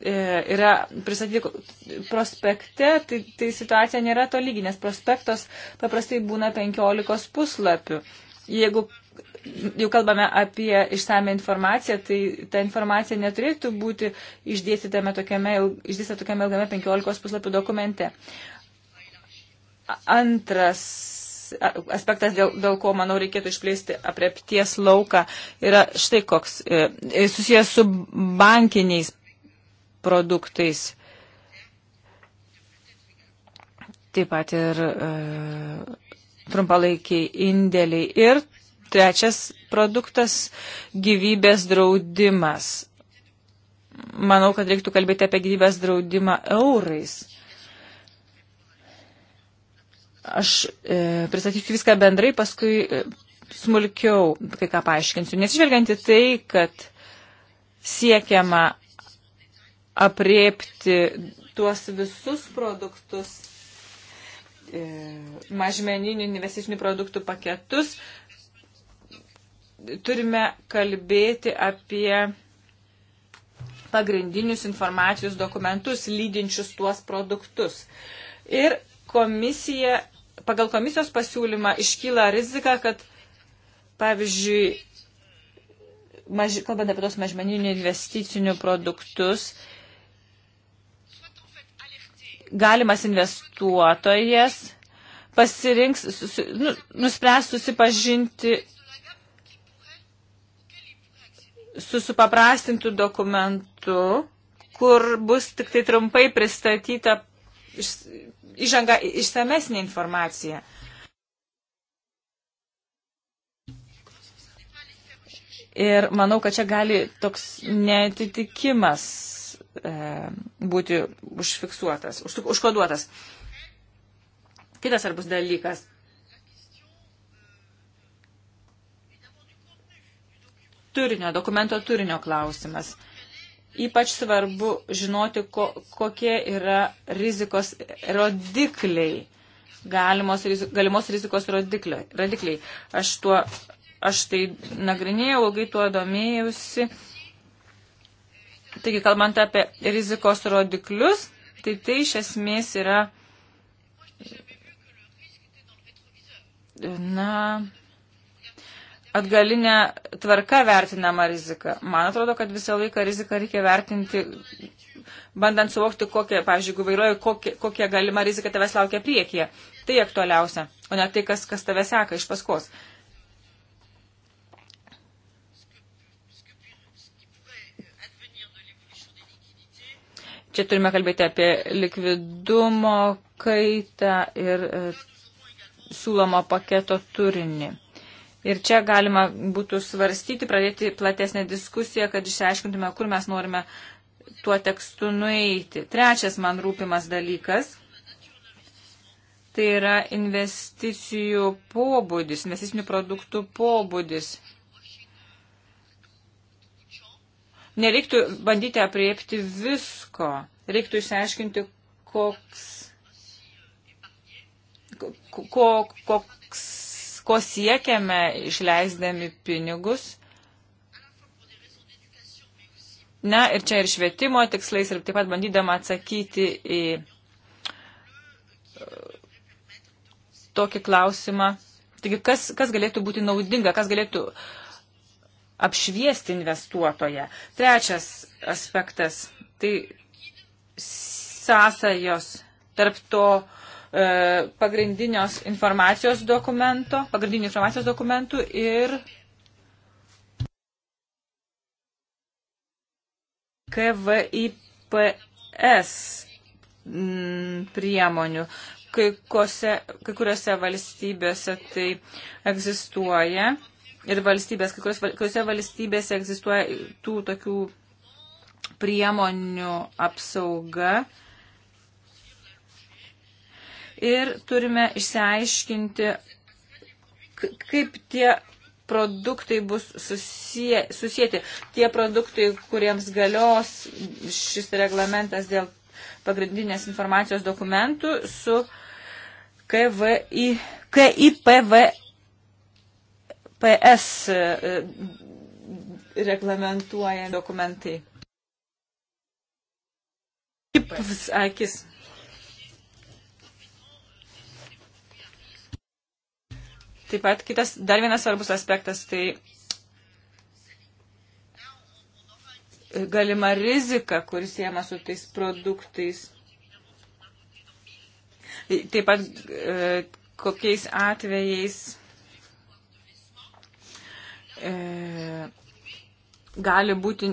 e, yra pristatyti prospekte, tai, tai situacija nėra tolygi, nes prospektos paprastai būna 15 puslapių. Jeigu jau kalbame apie išsame informaciją, tai ta informacija neturėtų būti išdėstytame tokiame, išdėstytame tokiame ilgame 15 puslapių dokumente. Antras aspektas, dėl, dėl ko, manau, reikėtų išplėsti apriepties lauką, yra štai koks, e, e, susijęs su bankiniais produktais. Taip pat ir e, trumpalaikiai indėliai ir Trečias produktas - gyvybės draudimas. Manau, kad reiktų kalbėti apie gyvybės draudimą eurais. Aš e, pristatysiu viską bendrai, paskui e, smulkiau kai ką paaiškinsiu. Nesižvelgianti tai, kad siekiama apriepti tuos visus produktus, e, mažmeninių investicinių produktų paketus, turime kalbėti apie pagrindinius informacijos dokumentus lydinčius tuos produktus. Ir komisija, pagal komisijos pasiūlymą iškyla rizika, kad, pavyzdžiui, maž, kalbant apie tos mažmeninių investicinių produktus, galimas investuotojas pasirinks, susi, nu, nuspręs susipažinti su supaprastintų dokumentu, kur bus tik tai trumpai pristatyta iš, įžanga išsamesnė informacija. Ir manau, kad čia gali toks netitikimas e, būti užfiksuotas, už, užkoduotas. Kitas svarbus dalykas turinio, dokumento turinio klausimas. Ypač svarbu žinoti, ko, kokie yra rizikos rodikliai, galimos, galimos rizikos rodikliai. Aš, tuo, aš tai nagrinėjau, ilgai tuo domėjausi. Taigi, kalbant apie rizikos rodiklius, tai tai iš esmės yra. Na, atgalinę tvarką vertinama rizika. Man atrodo, kad visą laiką riziką reikia vertinti, bandant suvokti, kokie, pavyzdžiui, jeigu vairuoji, kokie, kokie galima rizika tavęs laukia priekyje. Tai aktualiausia, o ne tai, kas, kas tave seka iš paskos. Čia turime kalbėti apie likvidumo kaitą ir e, siūlomo paketo turinį. Ir čia galima būtų svarstyti, pradėti platesnę diskusiją, kad išsiaiškintume, kur mes norime tuo tekstu nueiti. Trečias man rūpimas dalykas - tai yra investicijų pobūdis, investicinių produktų pobūdis. Nereiktų bandyti apriepti visko, reiktų išsiaiškinti, koks, ko, koks ko siekiame išleisdami pinigus. Na ir čia ir švietimo tikslais, ir taip pat bandydama atsakyti į e, tokį klausimą. Taigi, kas, kas galėtų būti naudinga, kas galėtų apšviesti investuotoje. Trečias aspektas - tai sąsajos tarp to, uh, E, pagrindinios informacijos dokumento, pagrindinių informacijos dokumentų ir KVIPS mm, priemonių. Kai, kose, kai kuriuose valstybėse tai egzistuoja ir valstybės, kai kuriuose valstybėse egzistuoja tų tokių priemonių apsauga. Uh, ir turime išsiaiškinti, kaip tie produktai bus susie, susijęti. Tie produktai, kuriems galios šis reglamentas dėl pagrindinės informacijos dokumentų su KVI, KIPVPS e, reglamentuojami dokumentai. Kaip akis. Taip pat kitas, dar vienas svarbus aspektas, tai galima rizika, kuris siema su tais produktais. Taip pat e, kokiais atvejais e, gali būti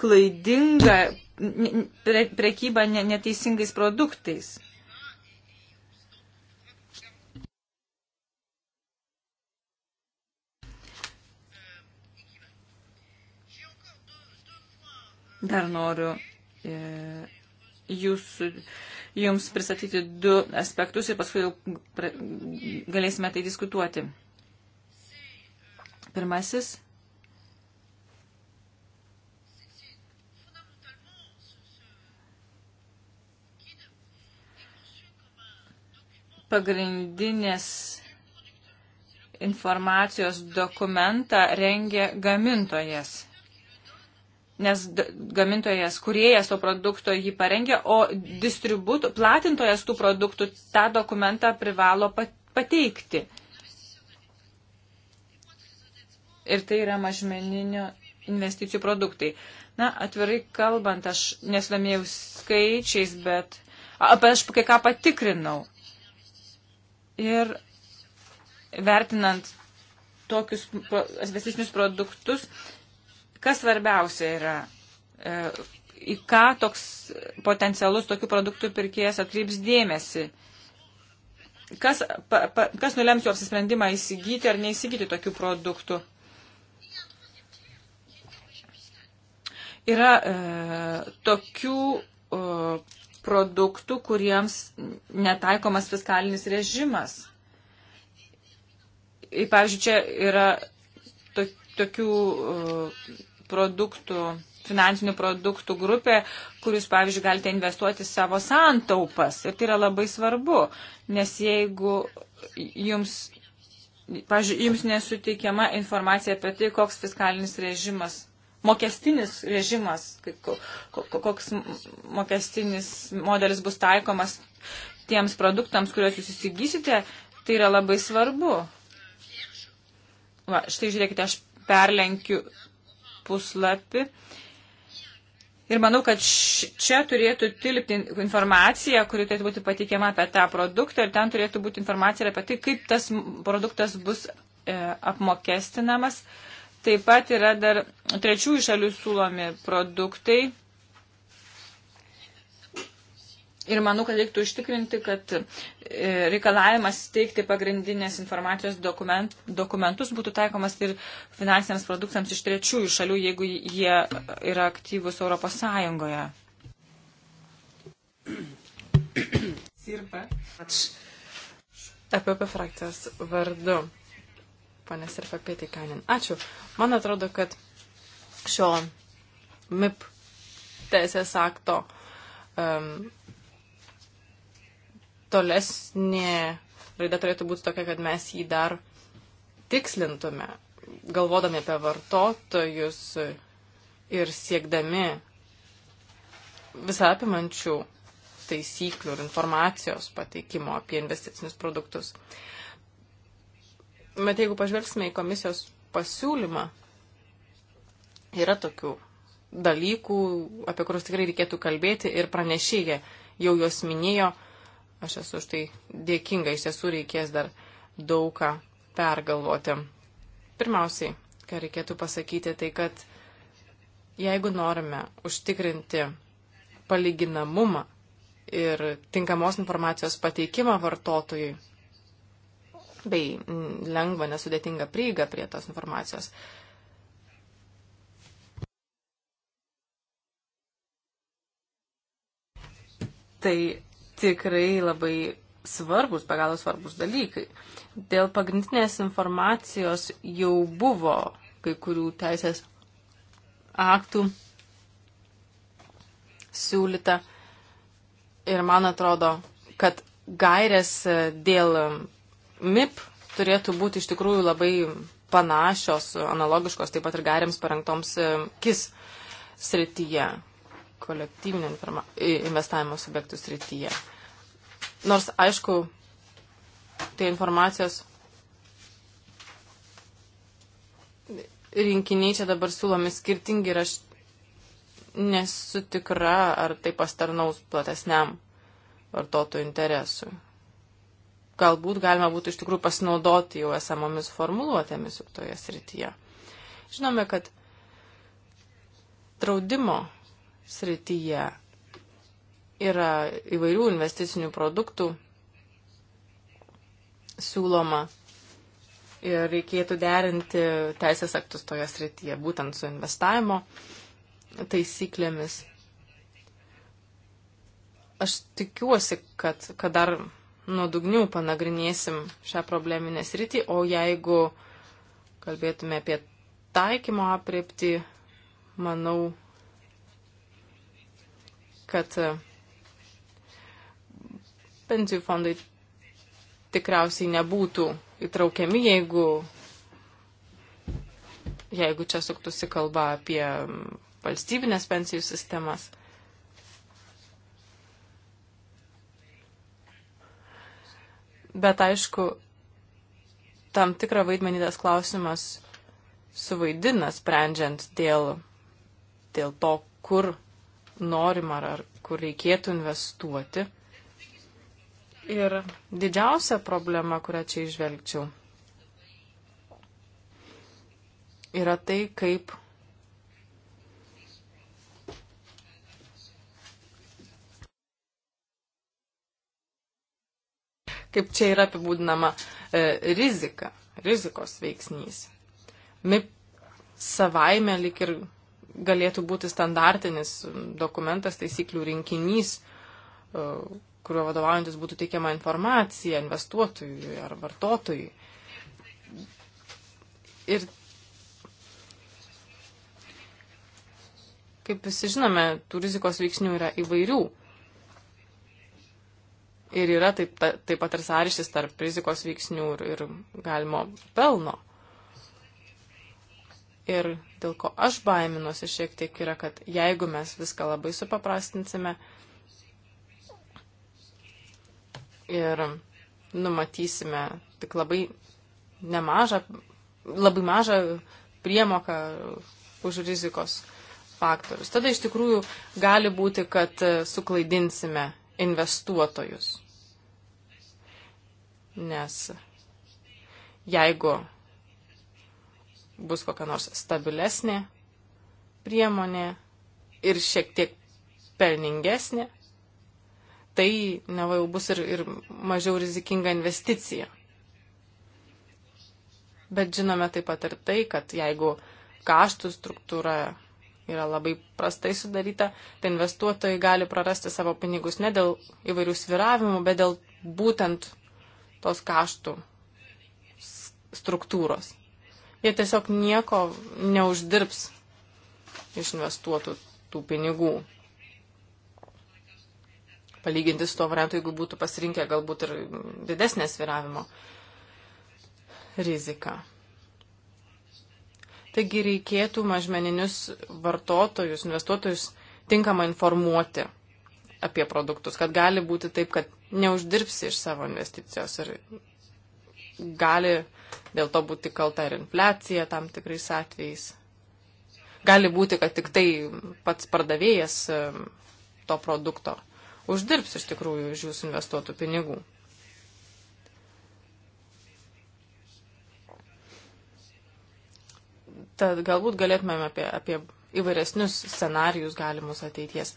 klaidinga prekyba neteisingais produktais. Dar noriu e, jūsų, jums pristatyti du aspektus ir paskui jau pra, galėsime tai diskutuoti. Pirmasis. Pagrindinės informacijos dokumentą rengia gamintojas nes gamintojas, kuriejas to produkto jį parengia, o platintojas tų produktų tą dokumentą privalo pateikti. Ir tai yra mažmeninio investicijų produktai. Na, atvirai kalbant, aš neslėmėjau skaičiais, bet apie aš kai ką patikrinau. Ir vertinant tokius investicinius produktus, Kas svarbiausia yra, e, į ką toks potencialus tokių produktų pirkėjas atkreips dėmesį? Kas, pa, pa, kas nulems jų apsisprendimą įsigyti ar neįsigyti tokių produktų? Yra e, tokių e, produktų, kuriems netaikomas fiskalinis režimas. Pavyzdžiui, čia yra to, tokių produktų, finansinių produktų grupė, kuris, pavyzdžiui, galite investuoti savo santaupas. Ir tai yra labai svarbu, nes jeigu jums, pavyzdžiui, jums nesuteikiama informacija apie tai, koks fiskalinis režimas mokestinis režimas, koks mokestinis modelis bus taikomas tiems produktams, kuriuos jūs įsigysite, tai yra labai svarbu. Va, štai žiūrėkite, aš perlenkiu puslapį. Ir manau, kad čia turėtų tilpti informacija, kuri turėtų būti pateikiama apie tą produktą ir ten turėtų būti informacija apie tai, kaip tas produktas bus e, apmokestinamas. Taip pat yra dar trečiųjų šalių siūlomi produktai, Ir manau, kad reiktų užtikrinti, kad e, reikalavimas teikti pagrindinės informacijos dokument, dokumentus būtų taikomas ir finansiniams produktams iš trečiųjų šalių, jeigu jie yra aktyvus Europos Sąjungoje. Sirpa. EPP frakcijos vardu. Pane Sirpa Pietikanin. Ačiū. Man atrodo, kad šio MIP teisės akto um, tolesnė raida turėtų būti tokia, kad mes jį dar tikslintume, galvodami apie vartotojus ir siekdami visą apimančių taisyklių ir informacijos pateikimo apie investicinius produktus. Bet jeigu pažvelgsime į komisijos pasiūlymą, yra tokių dalykų, apie kuriuos tikrai reikėtų kalbėti ir pranešėja jau juos minėjo, Aš esu už tai dėkinga, iš tiesų reikės dar daug ką pergalvoti. Pirmiausiai, ką reikėtų pasakyti, tai kad jeigu norime užtikrinti palyginamumą ir tinkamos informacijos pateikimą vartotojui bei mm, lengvą nesudėtingą prieigą prie tos informacijos. Tai tikrai labai svarbus, be galo svarbus dalykai. Dėl pagrindinės informacijos jau buvo kai kurių teisės aktų siūlyta ir man atrodo, kad gairės dėl MIP turėtų būti iš tikrųjų labai panašios, analogiškos, taip pat ir gairėms parengtoms KIS srityje kolektyvinio investavimo subjektų srityje. Nors, aišku, tai informacijos rinkiniai čia dabar siūlomi skirtingi ir aš nesu tikra, ar tai pastarnaus platesniam vartotojų interesui. Galbūt galima būtų iš tikrųjų pasinaudoti jau esamomis formuluotėmis toje srityje. Žinome, kad draudimo srityje yra įvairių investicinių produktų siūloma ir reikėtų derinti teisės aktus toje srityje, būtent su investavimo taisyklėmis. Aš tikiuosi, kad, kad dar nuodugniau panagrinėsim šią probleminę sritį, o jeigu kalbėtume apie taikymo apriepti, manau, kad e, pensijų fondai tikriausiai nebūtų įtraukiami, jeigu, jeigu čia suktųsi kalba apie valstybinės pensijų sistemas. Bet aišku, tam tikrą vaidmenį tas klausimas suvaidina, sprendžiant dėl, dėl to, kur norim ar, ar kur reikėtų investuoti. Ir didžiausia problema, kurią čia išvelgčiau, yra tai, kaip kaip čia yra apibūdinama e, rizika, rizikos veiksnys. MIP savaime lik ir galėtų būti standartinis dokumentas, taisyklių rinkinys, e, kuriuo vadovaujantis būtų teikiama informacija investuotojui ar vartotojui. Ir kaip visi žinome, tų rizikos veiksnių yra įvairių. Ir yra taip, ta, taip pat ir sąryšis tarp rizikos veiksnių ir, ir galimo pelno. Ir dėl ko aš baiminuosi šiek tiek yra, kad jeigu mes viską labai supaprastinsime ir numatysime tik labai nemažą, labai mažą priemoką už rizikos faktorius. Tada iš tikrųjų gali būti, kad suklaidinsime investuotojus. Nes jeigu bus kokia nors stabilesnė priemonė ir šiek tiek pelningesnė, tai neva jau bus ir, ir mažiau rizikinga investicija. Bet žinome taip pat ir tai, kad jeigu kaštų struktūra yra labai prastai sudaryta, tai investuotojai gali prarasti savo pinigus ne dėl įvairių sviravimų, bet dėl būtent tos kaštų struktūros jie tiesiog nieko neuždirbs iš investuotų tų pinigų. Palyginti su to variantu, jeigu būtų pasirinkę galbūt ir didesnę sviravimo riziką. Taigi reikėtų mažmeninius vartotojus, investuotojus tinkamai informuoti apie produktus, kad gali būti taip, kad neuždirbsi iš savo investicijos ir gali uh, dėl to būti kalta ir infliacija tam tikrais atvejais. Gali būti, kad tik tai pats pardavėjas to produkto uždirbs iš tikrųjų iš jūsų investuotų pinigų. Tad galbūt galėtumėm apie, apie įvairesnius scenarius galimus ateities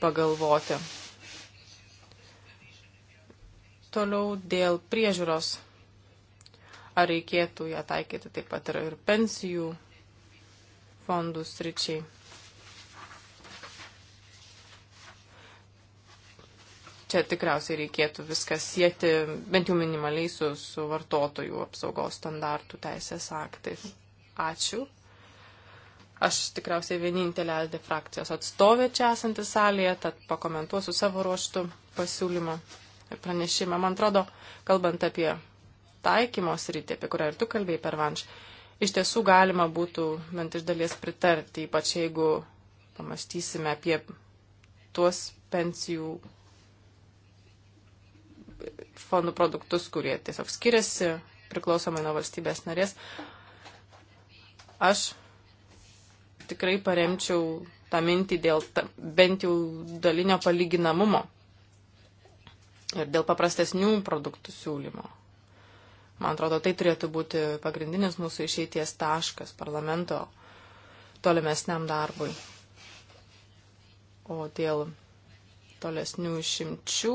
pagalvoti. Toliau dėl priežiūros ar reikėtų ją taikyti taip pat ir, ir pensijų fondų sričiai. Čia tikriausiai reikėtų viską sieti bent jau minimaliai su, su vartotojų apsaugos standartų teisės aktais. Ačiū. Aš tikriausiai vienintelė Alde frakcijos atstovė čia esanti salėje, tad pakomentuosiu savo ruoštų pasiūlymą ir pranešimą. Man atrodo, kalbant apie taikymos rytį, apie kurią ir tu kalbėjai per vanš, iš tiesų galima būtų bent iš dalies pritarti, ypač jeigu pamastysime apie tuos pensijų fondų produktus, kurie tiesiog skiriasi priklausomai nuo valstybės narės. Aš tikrai paremčiau tą mintį dėl ta, bent jau dalinio palyginamumo ir dėl paprastesnių produktų siūlymo. Man atrodo, tai turėtų būti pagrindinis mūsų išeities taškas parlamento tolimesniam darbui. O dėl tolesnių išimčių,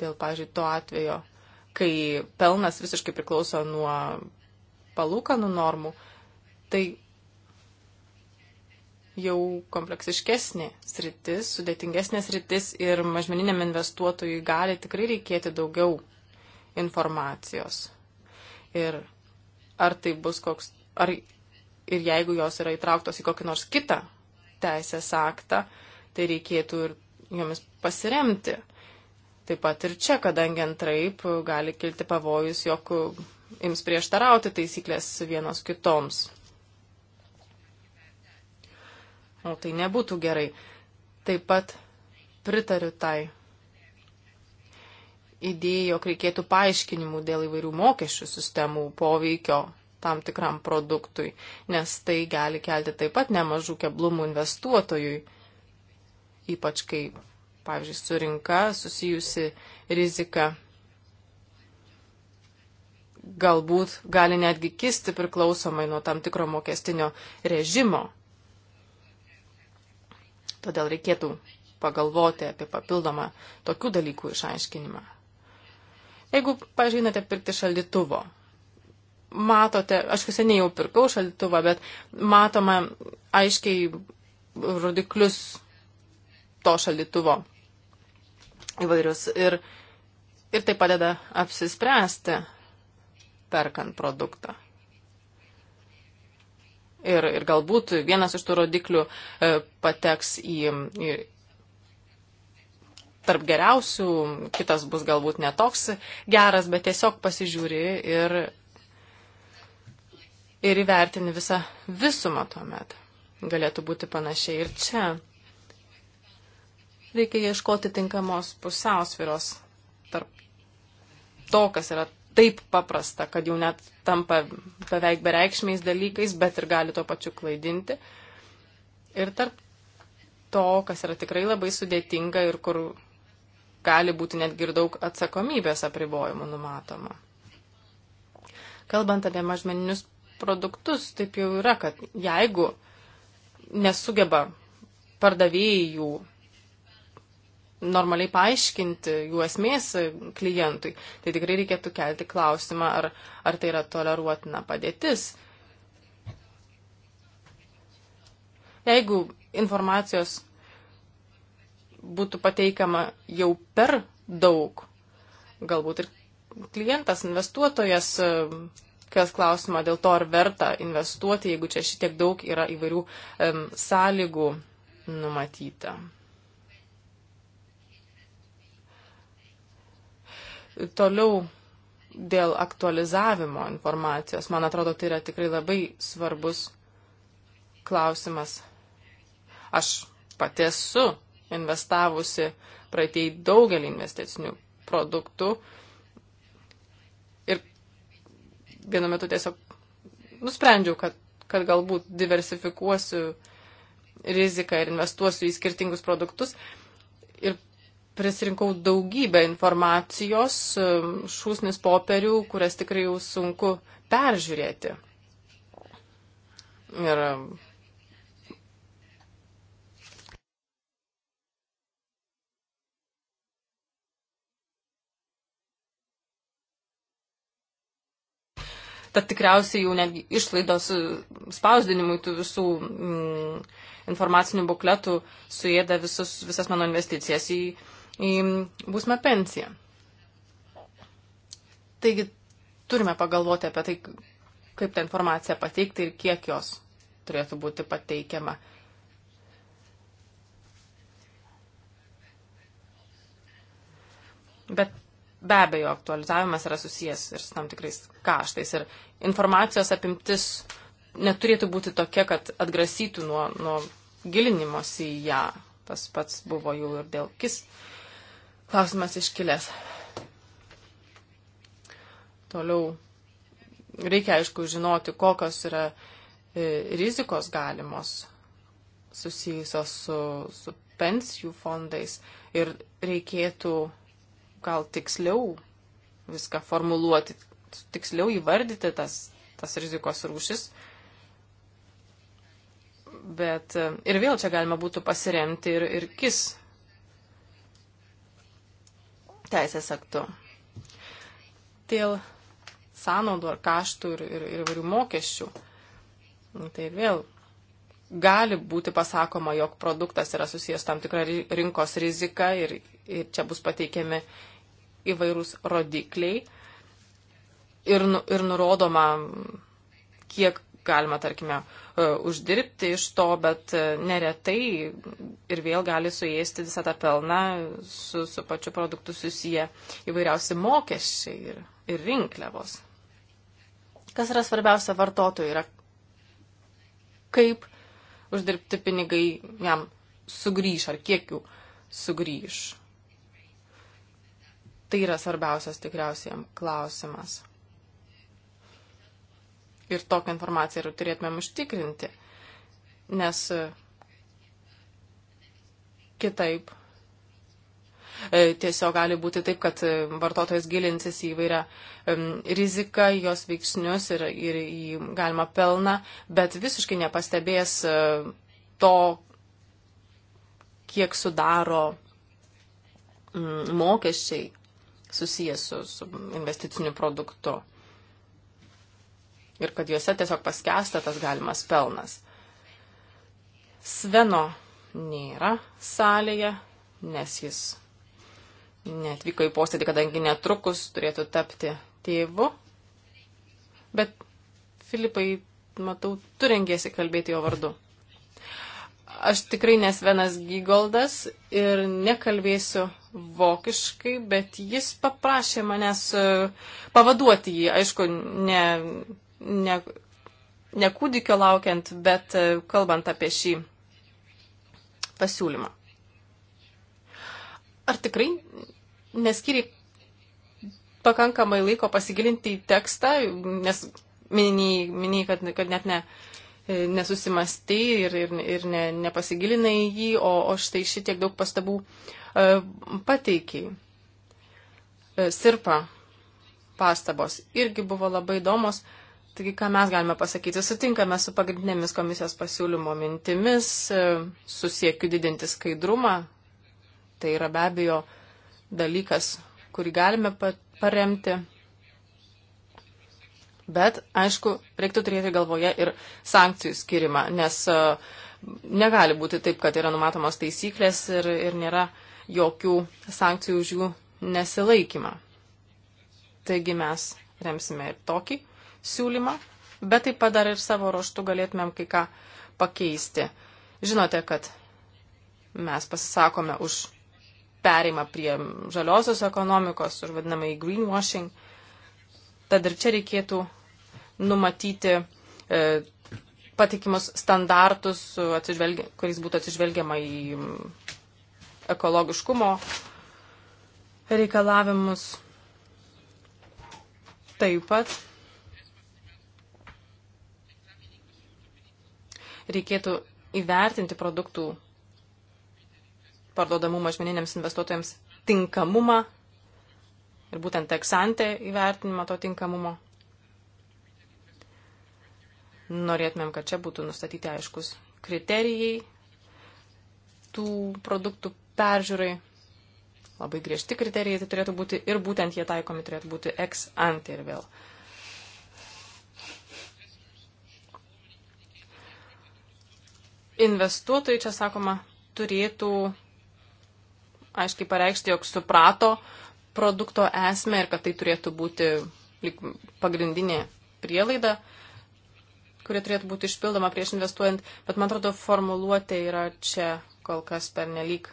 dėl, pažiūrėjau, to atvejo, kai pelnas visiškai priklauso nuo palūkanų normų, tai jau kompleksiškesnė sritis, sudėtingesnė sritis ir mažmeniniam investuotojui gali tikrai reikėti daugiau informacijos. Ir ar tai bus koks, ar ir jeigu jos yra įtrauktos į kokį nors kitą teisės aktą, tai reikėtų ir jomis pasiremti. Taip pat ir čia, kadangi antraip gali kilti pavojus, jog ims prieštarauti taisyklės vienos kitoms. O tai nebūtų gerai. Taip pat pritariu tai idėja, jog reikėtų paaiškinimų dėl įvairių mokesčių sistemų poveikio tam tikram produktui, nes tai gali kelti taip pat nemažų keblumų investuotojui, ypač kai, pavyzdžiui, su rinka susijusi rizika galbūt gali netgi kisti priklausomai nuo tam tikro mokestinio režimo. Todėl reikėtų pagalvoti apie papildomą tokių dalykų išaiškinimą. Jeigu, pažiūrėjau, einate pirkti šaldytuvo, matote, aš seniai jau pirkau šaldytuvą, bet matoma aiškiai rodiklius to šaldytuvo įvairius ir, ir tai padeda apsispręsti, perkant produktą. Ir, ir galbūt vienas iš tų rodiklių e, pateks į, į tarp geriausių, kitas bus galbūt netoks geras, bet tiesiog pasižiūri ir, ir įvertini visą visumą tuomet. Galėtų būti panašiai ir čia. Reikia ieškoti tinkamos pusiausviros tarp to, kas yra taip paprasta, kad jau net tampa beveik bereikšmiais dalykais, bet ir gali tuo pačiu klaidinti. Ir tarp to, kas yra tikrai labai sudėtinga ir kur gali būti netgi ir daug atsakomybės apribojimų numatoma. Kalbant apie mažmeninius produktus, taip jau yra, kad jeigu nesugeba pardavėjai jų normaliai paaiškinti jų esmės klientui, tai tikrai reikėtų kelti klausimą, ar, ar tai yra toleruotina padėtis. Jeigu informacijos būtų pateikama jau per daug. Galbūt ir klientas, investuotojas e, kels klausimą dėl to, ar verta investuoti, jeigu čia šitiek daug yra įvairių um, sąlygų numatyta. Toliau dėl aktualizavimo informacijos. Man atrodo, tai yra tikrai labai svarbus klausimas. Aš pati esu investavusi praeitėjai daugelį investicinių produktų ir vienu metu tiesiog nusprendžiau, kad, kad galbūt diversifikuosiu riziką ir investuosiu į skirtingus produktus ir prisirinkau daugybę informacijos, um, šūsnis popierių, kurias tikrai jau sunku peržiūrėti. Ir um, tad tikriausiai jau netgi išlaidos e, spausdinimui tų visų mm, informacinių bukletų suėda visus, visas mano investicijas į, į būsmę pensiją. Taigi turime pagalvoti apie tai, kaip tą informaciją pateikti ir kiek jos turėtų būti pateikiama. Bet be abejo aktualizavimas yra susijęs ir su tam tikrais kaštais. Ir informacijos apimtis neturėtų būti tokia, kad atgrasytų nuo, nuo gilinimosi į ją. Tas pats buvo jau ir dėl kis klausimas iškilęs. Toliau reikia, aišku, žinoti, kokios yra e, rizikos galimos susijusios su, su pensijų fondais ir reikėtų gal tiksliau viską formuluoti, tiksliau įvardyti tas, tas rizikos rūšis. Bet e, ir vėl čia galima būtų pasiremti ir, ir kis teisės aktu. Dėl sąnaudų ar kaštų ir, ir, ir įvairių mokesčių. Nu, tai vėl gali būti pasakoma, jog produktas yra susijęs tam tikrą rinkos riziką ir, ir čia bus pateikiami įvairūs rodikliai ir, nu, ir nurodoma, kiek galima, tarkime, e, uždirbti iš to, bet e, neretai ir vėl gali suėsti visą tą pelną su, su pačiu produktu susiję įvairiausi mokesčiai ir, ir rinkliavos. Kas yra svarbiausia vartotojui yra kaip uždirbti pinigai jam sugrįž ar kiek jų sugrįž. Tai yra svarbiausias tikriausiai klausimas. Ir tokią informaciją ir turėtumėm užtikrinti, nes e, kitaip e, tiesiog gali būti taip, kad e, vartotojas gilinsis į vairią riziką, jos veiksnius ir, ir į galimą pelną, bet visiškai nepastebės to, kiek sudaro mokesčiai susijęs su, su investiciniu produktu. Ir kad juose tiesiog paskesta tas galimas pelnas. Sveno nėra salėje, nes jis netvyko į posėdį, kadangi netrukus turėtų tapti tėvu. Bet, Filipai, matau, tu rengėsi kalbėti jo vardu. Aš tikrai nesvenas Gygoldas ir nekalbėsiu vokiškai, bet jis paprašė manęs e, pavaduoti jį, aišku, ne, ne, ne kūdikio laukiant, bet e, kalbant apie šį pasiūlymą. Ar tikrai neskiriai pakankamai laiko pasigilinti į tekstą, nes minėjai, minėjai kad, kad net ne E, nesusimastai ir, ir, ir ne, nepasigilinai į jį, o, o štai šitiek daug pastabų e, pateikiai. E, Sirpa pastabos irgi buvo labai įdomos. Taigi, ką mes galime pasakyti, sutinkame su pagrindinėmis komisijos pasiūlymo mintimis, su siekiu didinti skaidrumą. Tai yra be abejo dalykas, kurį galime paremti. Bet, aišku, reiktų turėti galvoje ir sankcijų skirimą, nes e, negali būti taip, kad yra numatomos taisyklės ir, ir nėra jokių sankcijų už jų nesilaikymą. Taigi mes remsime ir tokį siūlymą, bet taip pat dar ir savo ruoštų galėtumėm kai ką pakeisti. Žinote, kad mes pasisakome už perimą prie žaliosios ekonomikos, už vadinamąjį greenwashing. Tad ir čia reikėtų numatyti e, patikimus standartus, kuriais būtų atsižvelgiama į ekologiškumo reikalavimus. Taip pat reikėtų įvertinti produktų parduodamų mažmeniniams investuotojams tinkamumą ir būtent eksantę įvertinimą to tinkamumo Norėtumėm, kad čia būtų nustatyti aiškus kriterijai tų produktų peržiūrai. Labai griežti kriterijai tai turėtų būti ir būtent jie taikomi turėtų būti ex ante ir vėl. Investuotojai čia sakoma turėtų aiškiai pareikšti, jog suprato produkto esmę ir kad tai turėtų būti pagrindinė prielaida kuri turėtų būti išpildoma prieš investuojant, bet man atrodo formuluotė yra čia kol kas pernelyg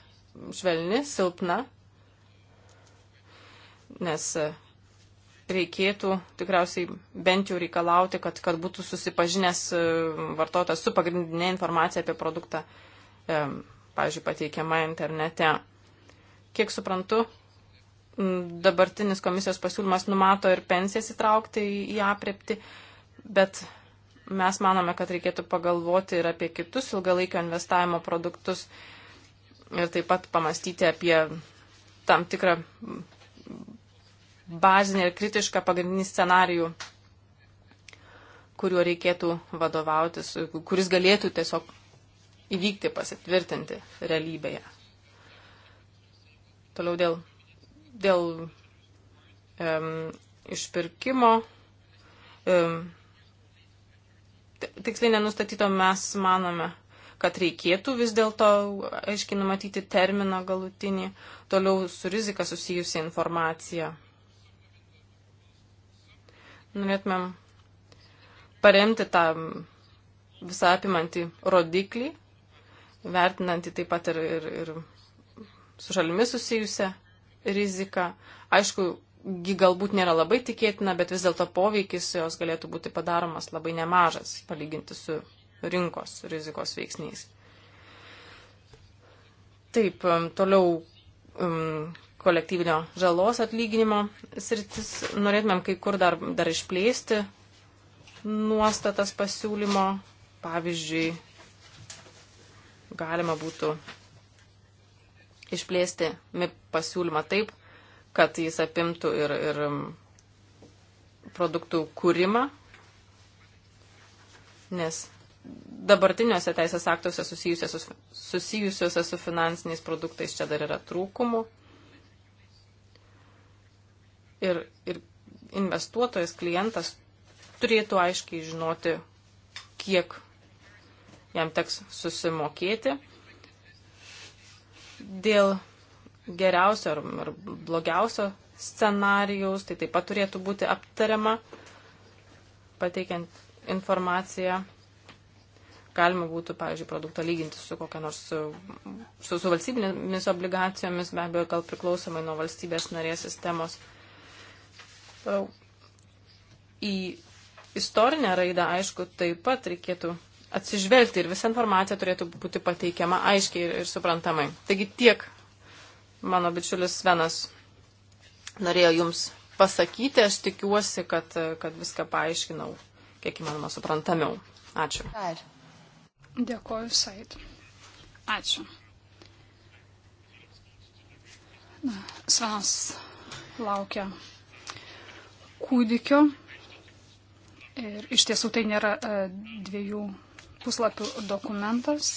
švelni, silpna, nes e, reikėtų tikriausiai bent jau reikalauti, kad, kad būtų susipažinęs e, vartotojas su pagrindinė informacija apie produktą, e, pavyzdžiui, pateikiama internete. Kiek suprantu, dabartinis komisijos pasiūlymas numato ir pensijas įtraukti į, į aprepti, bet mes manome, kad reikėtų pagalvoti ir apie kitus ilgalaikio investavimo produktus ir taip pat pamastyti apie tam tikrą bazinį ir kritišką pagrindinį scenarijų, kuriuo reikėtų vadovautis, kuris galėtų tiesiog įvykti, pasitvirtinti realybėje. Toliau dėl, dėl um, išpirkimo um, tiksliai nenustatyto, mes manome, kad reikėtų vis dėlto aiškiai numatyti terminą galutinį, toliau su rizika susijusi informacija. Norėtumėm paremti tą visą apimantį rodiklį, vertinantį taip pat ir, ir, ir su šalimis susijusią riziką. Aišku, galbūt nėra labai tikėtina, bet vis dėlto poveikis jos galėtų būti padaromas labai nemažas, palyginti su rinkos rizikos veiksniais. Taip, toliau um, kolektyvinio žalos atlyginimo sritis. Norėtumėm kai kur dar, dar išplėsti nuostatas pasiūlymo. Pavyzdžiui, galima būtų išplėsti pasiūlymą taip, kad jis apimtų ir, ir um, produktų kūrimą, nes dabartiniuose teisės aktuose susijusiuose, susijusiuose su finansiniais produktais čia dar yra trūkumų. Ir, ir investuotojas, klientas turėtų aiškiai žinoti, kiek jam teks susimokėti. Dėl geriausio ar, ar blogiausio scenarijaus, tai taip pat turėtų būti aptariama, pateikiant informaciją. Galima būtų, pavyzdžiui, produktą lyginti su kokia nors su, su, su valstybinėmis obligacijomis, be abejo, gal priklausomai nuo valstybės narės sistemos. Į istorinę raidą, aišku, taip pat reikėtų atsižvelgti ir visa informacija turėtų būti pateikiama aiškiai ir, ir suprantamai. Taigi tiek mano bičiulis Svenas norėjo jums pasakyti. Aš tikiuosi, kad, kad viską paaiškinau, kiek įmanoma suprantamiau. Ačiū. Dėkoju, Said. Ačiū. Na, Svenas laukia kūdikio. Ir iš tiesų tai nėra e, dviejų puslapių dokumentas.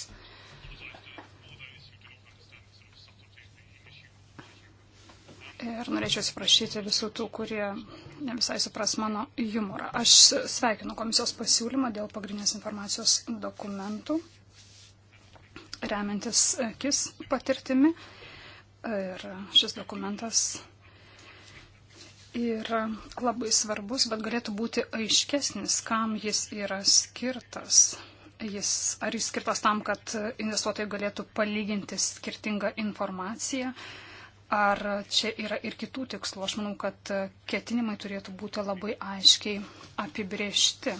Ir norėčiau atsiprašyti visų tų, kurie ne visai supras mano humorą. Aš sveikinu komisijos pasiūlymą dėl pagrindinės informacijos dokumentų, remiantis KIS patirtimi. Ir šis dokumentas yra labai svarbus, bet galėtų būti aiškesnis, kam jis yra skirtas jis, ar jis skirtas tam, kad investuotojai galėtų palyginti skirtingą informaciją, ar čia yra ir kitų tikslų. Aš manau, kad ketinimai turėtų būti labai aiškiai apibriežti.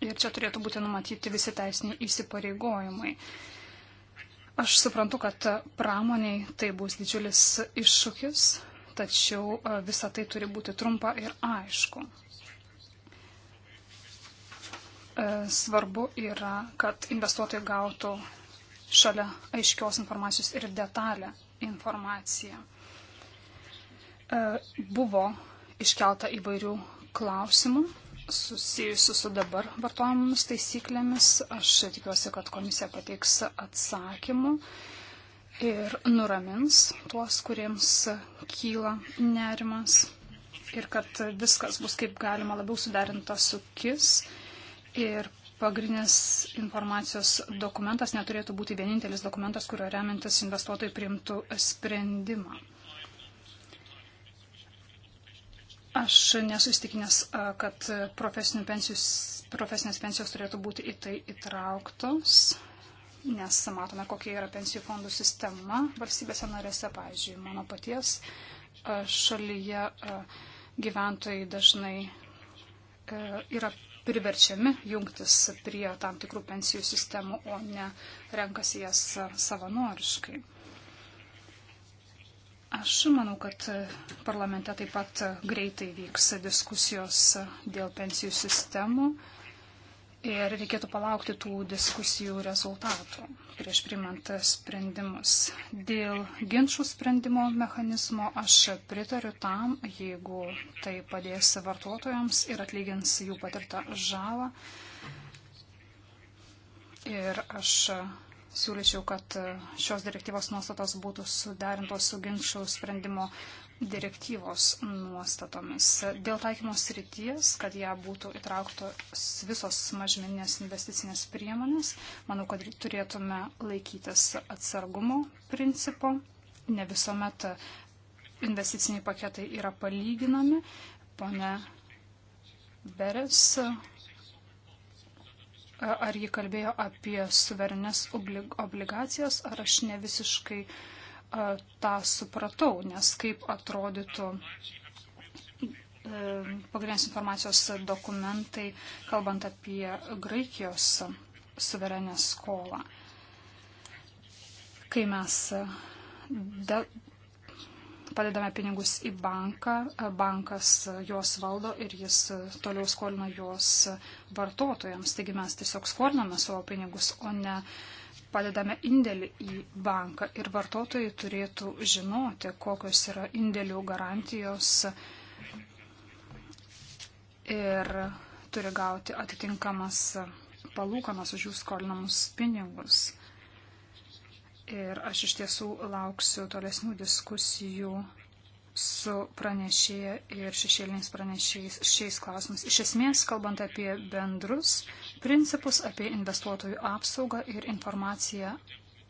Ir čia turėtų būti numatyti visi teisiniai įsipareigojimai. Aš suprantu, kad pramoniai tai bus didžiulis iššūkis, tačiau e, visa tai turi būti trumpa ir aišku. E, svarbu yra, kad investuotojai gautų šalia aiškios informacijos ir detalę informaciją. E, buvo iškelta įvairių klausimų susijusių su dabar vartojamomis taisyklėmis. Aš tikiuosi, kad komisija pateiks atsakymų ir nuramins tuos, kuriems kyla nerimas ir kad viskas bus kaip galima labiau suderinta su KIS ir Pagrindinis informacijos dokumentas neturėtų būti vienintelis dokumentas, kurio remiantis investuotojai priimtų sprendimą. Aš nesu įstikinęs, kad pensijus, profesinės pensijos turėtų būti į tai įtrauktos, nes matome, kokia yra pensijų fondų sistema valstybėse narėse, pavyzdžiui, mano paties šalyje gyventojai dažnai e, yra priverčiami jungtis prie tam tikrų pensijų sistemų, o ne renkasi jas savanoriškai. Aš manau, kad parlamente taip pat greitai vyks diskusijos dėl pensijų sistemų ir reikėtų palaukti tų diskusijų rezultatų prieš primant sprendimus. Dėl ginčių sprendimo mechanizmo aš pritariu tam, jeigu tai padės vartotojams ir atlygins jų patirtą žalą. Ir aš siūlyčiau, kad šios direktyvos nuostatos būtų suderintos su ginčių sprendimo mechanizmu direktyvos nuostatomis. Dėl taikymos ryties, kad ją būtų įtrauktos visos mažmeninės investicinės priemonės, manau, kad turėtume laikytis atsargumo principo. Ne visuomet investiciniai paketai yra palyginami. Pone Beres, ar ji kalbėjo apie suverenės obligacijas, ar aš ne visiškai uh, tą supratau, nes kaip atrodytų e, pagrindinės informacijos dokumentai, kalbant apie Graikijos suverenę skolą. Kai mes e, padedame pinigus į banką, e, bankas juos valdo ir jis toliau skolina juos vartotojams. Taigi mes tiesiog skoliname savo pinigus, o ne uh, padedame indėlį į banką ir vartotojai turėtų žinoti, kokios yra indėlių garantijos ir turi gauti atitinkamas palūkanas už jų skolinamus pinigus. Ir aš iš tiesų lauksiu tolesnių diskusijų su pranešėja ir šešėliniais pranešėjais šiais klausimais. Iš esmės, kalbant apie bendrus principus apie investuotojų apsaugą ir informaciją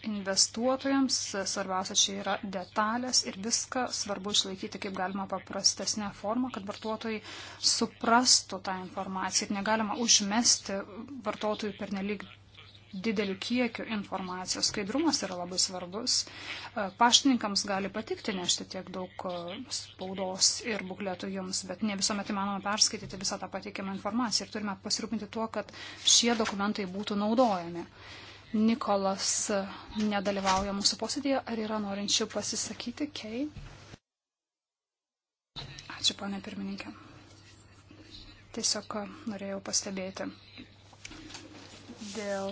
investuotojams. Svarbiausia čia yra detalės ir viską svarbu išlaikyti kaip galima paprastesnę formą, kad vartotojai suprastų tą informaciją ir negalima užmesti vartotojų pernelyg dideliu kiekiu informacijos. Skaidrumas yra labai svarbus. E, paštininkams gali patikti nešti tiek daug e, spaudos ir bukletų jums, bet ne visuomet įmanoma perskaityti visą tą pateikiamą informaciją ir turime pasirūpinti tuo, kad šie dokumentai būtų naudojami. Nikolas e, nedalyvauja mūsų posėdėje. Ar yra norinčių pasisakyti? Kei. Ačiū, ponė pirmininkė. Tiesiog norėjau pastebėti dėl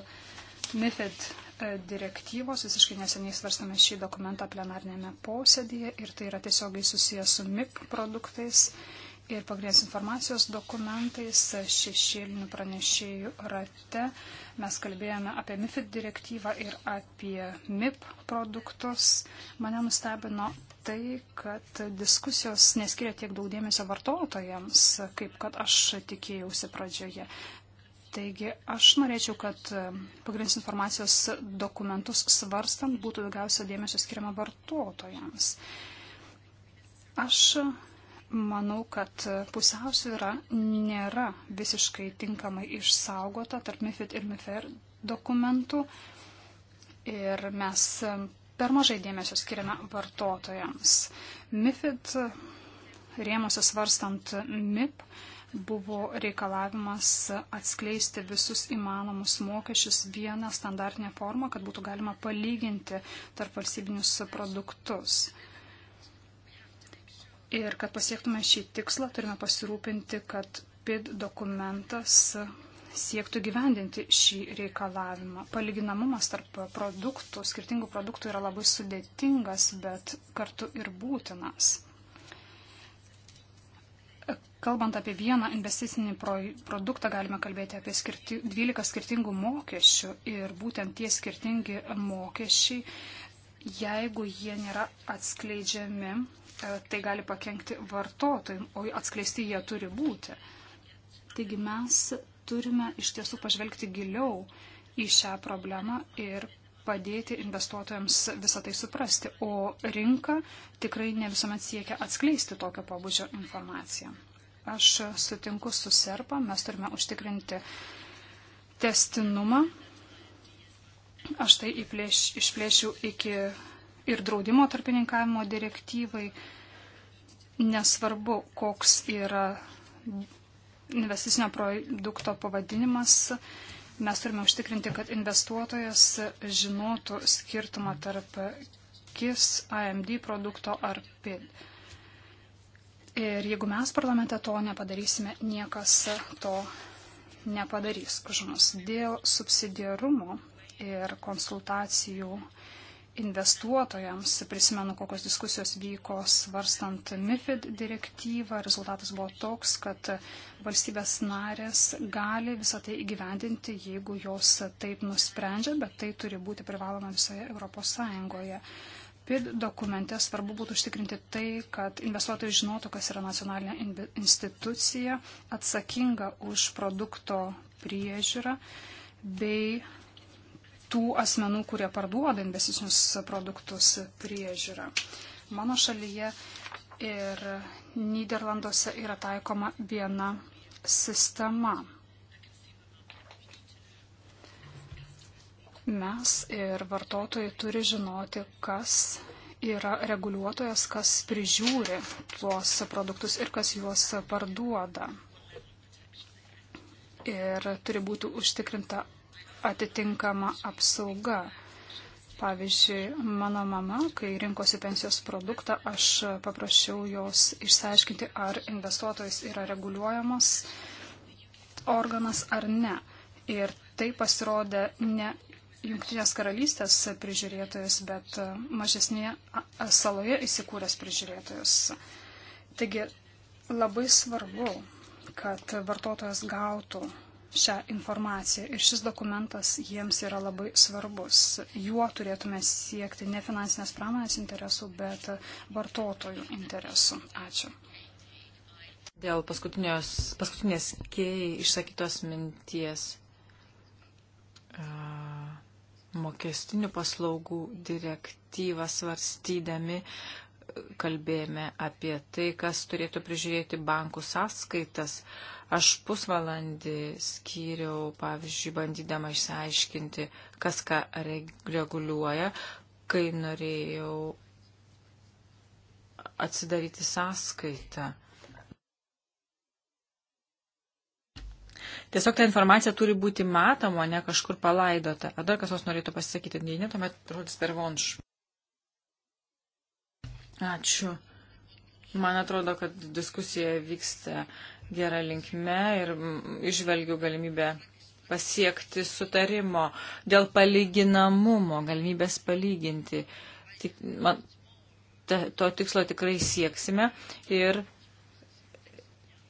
MIFID e, direktyvos, visiškai neseniai svarstame šį dokumentą plenarnėme posėdėje ir tai yra tiesiogiai susijęs su MIP produktais ir pagrindinės informacijos dokumentais e, šešėlinių pranešėjų rate. Mes kalbėjome apie MIFID direktyvą ir apie MIP produktus. Mane nustebino tai, kad diskusijos neskiria tiek daug dėmesio vartotojams, kaip kad aš tikėjausi pradžioje. Taigi aš norėčiau, kad e, pagrindinis informacijos dokumentus svarstant būtų daugiausia dėmesio skiriama vartotojams. Aš manau, kad pusiausvyrą nėra visiškai tinkamai išsaugota tarp MIFID ir MIFER dokumentų ir mes e, per mažai dėmesio skiriame vartotojams. MIFID rėmose svarstant MIP buvo reikalavimas atskleisti visus įmanomus mokesčius vieną standartinę formą, kad būtų galima palyginti tarp valstybinius produktus. Ir kad pasiektume šį tikslą, turime pasirūpinti, kad PID dokumentas siektų gyvendinti šį reikalavimą. Palyginamumas tarp produktų, skirtingų produktų yra labai sudėtingas, bet kartu ir būtinas. Kalbant apie vieną investicinį pro, produktą, galime kalbėti apie skirti, 12 skirtingų mokesčių ir būtent tie skirtingi mokesčiai, jeigu jie nėra atskleidžiami, e, tai gali pakengti vartotojim, o atskleisti jie turi būti. Taigi mes turime iš tiesų pažvelgti giliau į šią problemą ir padėti investuotojams visą tai suprasti, o rinka tikrai ne visuomet siekia atskleisti tokio pabudžio informaciją. Aš sutinku su Serpa, mes turime užtikrinti testinumą. Aš tai įplėš, išplėšiu iki ir draudimo tarpininkavimo direktyvai. Nesvarbu, koks yra investicinio produkto pavadinimas, mes turime užtikrinti, kad investuotojas žinotų skirtumą tarp KIS, AMD produkto ar PID. Ir jeigu mes parlamente to nepadarysime, niekas to nepadarys už mus. Dėl subsidiarumo ir konsultacijų investuotojams, prisimenu, kokios diskusijos vyko svarstant MIFID direktyvą, rezultatas buvo toks, kad valstybės narės gali visą tai įgyvendinti, jeigu jos taip nusprendžia, bet tai turi būti privaloma visoje Europos Sąjungoje. PID dokumente svarbu būtų užtikrinti tai, kad investuotojai žinotų, kas yra nacionalinė institucija atsakinga už produkto priežiūrą bei tų asmenų, kurie parduoda investicinius produktus priežiūrą. Mano šalyje ir Niderlanduose yra taikoma viena sistema. Mes ir vartotojai turi žinoti, kas yra reguliuotojas, kas prižiūri tuos produktus ir kas juos parduoda. Ir turi būti užtikrinta atitinkama apsauga. Pavyzdžiui, mano mama, kai rinkosi pensijos produktą, aš paprašiau jos išsiaiškinti, ar investuotojas yra reguliuojamas organas ar ne. Ir tai pasirodė ne Junktinės karalystės prižiūrėtojas, bet mažesnėje saloje įsikūręs prižiūrėtojas. Taigi labai svarbu, kad vartotojas gautų šią informaciją ir šis dokumentas jiems yra labai svarbus. Juo turėtume siekti ne finansinės pramonės interesų, bet vartotojų interesų. Ačiū. Dėl paskutinės kei išsakytos minties. Uh mokestinių paslaugų direktyvą svarstydami kalbėjome apie tai, kas turėtų prižiūrėti bankų sąskaitas. Aš pusvalandį skyriau, pavyzdžiui, bandydama išsiaiškinti, kas ką reguliuoja, kai norėjau atsidaryti sąskaitą. Tiesiog ta informacija turi būti matoma, ne kažkur palaidota. Ar dar kas nors norėtų pasisakyti? Jei ne, tuomet rodys per vonš. Ačiū. Man atrodo, kad diskusija vyksta gerą linkme ir išvelgiu galimybę pasiekti sutarimo dėl palyginamumo, galimybės palyginti. Tik, man, ta, to tikslo tikrai sieksime ir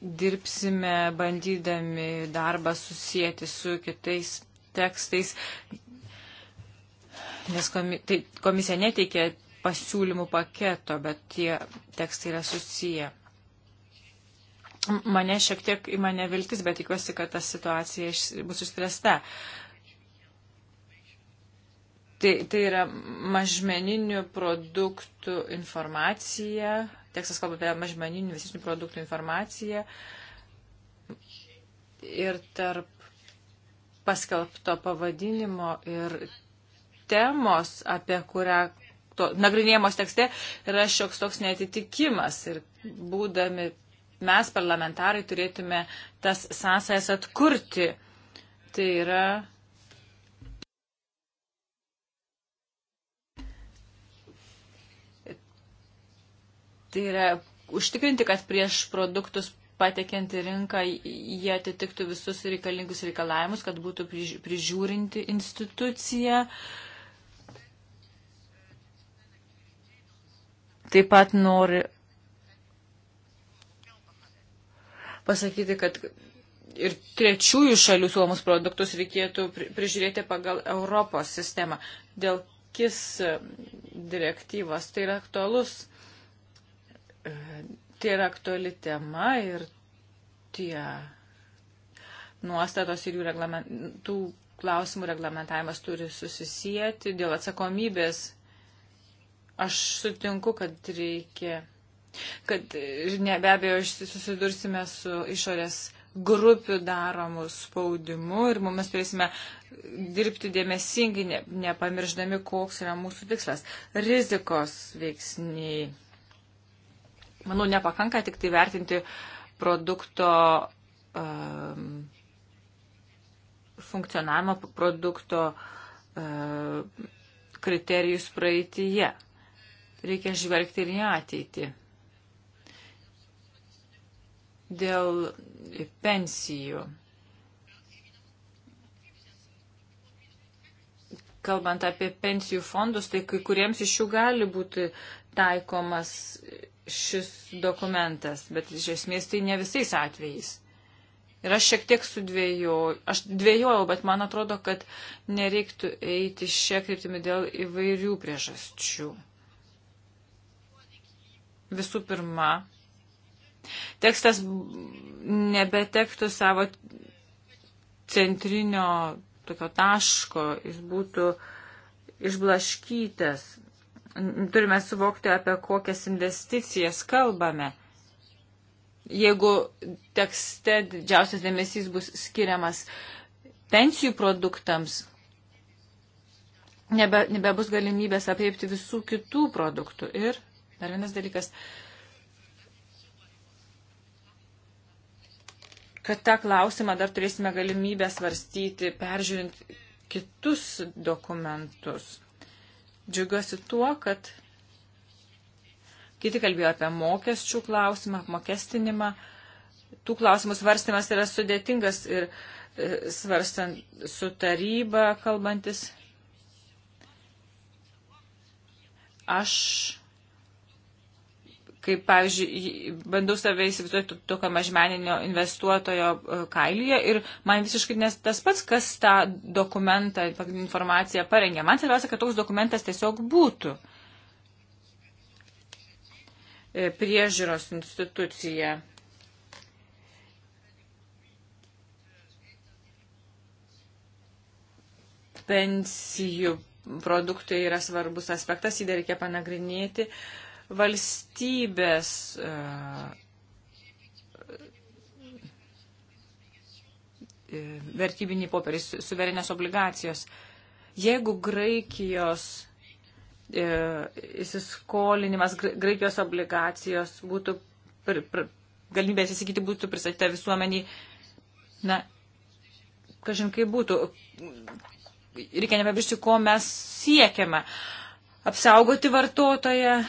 dirbsime bandydami darbą susijęti su kitais tekstais, nes tai komisija neteikė pasiūlymų paketo, bet tie tekstai yra susiję. Mane šiek tiek įmane viltis, bet tikiuosi, kad ta situacija bus išspręsta. Tai, tai yra mažmeninių produktų informacija. Tekstas kalba apie mažmeninių investicinių produktų informaciją. Ir tarp paskelbto pavadinimo ir temos, apie kurią to, nagrinėjamos tekste, yra šioks toks netitikimas. Ir būdami mes, parlamentarai, turėtume tas sąsajas atkurti. Tai yra Tai yra užtikrinti, kad prieš produktus patekiant į rinką jie atitiktų visus reikalingus reikalavimus, kad būtų prižiūrinti institucija. Taip pat nori pasakyti, kad ir trečiųjų šalių suomus produktus reikėtų prižiūrėti pagal Europos sistemą. Dėl KIS direktyvos tai yra aktualus tai yra aktuali tema ir tie nuostatos ir jų reglamentų klausimų reglamentavimas turi susisieti dėl atsakomybės. Aš sutinku, kad reikia, kad ne, be abejo susidursime su išorės grupių daromų spaudimu ir mes turėsime dirbti dėmesingai, ne, nepamirždami, koks yra mūsų tikslas. Rizikos veiksniai Manau, nepakanka tik tai vertinti produkto um, funkcionavimo, produkto um, kriterijus praeitįje. Reikia žvelgti ir į ateitį. Dėl pensijų. kalbant apie pensijų fondus, tai kai kuriems iš jų gali būti taikomas šis dokumentas, bet iš esmės tai ne visais atvejais. Ir aš šiek tiek sudvėjojau, aš dvėjojau, bet man atrodo, kad nereiktų eiti šią kryptimį dėl įvairių priežasčių. Visų pirma, tekstas nebetektų savo centrinio tokio taško, jis būtų išblaškytas, turime suvokti, apie kokias investicijas kalbame. Jeigu tekste didžiausias dėmesys bus skiriamas pensijų produktams, nebe, nebebus galimybės apriepti visų kitų produktų. Ir dar vienas dalykas, kad tą klausimą dar turėsime galimybę svarstyti, peržiūrint kitus dokumentus. Džiugiuosi tuo, kad kiti kalbėjo apie mokesčių klausimą, apmokestinimą. Tų klausimų svarstymas yra sudėtingas ir e, svarstant su taryba kalbantis. Aš kaip, pavyzdžiui, bandau save įsivaizduoti tokio mažmeninio investuotojo e, kailyje ir man visiškai nes tas pats, kas tą dokumentą, informaciją parengė. Man svarbiausia, kad toks dokumentas tiesiog būtų e, priežiūros institucija. Pensijų produktai yra svarbus aspektas, jį dar reikia panagrinėti. Uh, valstybės e, e, vertybiniai popieriai, suverenės obligacijos. Jeigu Graikijos e, įsiskolinimas, Graikijos obligacijos būtų, pr, pr, galimybės įsigyti būtų pristatyta visuomeniai, na, kažin kaip būtų, reikia nepamiršti, ko mes siekiame. Apsaugoti vartotoją,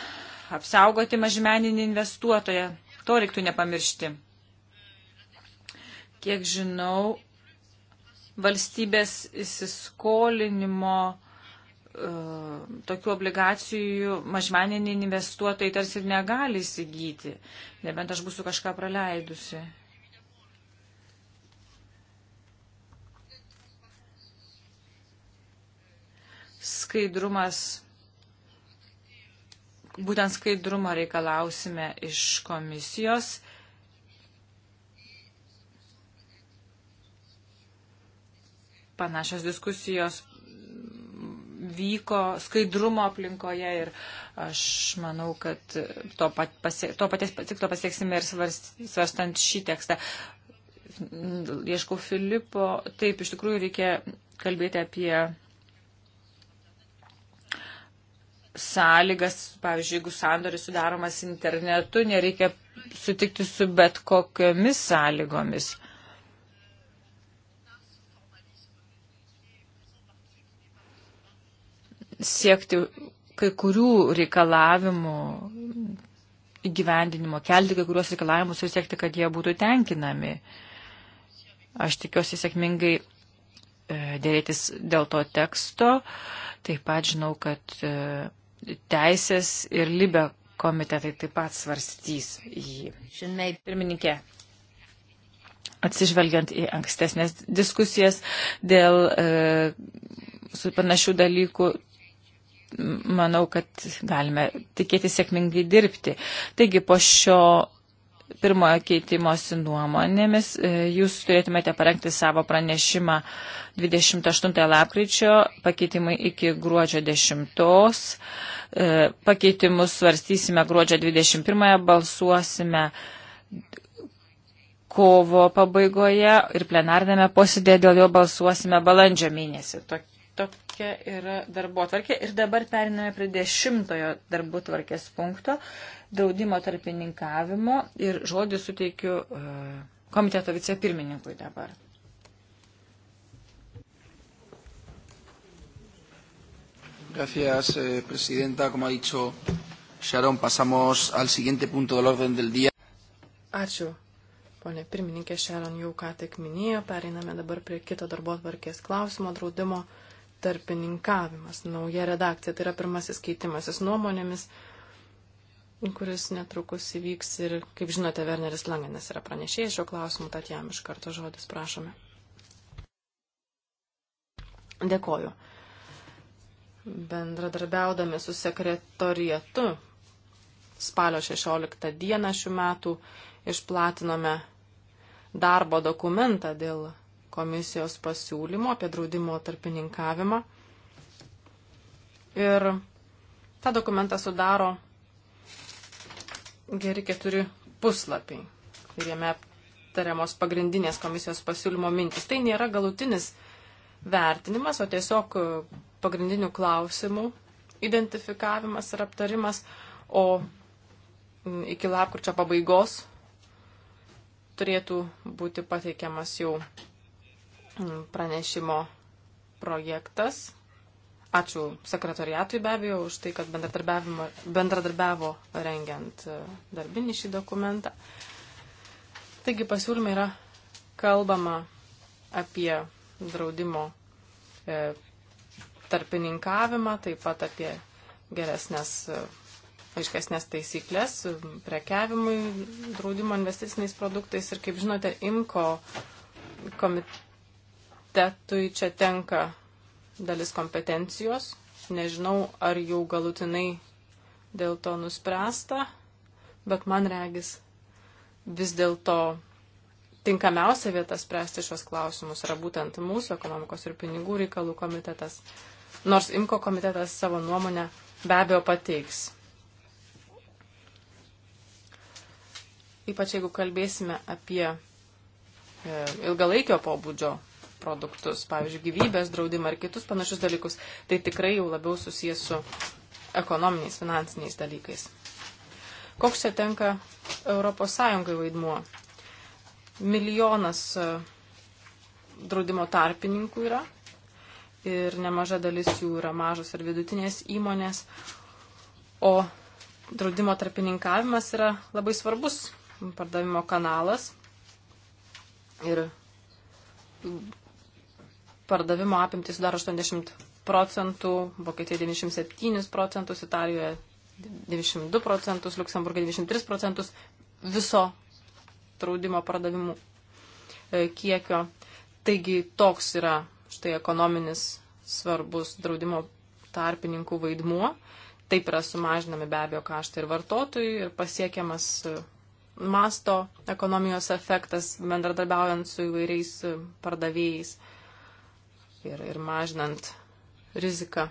apsaugoti mažmeninį investuotoją. To reiktų nepamiršti. Kiek žinau, valstybės įsiskolinimo e, tokių obligacijų mažmeninį investuotojai tarsi ir negali įsigyti, nebent aš būsiu kažką praleidusi. Skaidrumas būtent skaidrumo reikalausime iš komisijos. Panašios diskusijos vyko skaidrumo aplinkoje ir aš manau, kad to, pat pasiek, to paties tik to pasieksime ir svarstant šį tekstą. Ieškau Filipo, taip iš tikrųjų reikia kalbėti apie sąlygas, pavyzdžiui, jeigu sandoris sudaromas internetu, nereikia sutikti su bet kokiomis sąlygomis. Siekti kai kurių reikalavimų įgyvendinimo, kelti kai kurios reikalavimus ir siekti, kad jie būtų tenkinami. Aš tikiuosi sėkmingai e, dėrėtis dėl to teksto. Taip pat žinau, kad e, teisės ir libe komitetai taip pat svarstys jį. Žinai, pirmininkė, atsižvelgiant į ankstesnės diskusijas dėl e, su panašių dalykų, manau, kad galime tikėti sėkmingai dirbti. Taigi po šio pirmojo keitimosi nuomonėmis. E, jūs turėtumėte parengti savo pranešimą 28 lapkričio, pakeitimai iki gruodžio 10. E, pakeitimus svarstysime gruodžio 21, balsuosime kovo pabaigoje ir plenardame posėdė dėl jo balsuosime balandžio mėnesį. Tok, tok, tokia yra darbo tvarkė. Ir dabar periname prie dešimtojo darbo tvarkės punkto - draudimo tarpininkavimo. Ir žodį suteikiu e, komiteto vicepirmininkui dabar. Gracias, eh, presidenta. Como ha dicho Sharon, pasamos al siguiente punto del orden del día. Ačiū. Pone pirmininkė Šeron jau ką tik minėjo, pereiname dabar prie kito darbo atvarkės klausimo draudimo tarpininkavimas, nauja redakcija, tai yra pirmasis keitimasis nuomonėmis, kuris netrukus įvyks ir, kaip žinote, Werneris Langenas yra pranešėjęs šio klausimu, tad jam iš karto žodis prašome. Dėkoju. Bendradarbiaudami su sekretorijatu spalio 16 dieną šių metų išplatinome darbo dokumentą dėl komisijos pasiūlymo apie draudimo tarpininkavimą. Ir tą dokumentą sudaro geri keturi puslapiai, ir jame aptariamos pagrindinės komisijos pasiūlymo mintis. Tai nėra galutinis vertinimas, o tiesiog pagrindinių klausimų identifikavimas ir aptarimas, o iki lapkričio pabaigos turėtų būti pateikiamas jau pranešimo projektas. Ačiū sekretoriatui be abejo už tai, kad bendradarbiavo rengiant e, darbinį šį dokumentą. Taigi pasiūlymai yra kalbama apie draudimo e, tarpininkavimą, taip pat apie geresnės, e, aiškesnės taisyklės e, prekiavimui draudimo investiciniais produktais. Ir kaip žinote, IMCO komitetas komitetui čia tenka dalis kompetencijos. Nežinau, ar jau galutinai dėl to nuspręsta, bet man regis vis dėlto tinkamiausia vieta spręsti šios klausimus yra būtent mūsų ekonomikos ir pinigų reikalų komitetas. Nors IMKO komitetas savo nuomonę be abejo pateiks. Ypač jeigu kalbėsime apie e, ilgalaikio pobūdžio produktus, pavyzdžiui, gyvybės draudimą ar kitus panašius dalykus, tai tikrai jau labiau susijęs su ekonominiais, finansiniais dalykais. Koks čia tenka ES vaidmuo? Milijonas e, draudimo tarpininkų yra ir nemaža dalis jų yra mažos ir vidutinės įmonės, o draudimo tarpininkavimas yra labai svarbus pardavimo kanalas ir pardavimo apimtis sudaro 80 procentų, Vokietijoje 97 procentus, Italijoje 92 procentus, Luksemburgė 93 procentus viso draudimo pardavimų e, kiekio. Taigi toks yra štai ekonominis svarbus draudimo tarpininkų vaidmuo. Taip yra sumažinami be abejo kaštai ir vartotojai ir pasiekiamas e, masto ekonomijos efektas bendradarbiaujant su įvairiais e, pardavėjais ir, ir mažinant riziką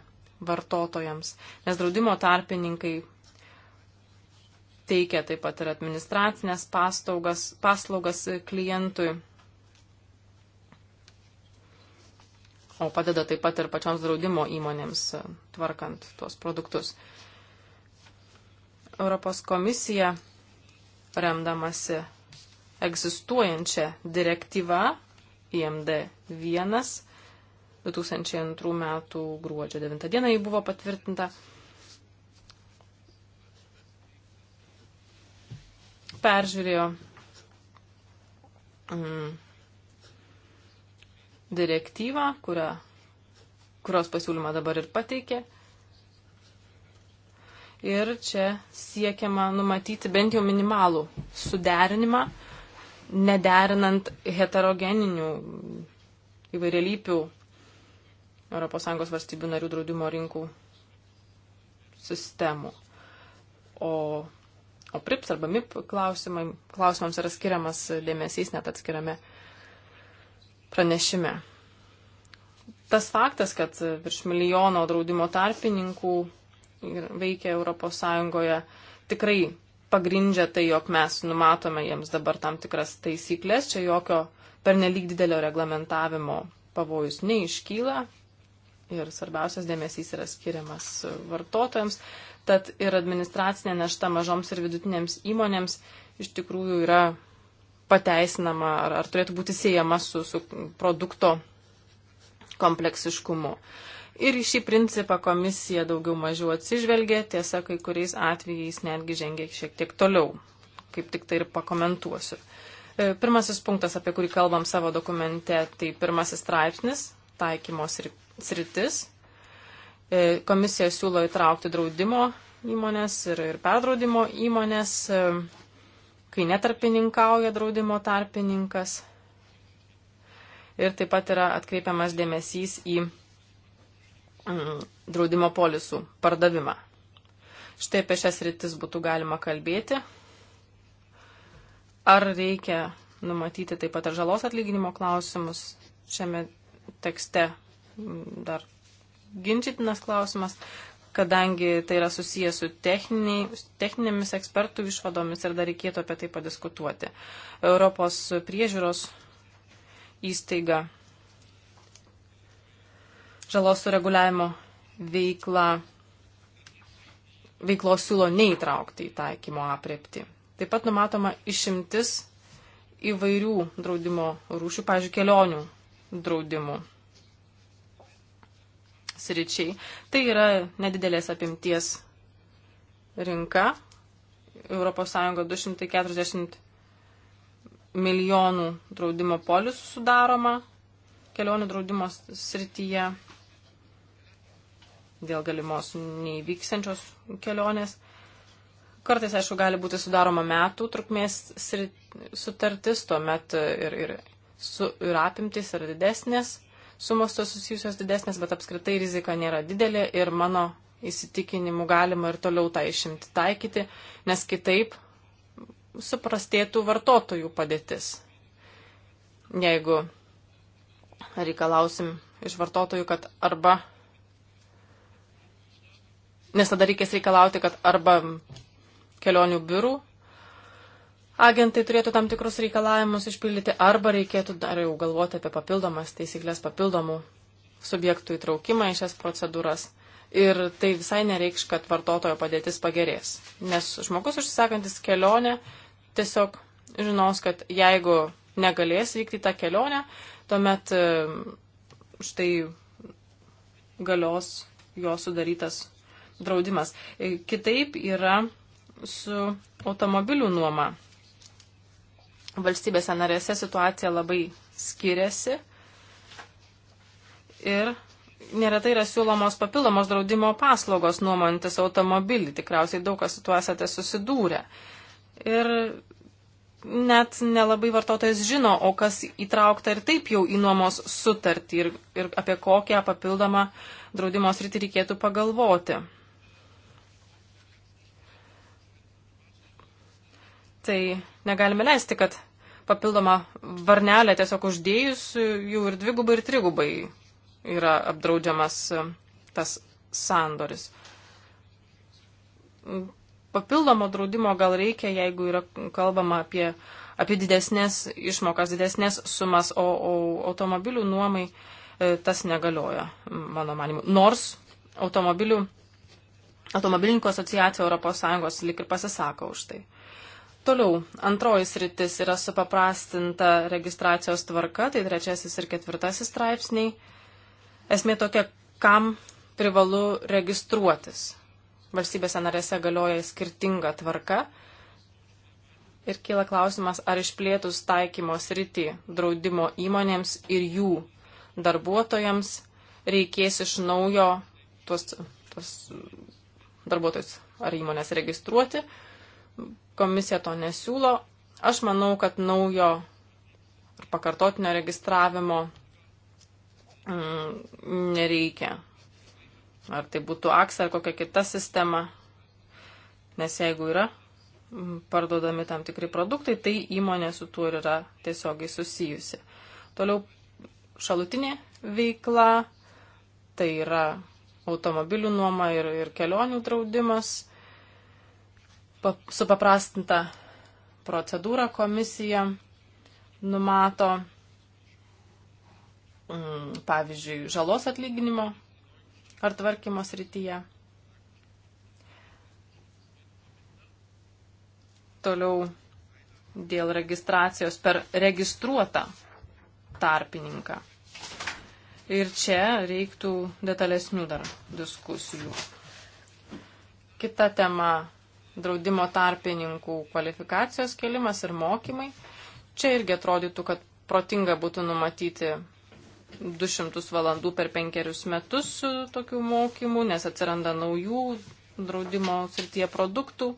vartotojams. Nes draudimo tarpininkai teikia taip pat ir administracinės paslaugas, paslaugas klientui. O padeda taip pat ir pačioms draudimo įmonėms e, tvarkant tuos produktus. Europos komisija, remdamasi egzistuojančią direktyvą IMD 1, 2002 metų gruodžio 9 dieną jį buvo patvirtinta. Peržiūrėjo mm, direktyvą, kurią, kurios pasiūlymą dabar ir pateikė. Ir čia siekiama numatyti bent jau minimalų suderinimą, nederinant heterogeninių įvairialypių ES valstybių narių draudimo rinkų sistemų. O, o PRIPS arba MIP klausimams yra skiriamas dėmesys net atskiriame pranešime. Tas faktas, kad virš milijono draudimo tarpininkų veikia ES, tikrai pagrindžia tai, jog mes numatome jiems dabar tam tikras taisyklės, čia jokio pernelyg didelio reglamentavimo pavojus neiškyla, ir svarbiausias dėmesys yra skiriamas vartotojams. Tad ir administracinė našta mažoms ir vidutinėms įmonėms iš tikrųjų yra pateisinama ar, ar turėtų būti siejama su, su produkto kompleksiškumu. Ir į šį principą komisija daugiau mažiau atsižvelgia, tiesa, kai kuriais atvejais netgi žengia šiek tiek toliau. Kaip tik tai ir pakomentuosiu. E, pirmasis punktas, apie kurį kalbam savo dokumente, tai pirmasis straipsnis, taikymos ir sritis. E, komisija siūlo įtraukti draudimo įmonės ir, ir perdraudimo įmonės, e, kai netarpininkauja draudimo tarpininkas. Ir taip pat yra atkreipiamas dėmesys į mm, draudimo polisų pardavimą. Štai apie šias rytis būtų galima kalbėti. Ar reikia numatyti taip pat ir žalos atlyginimo klausimus šiame tekste dar ginčytinas klausimas, kadangi tai yra susijęs su techniniai, techninėmis ekspertų išvadomis ir dar reikėtų apie tai padiskutuoti. Europos priežiūros įstaiga žalos sureguliavimo veikla, veiklos siūlo neįtraukti į taikymo apriepti. Taip pat numatoma išimtis įvairių draudimo rūšių, pavyzdžiui, kelionių draudimų sričiai. Tai yra nedidelės apimties rinka. ES 240 milijonų draudimo polisų sudaroma kelionių draudimo srityje dėl galimos neįvyksiančios kelionės. Kartais, aišku, gali būti sudaroma metų trukmės sutartis, tuomet ir, ir, su, ir apimtis yra didesnės sumos tos susijusios didesnės, bet apskritai rizika nėra didelė ir mano įsitikinimu galima ir toliau tą išimti taikyti, nes kitaip suprastėtų vartotojų padėtis. Jeigu reikalausim iš vartotojų, kad arba. Nes tada reikės reikalauti, kad arba kelionių biurų agentai turėtų tam tikrus reikalavimus išpildyti arba reikėtų dar jau galvoti apie papildomas taisyklės, papildomų subjektų įtraukimą į šias procedūras. Ir tai visai nereikš, kad vartotojo padėtis pagerės. Nes žmogus užsisakantis kelionę tiesiog žinos, kad jeigu negalės vykti tą kelionę, tuomet e, štai galios jo sudarytas draudimas. E, kitaip yra su automobilių nuoma valstybėse narėse situacija labai skiriasi ir neretai yra siūlomos papildomos draudimo paslaugos nuomontis automobilį. Tikriausiai daug kas su tuo esate susidūrę. Ir net nelabai vartotojas žino, o kas įtraukta ir taip jau į nuomos sutartį ir, ir apie kokią papildomą draudimo sritį reikėtų pagalvoti. Tai negalime leisti, kad papildomą varnelę tiesiog uždėjus, jau ir dvigubai, ir trigubai yra apdraudžiamas e, tas sandoris. Papildomo draudimo gal reikia, jeigu yra kalbama apie, apie didesnės išmokas, didesnės sumas, o, o automobilių nuomai e, tas negalioja, mano manimu. Nors automobilių, automobilininkų asociacija ES lik ir pasisako už tai. Toliau, antroji sritis yra supaprastinta registracijos tvarka, tai trečiasis ir ketvirtasis straipsniai. Esmė tokia, kam privalu registruotis. Valstybėse narėse galioja skirtinga tvarka. Ir kyla klausimas, ar išplėtus taikymo sritį draudimo įmonėms ir jų darbuotojams reikės iš naujo tuos, tuos darbuotojus ar įmonės registruoti Komisija to nesiūlo. Aš manau, kad naujo ar pakartotinio registravimo mm, nereikia. Ar tai būtų AXA ar kokia kita sistema. Nes jeigu yra mm, parduodami tam tikri produktai, tai įmonė su tuo yra tiesiogiai susijusi. Toliau šalutinė veikla, tai yra automobilių nuoma ir, ir kelionių draudimas supaprastinta procedūra komisija numato, mm, pavyzdžiui, žalos atlyginimo ar tvarkymo srityje. Toliau dėl registracijos per registruotą tarpininką. Ir čia reiktų detalesnių dar diskusijų. Kita tema draudimo tarpininkų kvalifikacijos kelimas ir mokymai. Čia irgi atrodytų, kad protinga būtų numatyti 200 valandų per penkerius metus tokių mokymų, nes atsiranda naujų draudimo srityje produktų.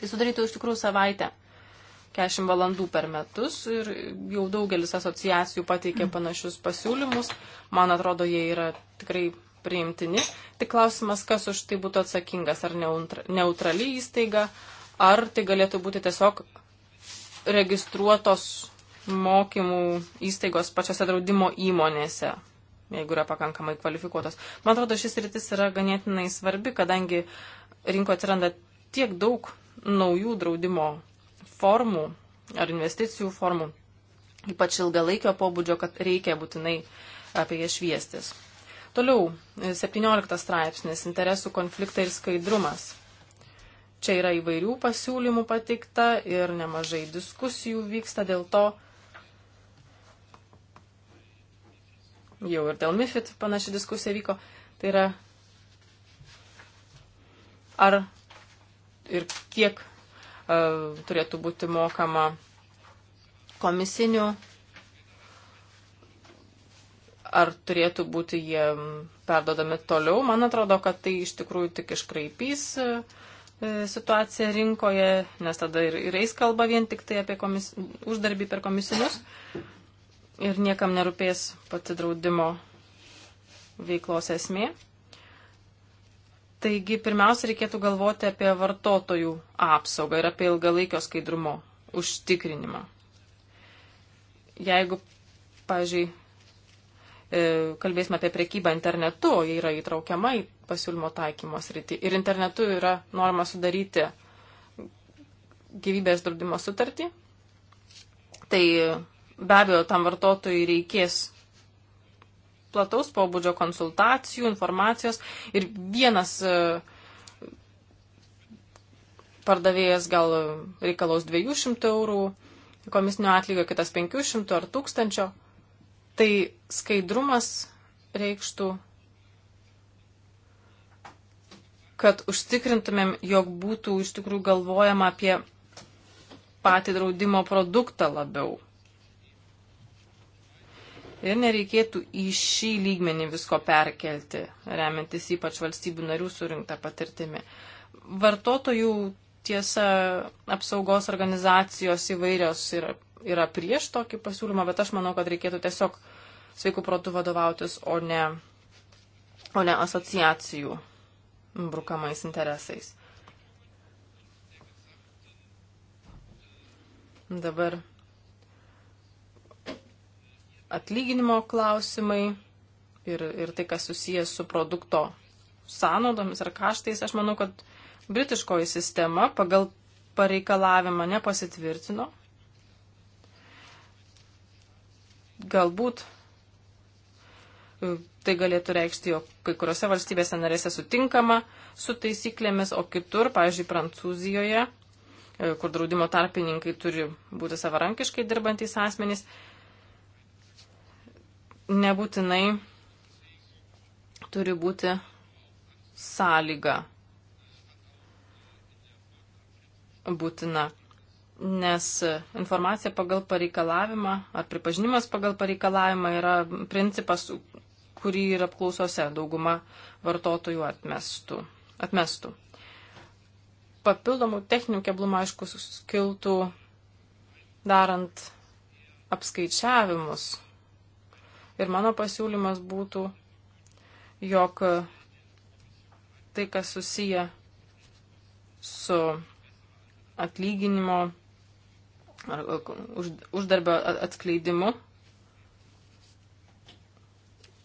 Tai sudarytų iš tikrųjų savaitę. 40 valandų per metus ir jau daugelis asociacijų pateikė panašius pasiūlymus. Man atrodo, jie yra tikrai priimtini. Tik klausimas, kas už tai būtų atsakingas, ar neutrali įstaiga, ar tai galėtų būti tiesiog registruotos mokymų įstaigos pačiose draudimo įmonėse, jeigu yra pakankamai kvalifikuotos. Man atrodo, šis rytis yra ganėtinai svarbi, kadangi rinko atsiranda tiek daug naujų draudimo formų ar investicijų formų, ypač ilgalaikio pobūdžio, kad reikia būtinai apie jas šviestis. Toliau, 17 straipsnis - interesų konfliktai ir skaidrumas. Čia yra įvairių pasiūlymų patikta ir nemažai diskusijų vyksta dėl to, jau ir dėl MIFID panaši diskusija vyko, tai yra ar ir kiek uh, turėtų būti mokama komisinių ar turėtų būti jie perdodami toliau. Man atrodo, kad tai iš tikrųjų tik iškraipys e, e, situaciją rinkoje, nes tada ir, ir eis kalba vien tik tai apie komis, uždarbį per komisinius ir niekam nerūpės pati draudimo veiklos esmė. Taigi, pirmiausia, reikėtų galvoti apie vartotojų apsaugą ir apie ilgalaikio skaidrumo užtikrinimą. Jeigu, pažiūrėjau, E, kalbėsime apie prekybą internetu, ji yra įtraukiama į pasiūlymo taikymo sritį. Ir internetu yra norima sudaryti gyvybės draudimo sutartį. Tai be abejo, tam vartotojui reikės plataus pobūdžio konsultacijų, informacijos ir vienas e, pardavėjas gal reikalaus 200 eurų komisinio atlygio, kitas 500 ar 1000 Tai skaidrumas reikštų, kad užtikrintumėm, jog būtų iš tikrųjų galvojama apie patį draudimo produktą labiau. Ir nereikėtų į šį lygmenį visko perkelti, remiantis ypač valstybių narių surinktą patirtimį. Vartotojų tiesa apsaugos organizacijos įvairios ir yra prieš tokį pasiūlymą, bet aš manau, kad reikėtų tiesiog sveikų protų vadovautis, o ne, o ne asociacijų brukamais interesais. Dabar atlyginimo klausimai ir, ir tai, kas susijęs su produkto sąnaudomis ar kaštais, aš manau, kad britiškoji sistema pagal pareikalavimą nepasitvirtino Galbūt e, tai galėtų reikšti, jog kai kuriuose valstybėse narėse sutinkama su taisyklėmis, o kitur, pavyzdžiui, Prancūzijoje, e, kur draudimo tarpininkai turi būti savarankiškai dirbantys asmenys, nebūtinai turi būti sąlyga būtina, nes informacija pagal pareikalavimą ar pripažinimas pagal pareikalavimą yra principas, kurį ir apklausose dauguma vartotojų atmestų. atmestų. Papildomų techninių keblumų, aišku, kiltų darant apskaičiavimus. Ir mano pasiūlymas būtų, jog tai, kas susiję su atlyginimo ar už, uždarbio atskleidimu.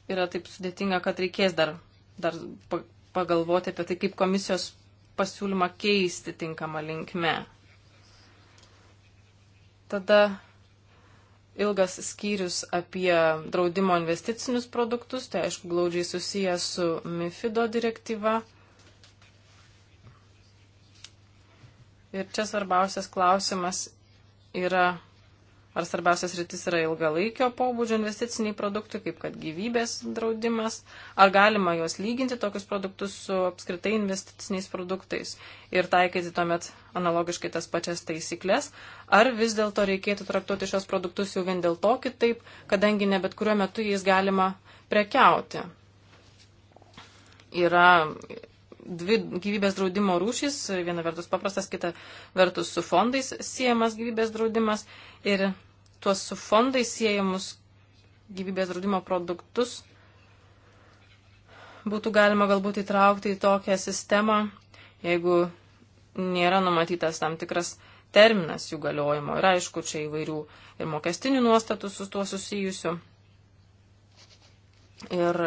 Yra taip sudėtinga, kad reikės dar, dar pagalvoti apie tai, kaip komisijos pasiūlymą keisti tinkamą linkme. Tada ilgas skyrius apie draudimo investicinius produktus, tai aišku glaudžiai susijęs su MIFIDO direktyva. Ir čia svarbiausias klausimas yra, ar svarbiausias rytis yra ilgalaikio pobūdžio investiciniai produktai, kaip kad gyvybės draudimas, ar galima juos lyginti tokius produktus su apskritai investiciniais produktais ir taikyti tuomet analogiškai tas pačias taisyklės, ar vis dėlto reikėtų traktuoti šios produktus jau vien dėl to kitaip, kadangi ne bet kuriuo metu jais galima prekiauti. Yra dvi gyvybės draudimo rūšys, viena vertus paprastas, kita vertus su fondais siejamas gyvybės draudimas ir tuos su fondais siejamus gyvybės draudimo produktus būtų galima galbūt įtraukti į tokią sistemą, jeigu nėra numatytas tam tikras terminas jų galiojimo. Ir aišku, čia įvairių ir mokestinių nuostatų su tuo susijusių. Ir,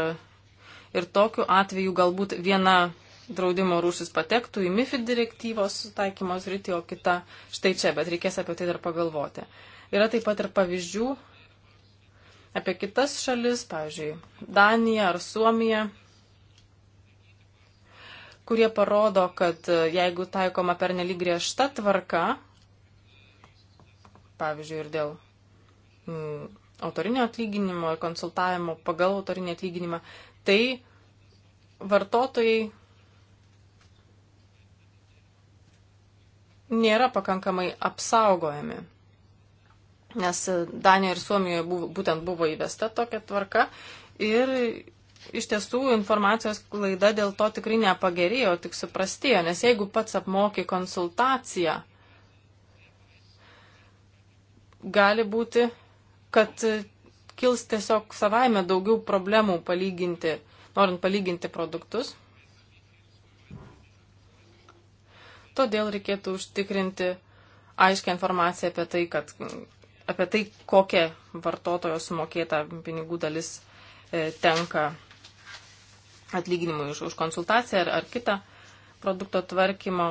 ir tokiu atveju galbūt viena draudimo rūšis patektų į MIFID direktyvos taikymos rytį, o kita štai čia, bet reikės apie tai dar pagalvoti. Yra taip pat ir pavyzdžių apie kitas šalis, pavyzdžiui, Daniją ar Suomiją, kurie parodo, kad jeigu taikoma pernelyg griežta tvarka, pavyzdžiui, ir dėl mm, autorinio atlyginimo ir konsultavimo pagal autorinį atlyginimą, tai vartotojai nėra pakankamai apsaugojami. Nes Danijoje ir Suomijoje buvo, būtent buvo įvesta tokia tvarka ir iš tiesų informacijos klaida dėl to tikrai nepagerėjo, tik suprastėjo, nes jeigu pats apmoki konsultaciją, gali būti, kad kils tiesiog savaime daugiau problemų palyginti, norint palyginti produktus Todėl reikėtų užtikrinti aiškę informaciją apie tai, kad, apie tai kokia vartotojo sumokėta pinigų dalis e, tenka atlyginimui už, už konsultaciją ar, ar kitą produkto tvarkymo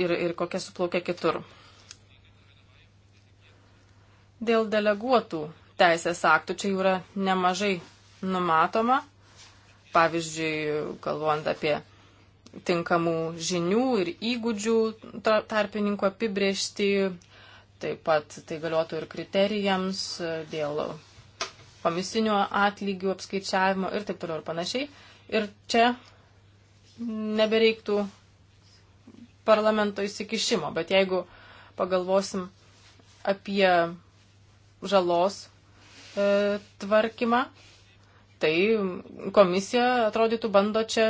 ir, ir kokia suplaukia kitur. Dėl deleguotų teisės aktų čia jų yra nemažai numatoma. Pavyzdžiui, kalbant apie tinkamų žinių ir įgūdžių tarpininkų apibriešti, taip pat tai galiotų ir kriterijams dėl komisinio atlygių apskaičiavimo ir taip toliau ir panašiai. Ir čia nebereiktų parlamento įsikišimo, bet jeigu pagalvosim apie žalos e, tvarkymą, tai komisija atrodytų bando čia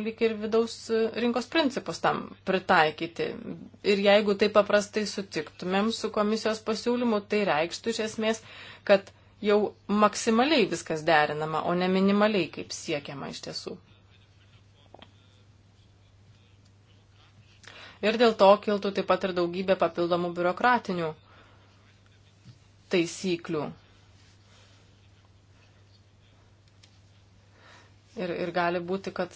lyg ir vidaus rinkos principus tam pritaikyti. Ir jeigu taip paprastai sutiktumėm su komisijos pasiūlymu, tai reikštų iš esmės, kad jau maksimaliai viskas derinama, o ne minimaliai kaip siekiama iš tiesų. Ir dėl to kiltų taip pat ir daugybė papildomų biurokratinių taisyklių Ir, ir gali būti, kad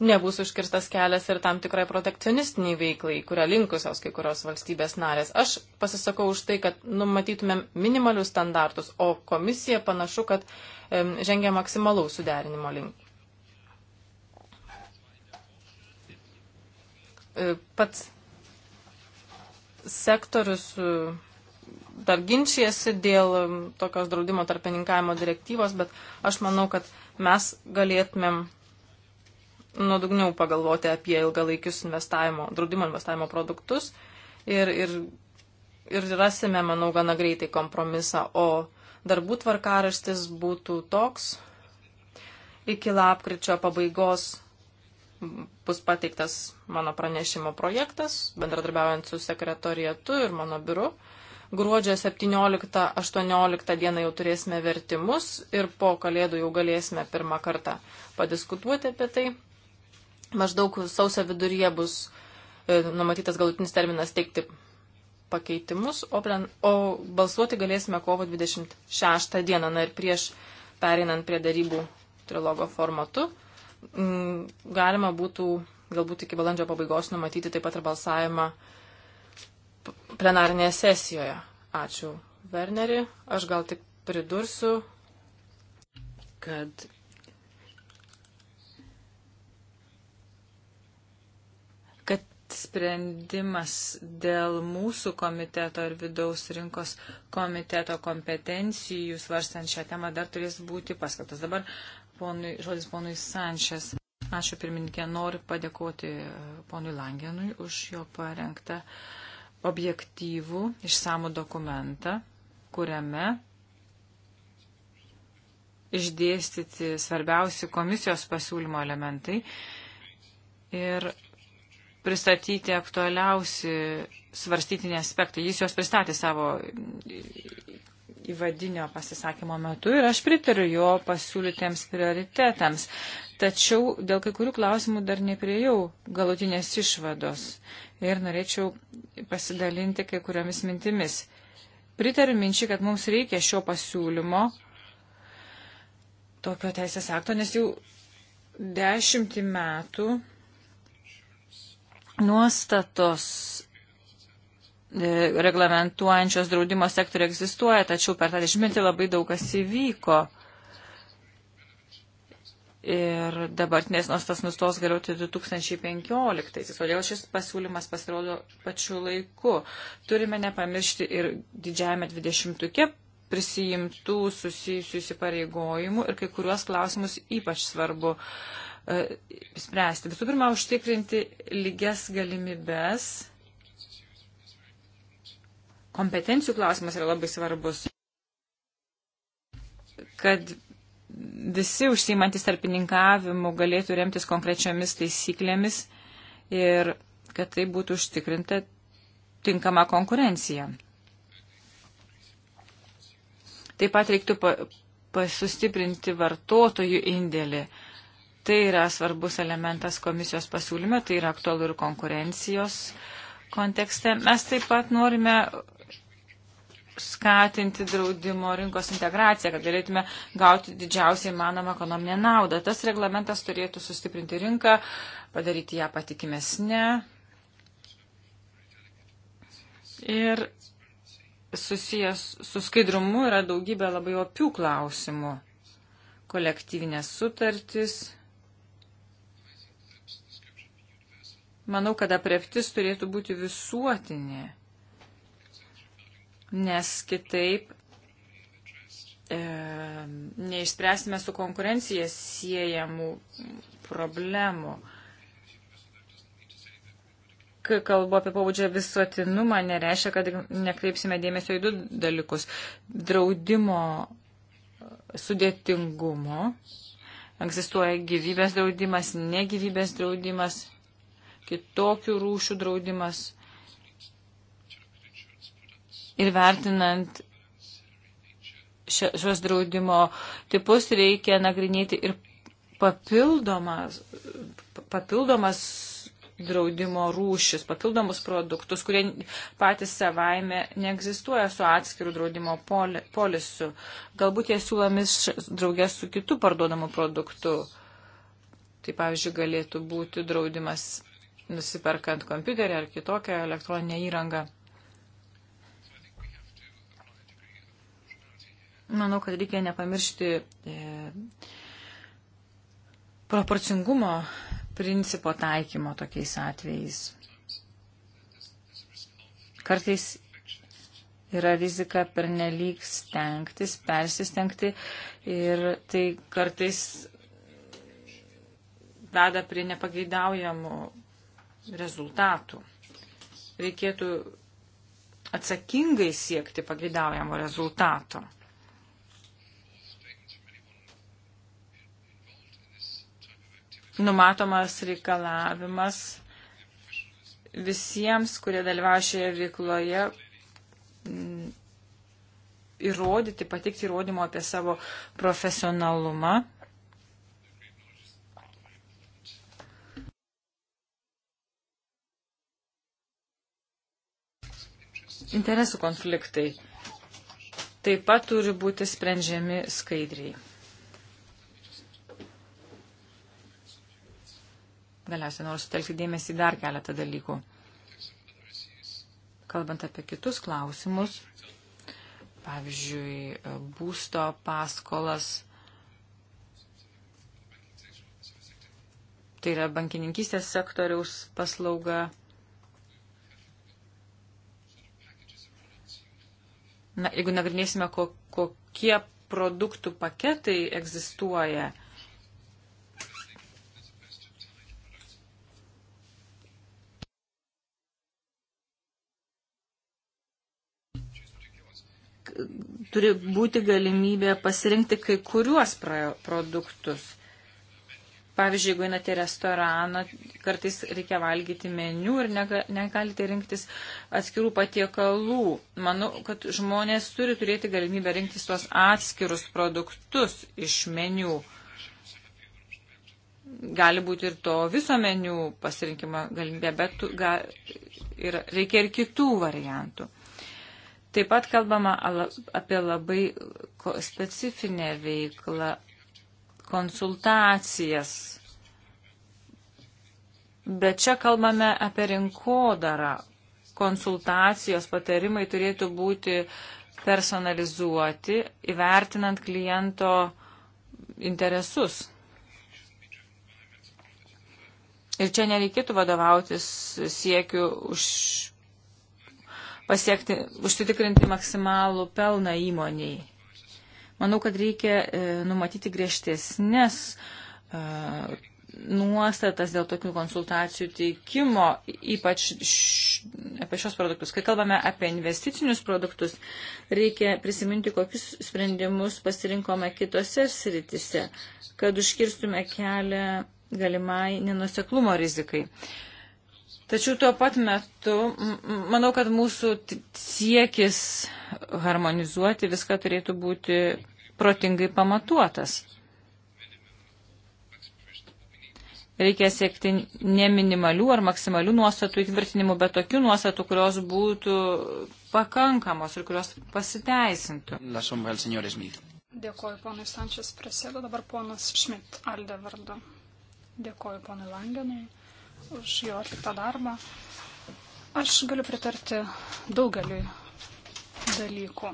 nebus užkirstas kelias ir tam tikrai protekcionistiniai veiklai, kuria linkusios kai kurios valstybės narės. Aš pasisakau už tai, kad numatytumėm minimalius standartus, o komisija panašu, kad e, žengia maksimalaus suderinimo link. E, pats sektorius e, dar ginčijasi dėl tokios draudimo tarpininkavimo direktyvos, bet aš manau, kad mes galėtumėm nuodugniau pagalvoti apie ilgalaikius investavimo, draudimo investavimo produktus ir, ir, ir rasime, manau, gana greitai kompromisą, o darbų tvarkaraštis būtų toks. Iki lapkričio pabaigos bus pateiktas mano pranešimo projektas, bendradarbiaujant su sekretorijatu ir mano biuru. Uh, Gruodžio 17-18 dieną jau turėsime vertimus ir po kalėdų jau galėsime pirmą kartą padiskutuoti apie tai. Maždaug sausio viduryje bus e, numatytas galutinis terminas teikti pakeitimus, o, plen, o balsuoti galėsime kovo 26 dieną. Na ir prieš pereinant prie darybų trilogo formatu, m, galima būtų galbūt iki balandžio pabaigos numatyti taip pat ir balsavimą plenarinėje sesijoje. Ačiū, Werneri. Aš gal tik pridursiu, kad kad sprendimas dėl mūsų komiteto ir vidaus rinkos komiteto kompetencijų svarstant šią temą dar turės būti paskaltas. Dabar ponui, žodis ponui Sančias. Ačiū pirmininkė, noriu padėkoti ponui Langenui už jo parengtą uh, objektyvų išsamų dokumentą, kuriame išdėstyti svarbiausi komisijos pasiūlymo elementai ir pristatyti aktualiausi svarstytiniai aspektai. Jis juos pristatė savo įvadinio pasisakymo metu ir aš pritariu jo pasiūlytiems prioritetams. Tačiau dėl kai kurių klausimų dar nepriejau galutinės išvados ir norėčiau pasidalinti kai kuriomis mintimis. Pritariu minčiai, kad mums reikia šio pasiūlymo, tokio teisės akto, nes jau dešimtį metų nuostatos E, reglamentuojančios draudimo sektorių egzistuoja, tačiau per tą dešimtmetį labai daug kas įvyko. Ir dabartinės nuostas nustos galioti 2015. Todėl šis pasiūlymas pasirodo pačiu laiku. Turime nepamiršti ir didžiajame 20-uke prisijimtų susijusių įsipareigojimų ir kai kuriuos klausimus ypač svarbu e, spręsti. Visų pirma, užtikrinti lygias galimybes kompetencijų klausimas yra labai svarbus, kad visi užsiimantis tarpininkavimu galėtų remtis konkrečiomis taisyklėmis ir kad tai būtų užtikrinta tinkama konkurencija. Taip pat reiktų pa, pasustiprinti vartotojų indėlį. Tai yra svarbus elementas komisijos pasiūlyme, tai yra aktualu ir konkurencijos kontekste. Mes taip pat norime skatinti draudimo rinkos integraciją, kad galėtume gauti didžiausiai manomą ekonominę naudą. Tas reglamentas turėtų sustiprinti rinką, padaryti ją patikimesnę ir susijęs su skaidrumu yra daugybė labai opių klausimų. Kolektyvinės sutartis. Manau, kad apreptis turėtų būti visuotinė nes kitaip e, neišspręsime su konkurencija siejamų problemų. Kai kalbu apie pavudžią visuotinumą, nereiškia, kad nekreipsime dėmesio į du dalykus. Draudimo sudėtingumo. Egzistuoja gyvybės draudimas, negyvybės draudimas, kitokių rūšių draudimas ir vertinant šios draudimo tipus reikia nagrinėti ir papildomas, papildomas draudimo rūšis, papildomus produktus, kurie patys savaime neegzistuoja su atskiru draudimo poli, polisu. Galbūt jie siūlomis draugės su kitu parduodamu produktu. Tai pavyzdžiui, galėtų būti draudimas nusiperkant kompiuterį ar kitokią elektroninę įrangą. Manau, kad reikia nepamiršti e, proporcingumo principo taikymo tokiais atvejais. Kartais yra rizika pernelyg stengtis, persistengti ir tai kartais veda prie nepageidaujamų rezultatų. Reikėtų atsakingai siekti pageidaujamo rezultato. numatomas reikalavimas visiems, kurie dalyvauja šioje veikloje, mm, įrodyti, patikti įrodymą apie savo profesionalumą. Interesų konfliktai taip pat turi būti sprendžiami skaidriai. Galiausiai noriu sutelkti dėmesį dar keletą dalykų. Kalbant apie kitus klausimus, pavyzdžiui, būsto paskolas, tai yra bankininkystės sektoriaus paslauga. Na, jeigu nagrinėsime, ko, kokie produktų paketai egzistuoja, turi būti galimybė pasirinkti kai kuriuos produktus. Pavyzdžiui, jeigu einate į restoraną, kartais reikia valgyti meniu ir negalite rinktis atskirų patiekalų. Manau, kad žmonės turi turėti galimybę rinktis tuos atskirus produktus iš meniu. Gali būti ir to viso meniu pasirinkimo galimybė, bet tu, ga, ir reikia ir kitų variantų. Taip pat kalbama apie labai specifinę veiklą, konsultacijas. Bet čia kalbame apie rinkodarą. Konsultacijos patarimai turėtų būti personalizuoti, įvertinant kliento interesus. Ir čia nereikėtų vadovautis siekiu už pasiekti, užsitikrinti maksimalų pelną įmoniai. Manau, kad reikia e, numatyti griežtesnės e, nuostatas dėl tokių konsultacijų teikimo, ypač š, apie šios produktus. Kai kalbame apie investicinius produktus, reikia prisiminti, kokius sprendimus pasirinkome kitose sritise, kad užkirstume kelią galimai nenuseklumo rizikai. E, Tačiau tuo pat metu, manau, kad mūsų siekis harmonizuoti viską turėtų būti protingai pamatuotas. Reikia siekti ne minimalių ar maksimalių nuostatų įtvirtinimų, bet tokių nuostatų, kurios būtų pakankamos ir kurios pasiteisintų. Dėkuoju ponui Sančias Presėdo, dabar ponas Šmit Alde vardu. Dėkuoju ponui Langenui už jo atliktą darbą. Aš galiu pritarti daugeliui dalykų,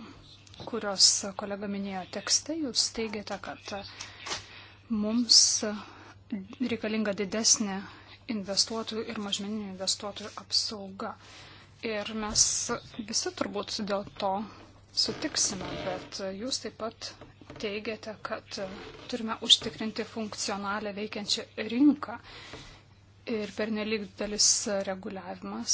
kurios kolega minėjo tekste. Jūs teigiate, kad mums reikalinga didesnė investuotojų ir mažmeninių investuotojų apsauga. Ir mes visi turbūt dėl to sutiksime, bet jūs taip pat teigiate, kad turime užtikrinti funkcionalę veikiančią rinką ir pernelik didelis reguliavimas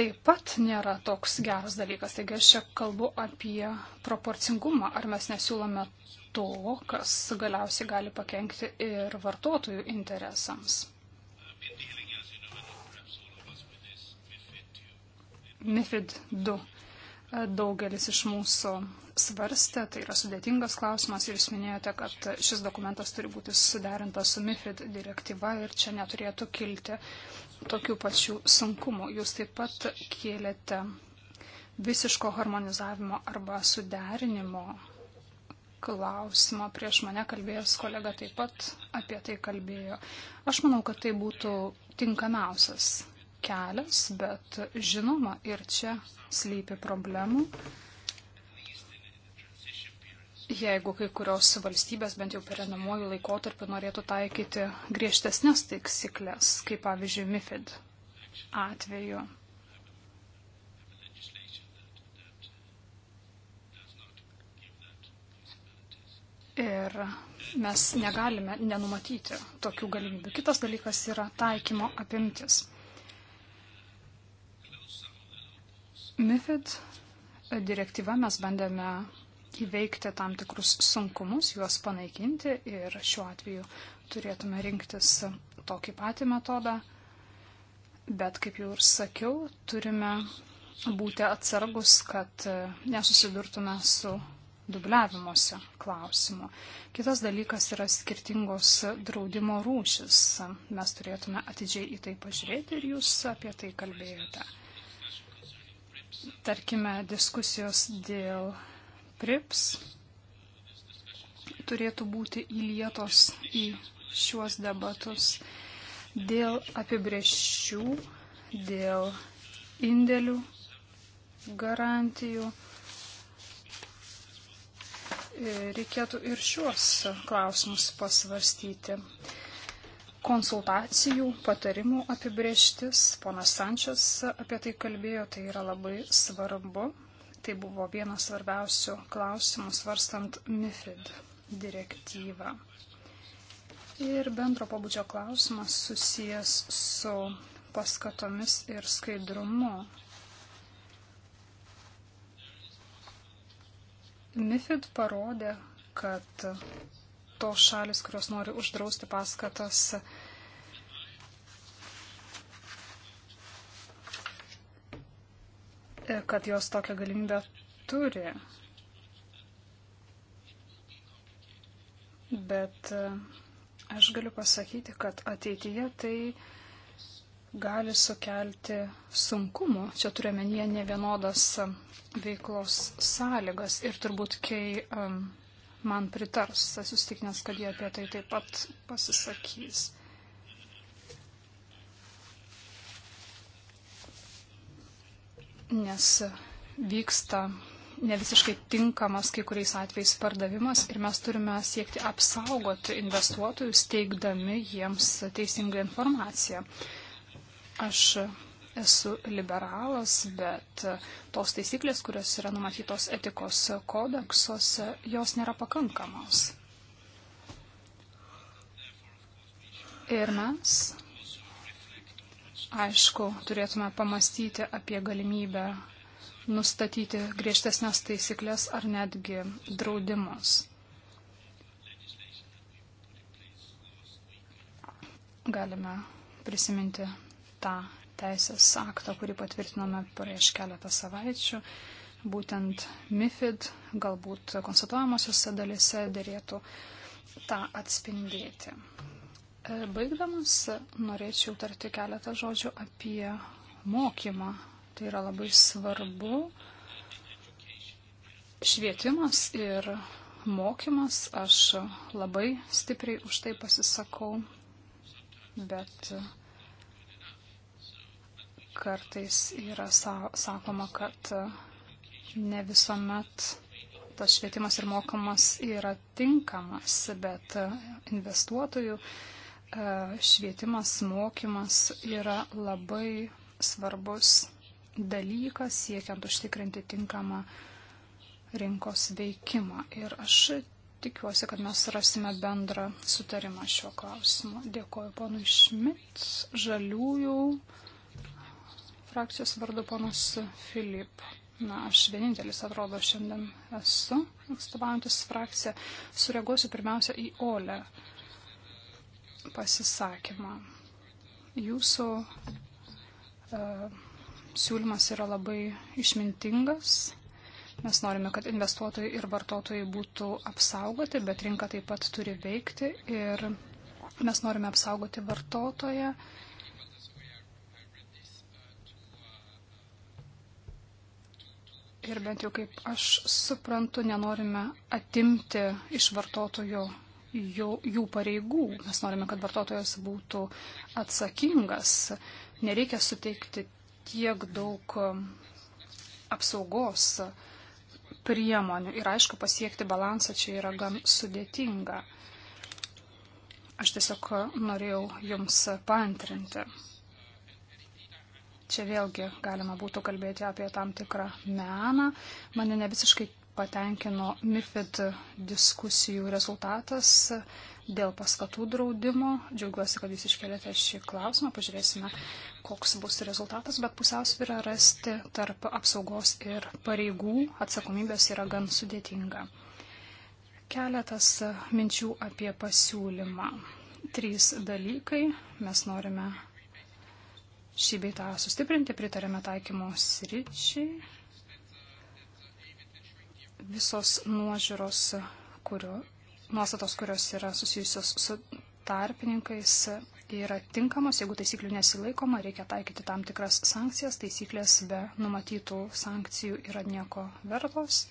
taip pat nėra toks geras dalykas. Taigi aš čia kalbu apie proporcingumą. Ar mes nesiūlome to, kas galiausiai gali pakengti ir vartotojų interesams. MIFID 2 daugelis iš mūsų svarstė, tai yra sudėtingas klausimas ir jūs minėjote, kad šis dokumentas turi būti suderintas su MIFID direktyva ir čia neturėtų kilti tokių pačių sunkumų. Jūs taip pat kėlėte visiško harmonizavimo arba suderinimo klausimą. Prieš mane kalbėjęs kolega taip pat apie tai kalbėjo. Aš manau, kad tai būtų tinkamiausias kelias, bet žinoma ir čia slypi problemų. Jeigu kai kurios valstybės bent jau perenamuoju laikotarpiu norėtų taikyti griežtesnės taisyklės, kaip pavyzdžiui MIFID atveju. Ir mes negalime nenumatyti tokių galimybių. Kitas dalykas yra taikymo apimtis. MIFID direktyva mes bandėme įveikti tam tikrus sunkumus, juos panaikinti ir šiuo atveju turėtume rinktis tokį patį metodą. Bet, kaip jau ir sakiau, turime būti atsargus, kad nesusidurtume su dubliavimuose klausimu. Kitas dalykas yra skirtingos draudimo rūšis. Mes turėtume atidžiai į tai pažiūrėti ir jūs apie tai kalbėjote. Tarkime, diskusijos dėl PRIPS turėtų būti įlietos į šiuos debatus dėl apibrėžčių, dėl indėlių garantijų. Reikėtų ir šiuos klausimus pasvarstyti konsultacijų, patarimų apibrieštis. Ponas Sančias apie tai kalbėjo, tai yra labai svarbu. Tai buvo vienas svarbiausių klausimų svarstant MIFID direktyvą. Ir bendro pabudžio klausimas susijęs su paskatomis ir skaidrumu. MIFID parodė, kad tos šalis, kurios nori uždrausti paskatas. kad jos tokią galimybę turi. Bet e, aš galiu pasakyti, kad ateityje tai gali sukelti sunkumų. Čia turime nie nevienodas veiklos sąlygas ir turbūt, kai um, man pritars. Esu stikinęs, kad jie apie tai taip pat pasisakys. Nes vyksta ne visiškai tinkamas kai kuriais atvejais pardavimas ir mes turime siekti apsaugoti investuotojus, teikdami jiems teisingą informaciją. Aš esu liberalas, bet tos taisyklės, kurios yra numatytos etikos kodeksuose, jos nėra pakankamos. Ir mes, aišku, turėtume pamastyti apie galimybę nustatyti griežtesnės taisyklės ar netgi draudimus. Galime prisiminti tą teisės akto, kurį patvirtinome prieš keletą savaičių. Būtent MIFID, galbūt konstatuojamosiose dalise dėrėtų tą atspindėti. E, baigdamas, norėčiau tarti keletą žodžių apie mokymą. Tai yra labai svarbu. Švietimas ir mokymas, aš labai stipriai už tai pasisakau, bet uh, Kartais yra sakoma, kad e, ne visuomet tas švietimas ir mokamas yra tinkamas, bet e, investuotojų e, švietimas, mokymas yra labai svarbus dalykas siekiant užtikrinti tinkamą rinkos veikimą. Ir aš tikiuosi, kad mes rasime bendrą sutarimą šiuo klausimu. Dėkoju ponui Šmit, žaliųjų frakcijos vardu ponas Filip. Na, aš vienintelis, atrodo, šiandien esu atstovaujantis frakciją. Sureaguosiu pirmiausia į Olę pasisakymą. Jūsų uh, siūlymas yra labai išmintingas. Mes norime, kad investuotojai ir vartotojai būtų apsaugoti, bet rinka taip pat turi veikti ir mes norime apsaugoti vartotoją. Uh, ir bent jau kaip aš suprantu, nenorime atimti iš vartotojų jų, jų pareigų. Mes norime, kad vartotojas būtų atsakingas. Nereikia suteikti tiek daug um, apsaugos priemonių. Ir aišku, pasiekti balansą čia yra gan sudėtinga. Aš tiesiog norėjau jums pantrinti. Čia vėlgi galima būtų kalbėti apie tam tikrą meną. Mane ne visiškai patenkino MIFID diskusijų rezultatas dėl paskatų draudimo. Džiaugiuosi, kad jūs iškelėte šį klausimą. Pažiūrėsime, koks bus rezultatas, bet pusiausvyrą rasti tarp apsaugos ir pareigų atsakomybės yra gan sudėtinga. Keletas minčių apie pasiūlymą. Trys dalykai. Mes norime šį beitą sustiprinti, pritarėme taikymo sričiai. Visos nuožiūros, kurio, nuostatos, kurios yra susijusios su tarpininkais, yra tinkamos. Jeigu taisyklių nesilaikoma, reikia taikyti tam tikras sankcijas. Taisyklės be numatytų sankcijų yra nieko vertos.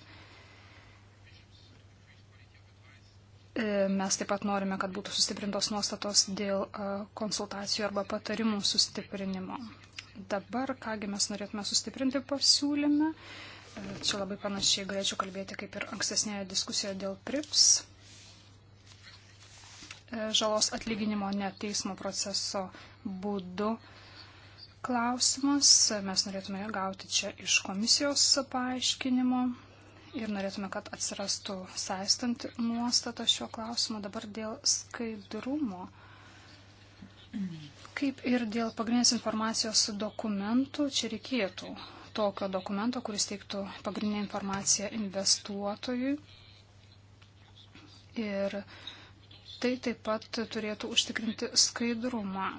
E, mes taip pat norime, kad būtų sustiprintos nuostatos dėl e, konsultacijų arba patarimų sustiprinimo. Dabar, kągi mes norėtume sustiprinti pasiūlyme, e, čia labai panašiai galėčiau kalbėti kaip ir ankstesnėje diskusijoje dėl PRIPS žalos atlyginimo ne teismo proceso būdu klausimas. Mes norėtume gauti čia iš komisijos paaiškinimo ir norėtume, kad atsirastų saistanti nuostata šiuo klausimu dabar dėl skaidrumo. Kaip ir dėl pagrindinės informacijos dokumentų, čia reikėtų tokio dokumento, kuris teiktų pagrindinę informaciją investuotojui. Ir tai taip pat turėtų užtikrinti skaidrumą.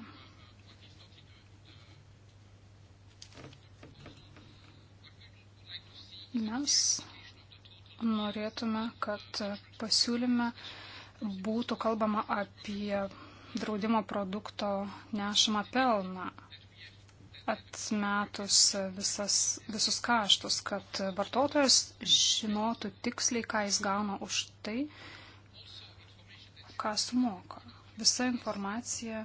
Mes norėtume, kad pasiūlyme būtų kalbama apie draudimo produkto nešamą pelną, atmetus visas, visus kaštus, kad vartotojas žinotų tiksliai, ką jis gauna už tai, ką sumoka. Visa informacija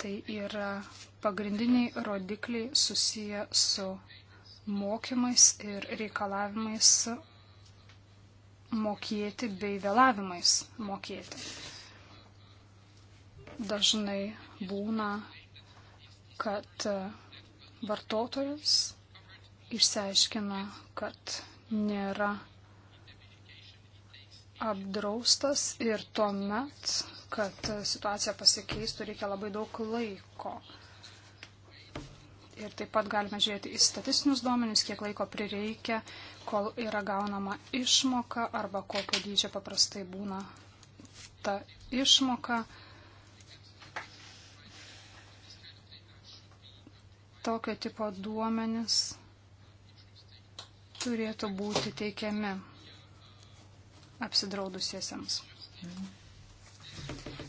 tai yra pagrindiniai rodikliai susiję su mokymais ir reikalavimais mokėti bei vėlavimais mokėti. Dažnai būna, kad vartotojas išsiaiškina, kad nėra apdraustas ir tuomet, kad situacija pasikeistų, reikia labai daug laiko. Ir taip pat galime žiūrėti į statistinius duomenys, kiek laiko prireikia, kol yra gaunama išmoka arba kokio dydžio paprastai būna ta išmoka. Tokio tipo duomenys turėtų būti teikiami apsidraudusiesiems.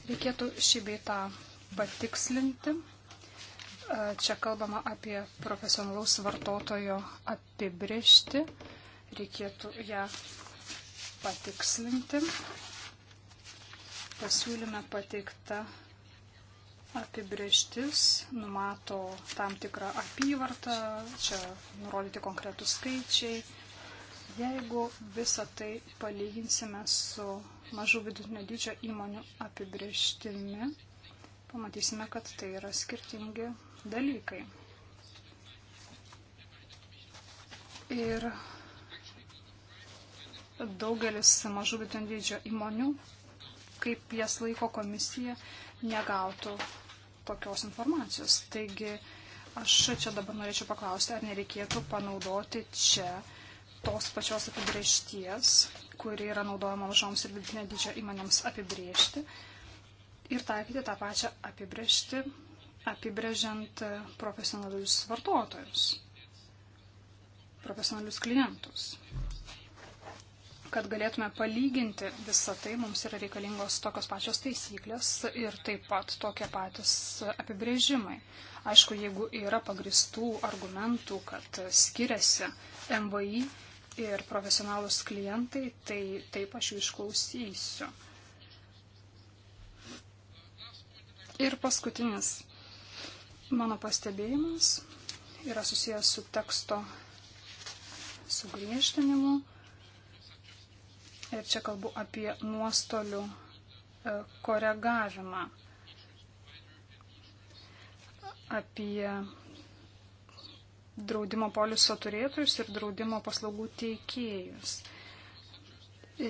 Reikėtų šį beitą patikslinti. Čia kalbama apie profesionalaus vartotojo apibrišti. Reikėtų ją patikslinti. Pasiūlyme pateikta apibrieštis numato tam tikrą apyvartą, čia nurodyti konkretų skaičiai. Jeigu visą tai palyginsime su mažų vidutinio dydžio įmonių apibrieštimi, pamatysime, kad tai yra skirtingi dalykai. Ir daugelis mažų vidutinių dydžio įmonių, kaip jas laiko komisija, negautų tokios informacijos. Taigi aš čia dabar norėčiau paklausti, ar nereikėtų panaudoti čia tos pačios apibriešties, kuri yra naudojama mažoms ir vidutinio dydžio įmonėms apibriežti ir taikyti tą pačią apibriežti apibrėžiant profesionalius vartotojus, profesionalius klientus. Kad galėtume palyginti visą tai, mums yra reikalingos tokios pačios taisyklės ir taip pat tokie patys apibrėžimai. Aišku, jeigu yra pagristų argumentų, kad skiriasi MVI ir profesionalus klientai, tai taip aš jų išklausysiu. Ir paskutinis Mano pastebėjimas yra susijęs su teksto sugriežtinimu. Ir čia kalbu apie nuostolių e, koregavimą, apie draudimo poliso turėtojus ir draudimo paslaugų teikėjus.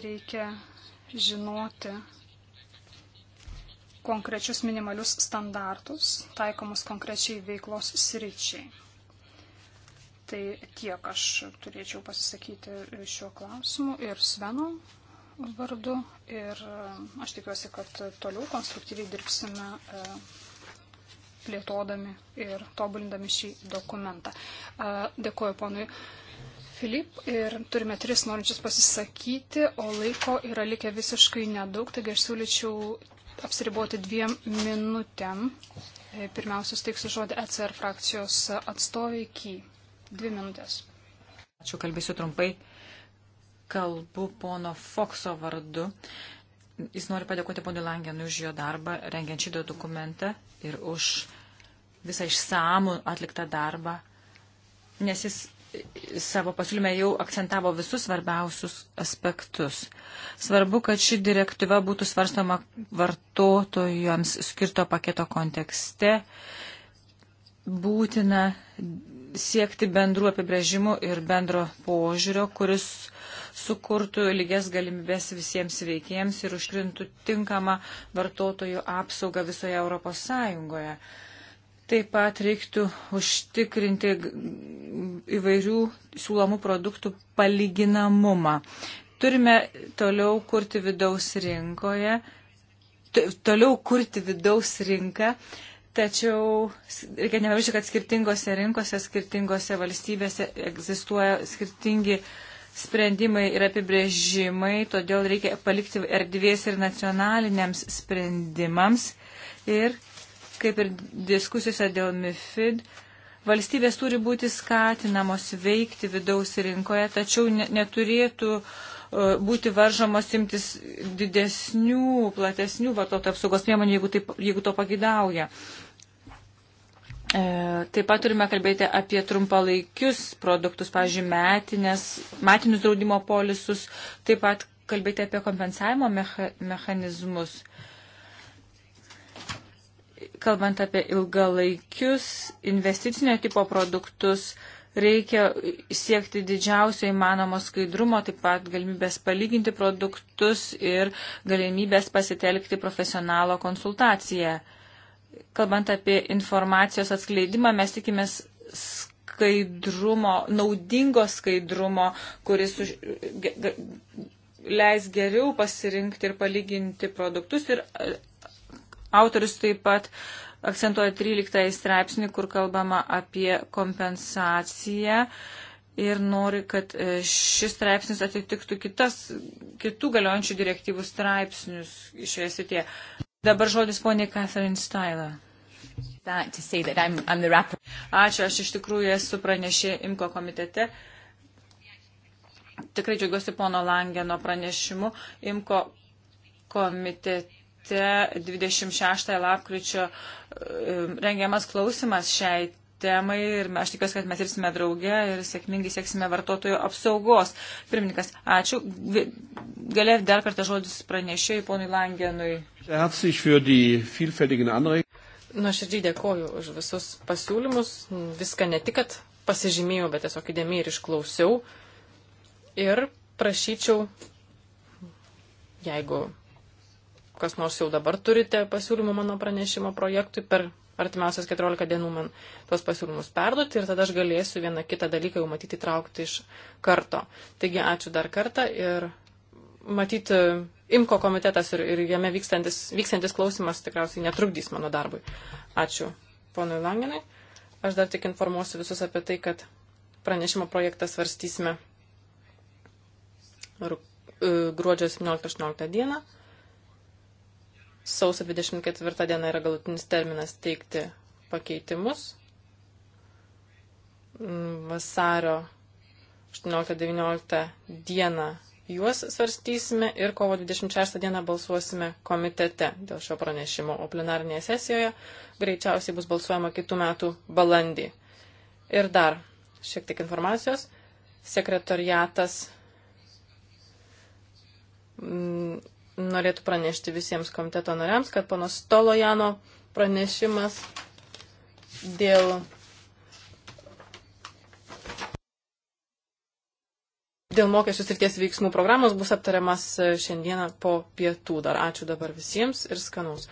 Reikia žinoti, konkrečius minimalius standartus, taikomus konkrečiai veiklos sričiai. Tai tiek aš turėčiau pasisakyti šiuo klausimu ir Sveno vardu. Ir e, aš tikiuosi, kad toliau konstruktyviai dirbsime e, plėtodami ir tobulindami šį dokumentą. E, dėkuoju ponui. Filip ir turime tris norinčius pasisakyti, o laiko yra likę visiškai nedaug, taigi aš siūlyčiau apsiriboti dviem minutėm. E, pirmiausia, steiksiu žodį ECR frakcijos atstovai Ky. Dvi minutės. Ačiū, kalbėsiu trumpai. Kalbu pono Fokso vardu. Jis nori padėkoti ponui Langenui už jo darbą, rengiant šitą dokumentą ir už visą išsamų atliktą darbą, nes jis savo pasiūlyme jau akcentavo visus svarbiausius aspektus. Svarbu, kad ši direktyva būtų svarstama vartotojams skirto paketo kontekste. Būtina siekti bendrų apibrėžimų ir bendro požiūrio, kuris sukurtų lygias galimybės visiems veikėjams ir užkrintų tinkamą vartotojų apsaugą visoje Europos Sąjungoje. Uh, Taip pat reiktų užtikrinti įvairių siūlomų produktų palyginamumą. Turime toliau kurti vidaus rinkoje, toliau kurti vidaus rinką, tačiau reikia nepamiršti, kad skirtingose rinkose, skirtingose valstybėse egzistuoja skirtingi sprendimai ir apibrėžimai, todėl reikia palikti erdvės ir nacionaliniams sprendimams ir kaip ir diskusijose dėl MIFID, valstybės turi būti skatinamos veikti vidaus rinkoje, tačiau ne, neturėtų e, būti varžomos imtis didesnių, platesnių vartotojų apsaugos priemonių, jeigu, taip, jeigu to pagidauja. E, taip pat turime kalbėti apie trumpalaikius produktus, pavyzdžiui, metinius draudimo polisus, taip pat kalbėti apie kompensavimo mecha, mechanizmus. Uh, kalbant apie ilgalaikius investicinio tipo produktus, reikia siekti didžiausio įmanomo skaidrumo, taip pat galimybės palyginti produktus ir galimybės pasitelkti profesionalo konsultaciją. Kalbant apie informacijos atskleidimą, mes tikimės skaidrumo, naudingo skaidrumo, kuris už, leis geriau pasirinkti ir palyginti produktus ir Autorius taip pat akcentuoja 13 straipsnį, kur kalbama apie kompensaciją ir nori, kad e, šis straipsnis atitiktų kitas, kitų galiojančių direktyvų straipsnius šioje srityje. Dabar žodis ponė Catherine Styler. Ačiū, aš iš tikrųjų esu pranešė Imko komitete. Tikrai džiaugiuosi pono Langeno pranešimu. Imko komitete komitete 26 lapkričio rengiamas klausimas šiai temai ir aš tikiuosi, kad mes irsime drauge ir sėkmingai sėksime vartotojų apsaugos. Pirmininkas, ačiū. Galėt dar kartą žodis pranešėjai ponui Langenui. Nuoširdžiai dėkoju už visus pasiūlymus. Viską ne tik, kad pasižymėjau, bet tiesiog įdėmiai ir išklausiau. Ir prašyčiau, jeigu kas nors jau dabar turite pasiūlymų mano pranešimo projektui per artimiausias 14 dienų man tuos pasiūlymus perduoti ir tada aš galėsiu vieną kitą dalyką jau matyti traukti iš karto. Taigi ačiū dar kartą ir matyti IMKO komitetas ir, ir jame vykstantis, vykstantis klausimas tikriausiai netrukdys mano darbui. Ačiū ponui Langenai. Aš dar tik informuosiu visus apie tai, kad pranešimo projektą svarstysime e, gruodžio 17-18 dieną. Sausio 24 diena yra galutinis terminas teikti pakeitimus. Mm, vasario 18-19 dieną juos svarstysime ir kovo 26 dieną balsuosime komitete dėl šio pranešimo, o plenarinėje sesijoje greičiausiai bus balsuojama kitų metų balandį. Ir dar šiek tiek informacijos. Sekretariatas mm, norėtų pranešti visiems komiteto nariams, kad panos Tolojano pranešimas dėl Dėl mokesčių srities veiksmų programos bus aptariamas šiandieną po pietų. Dar ačiū dabar visiems ir skanaus.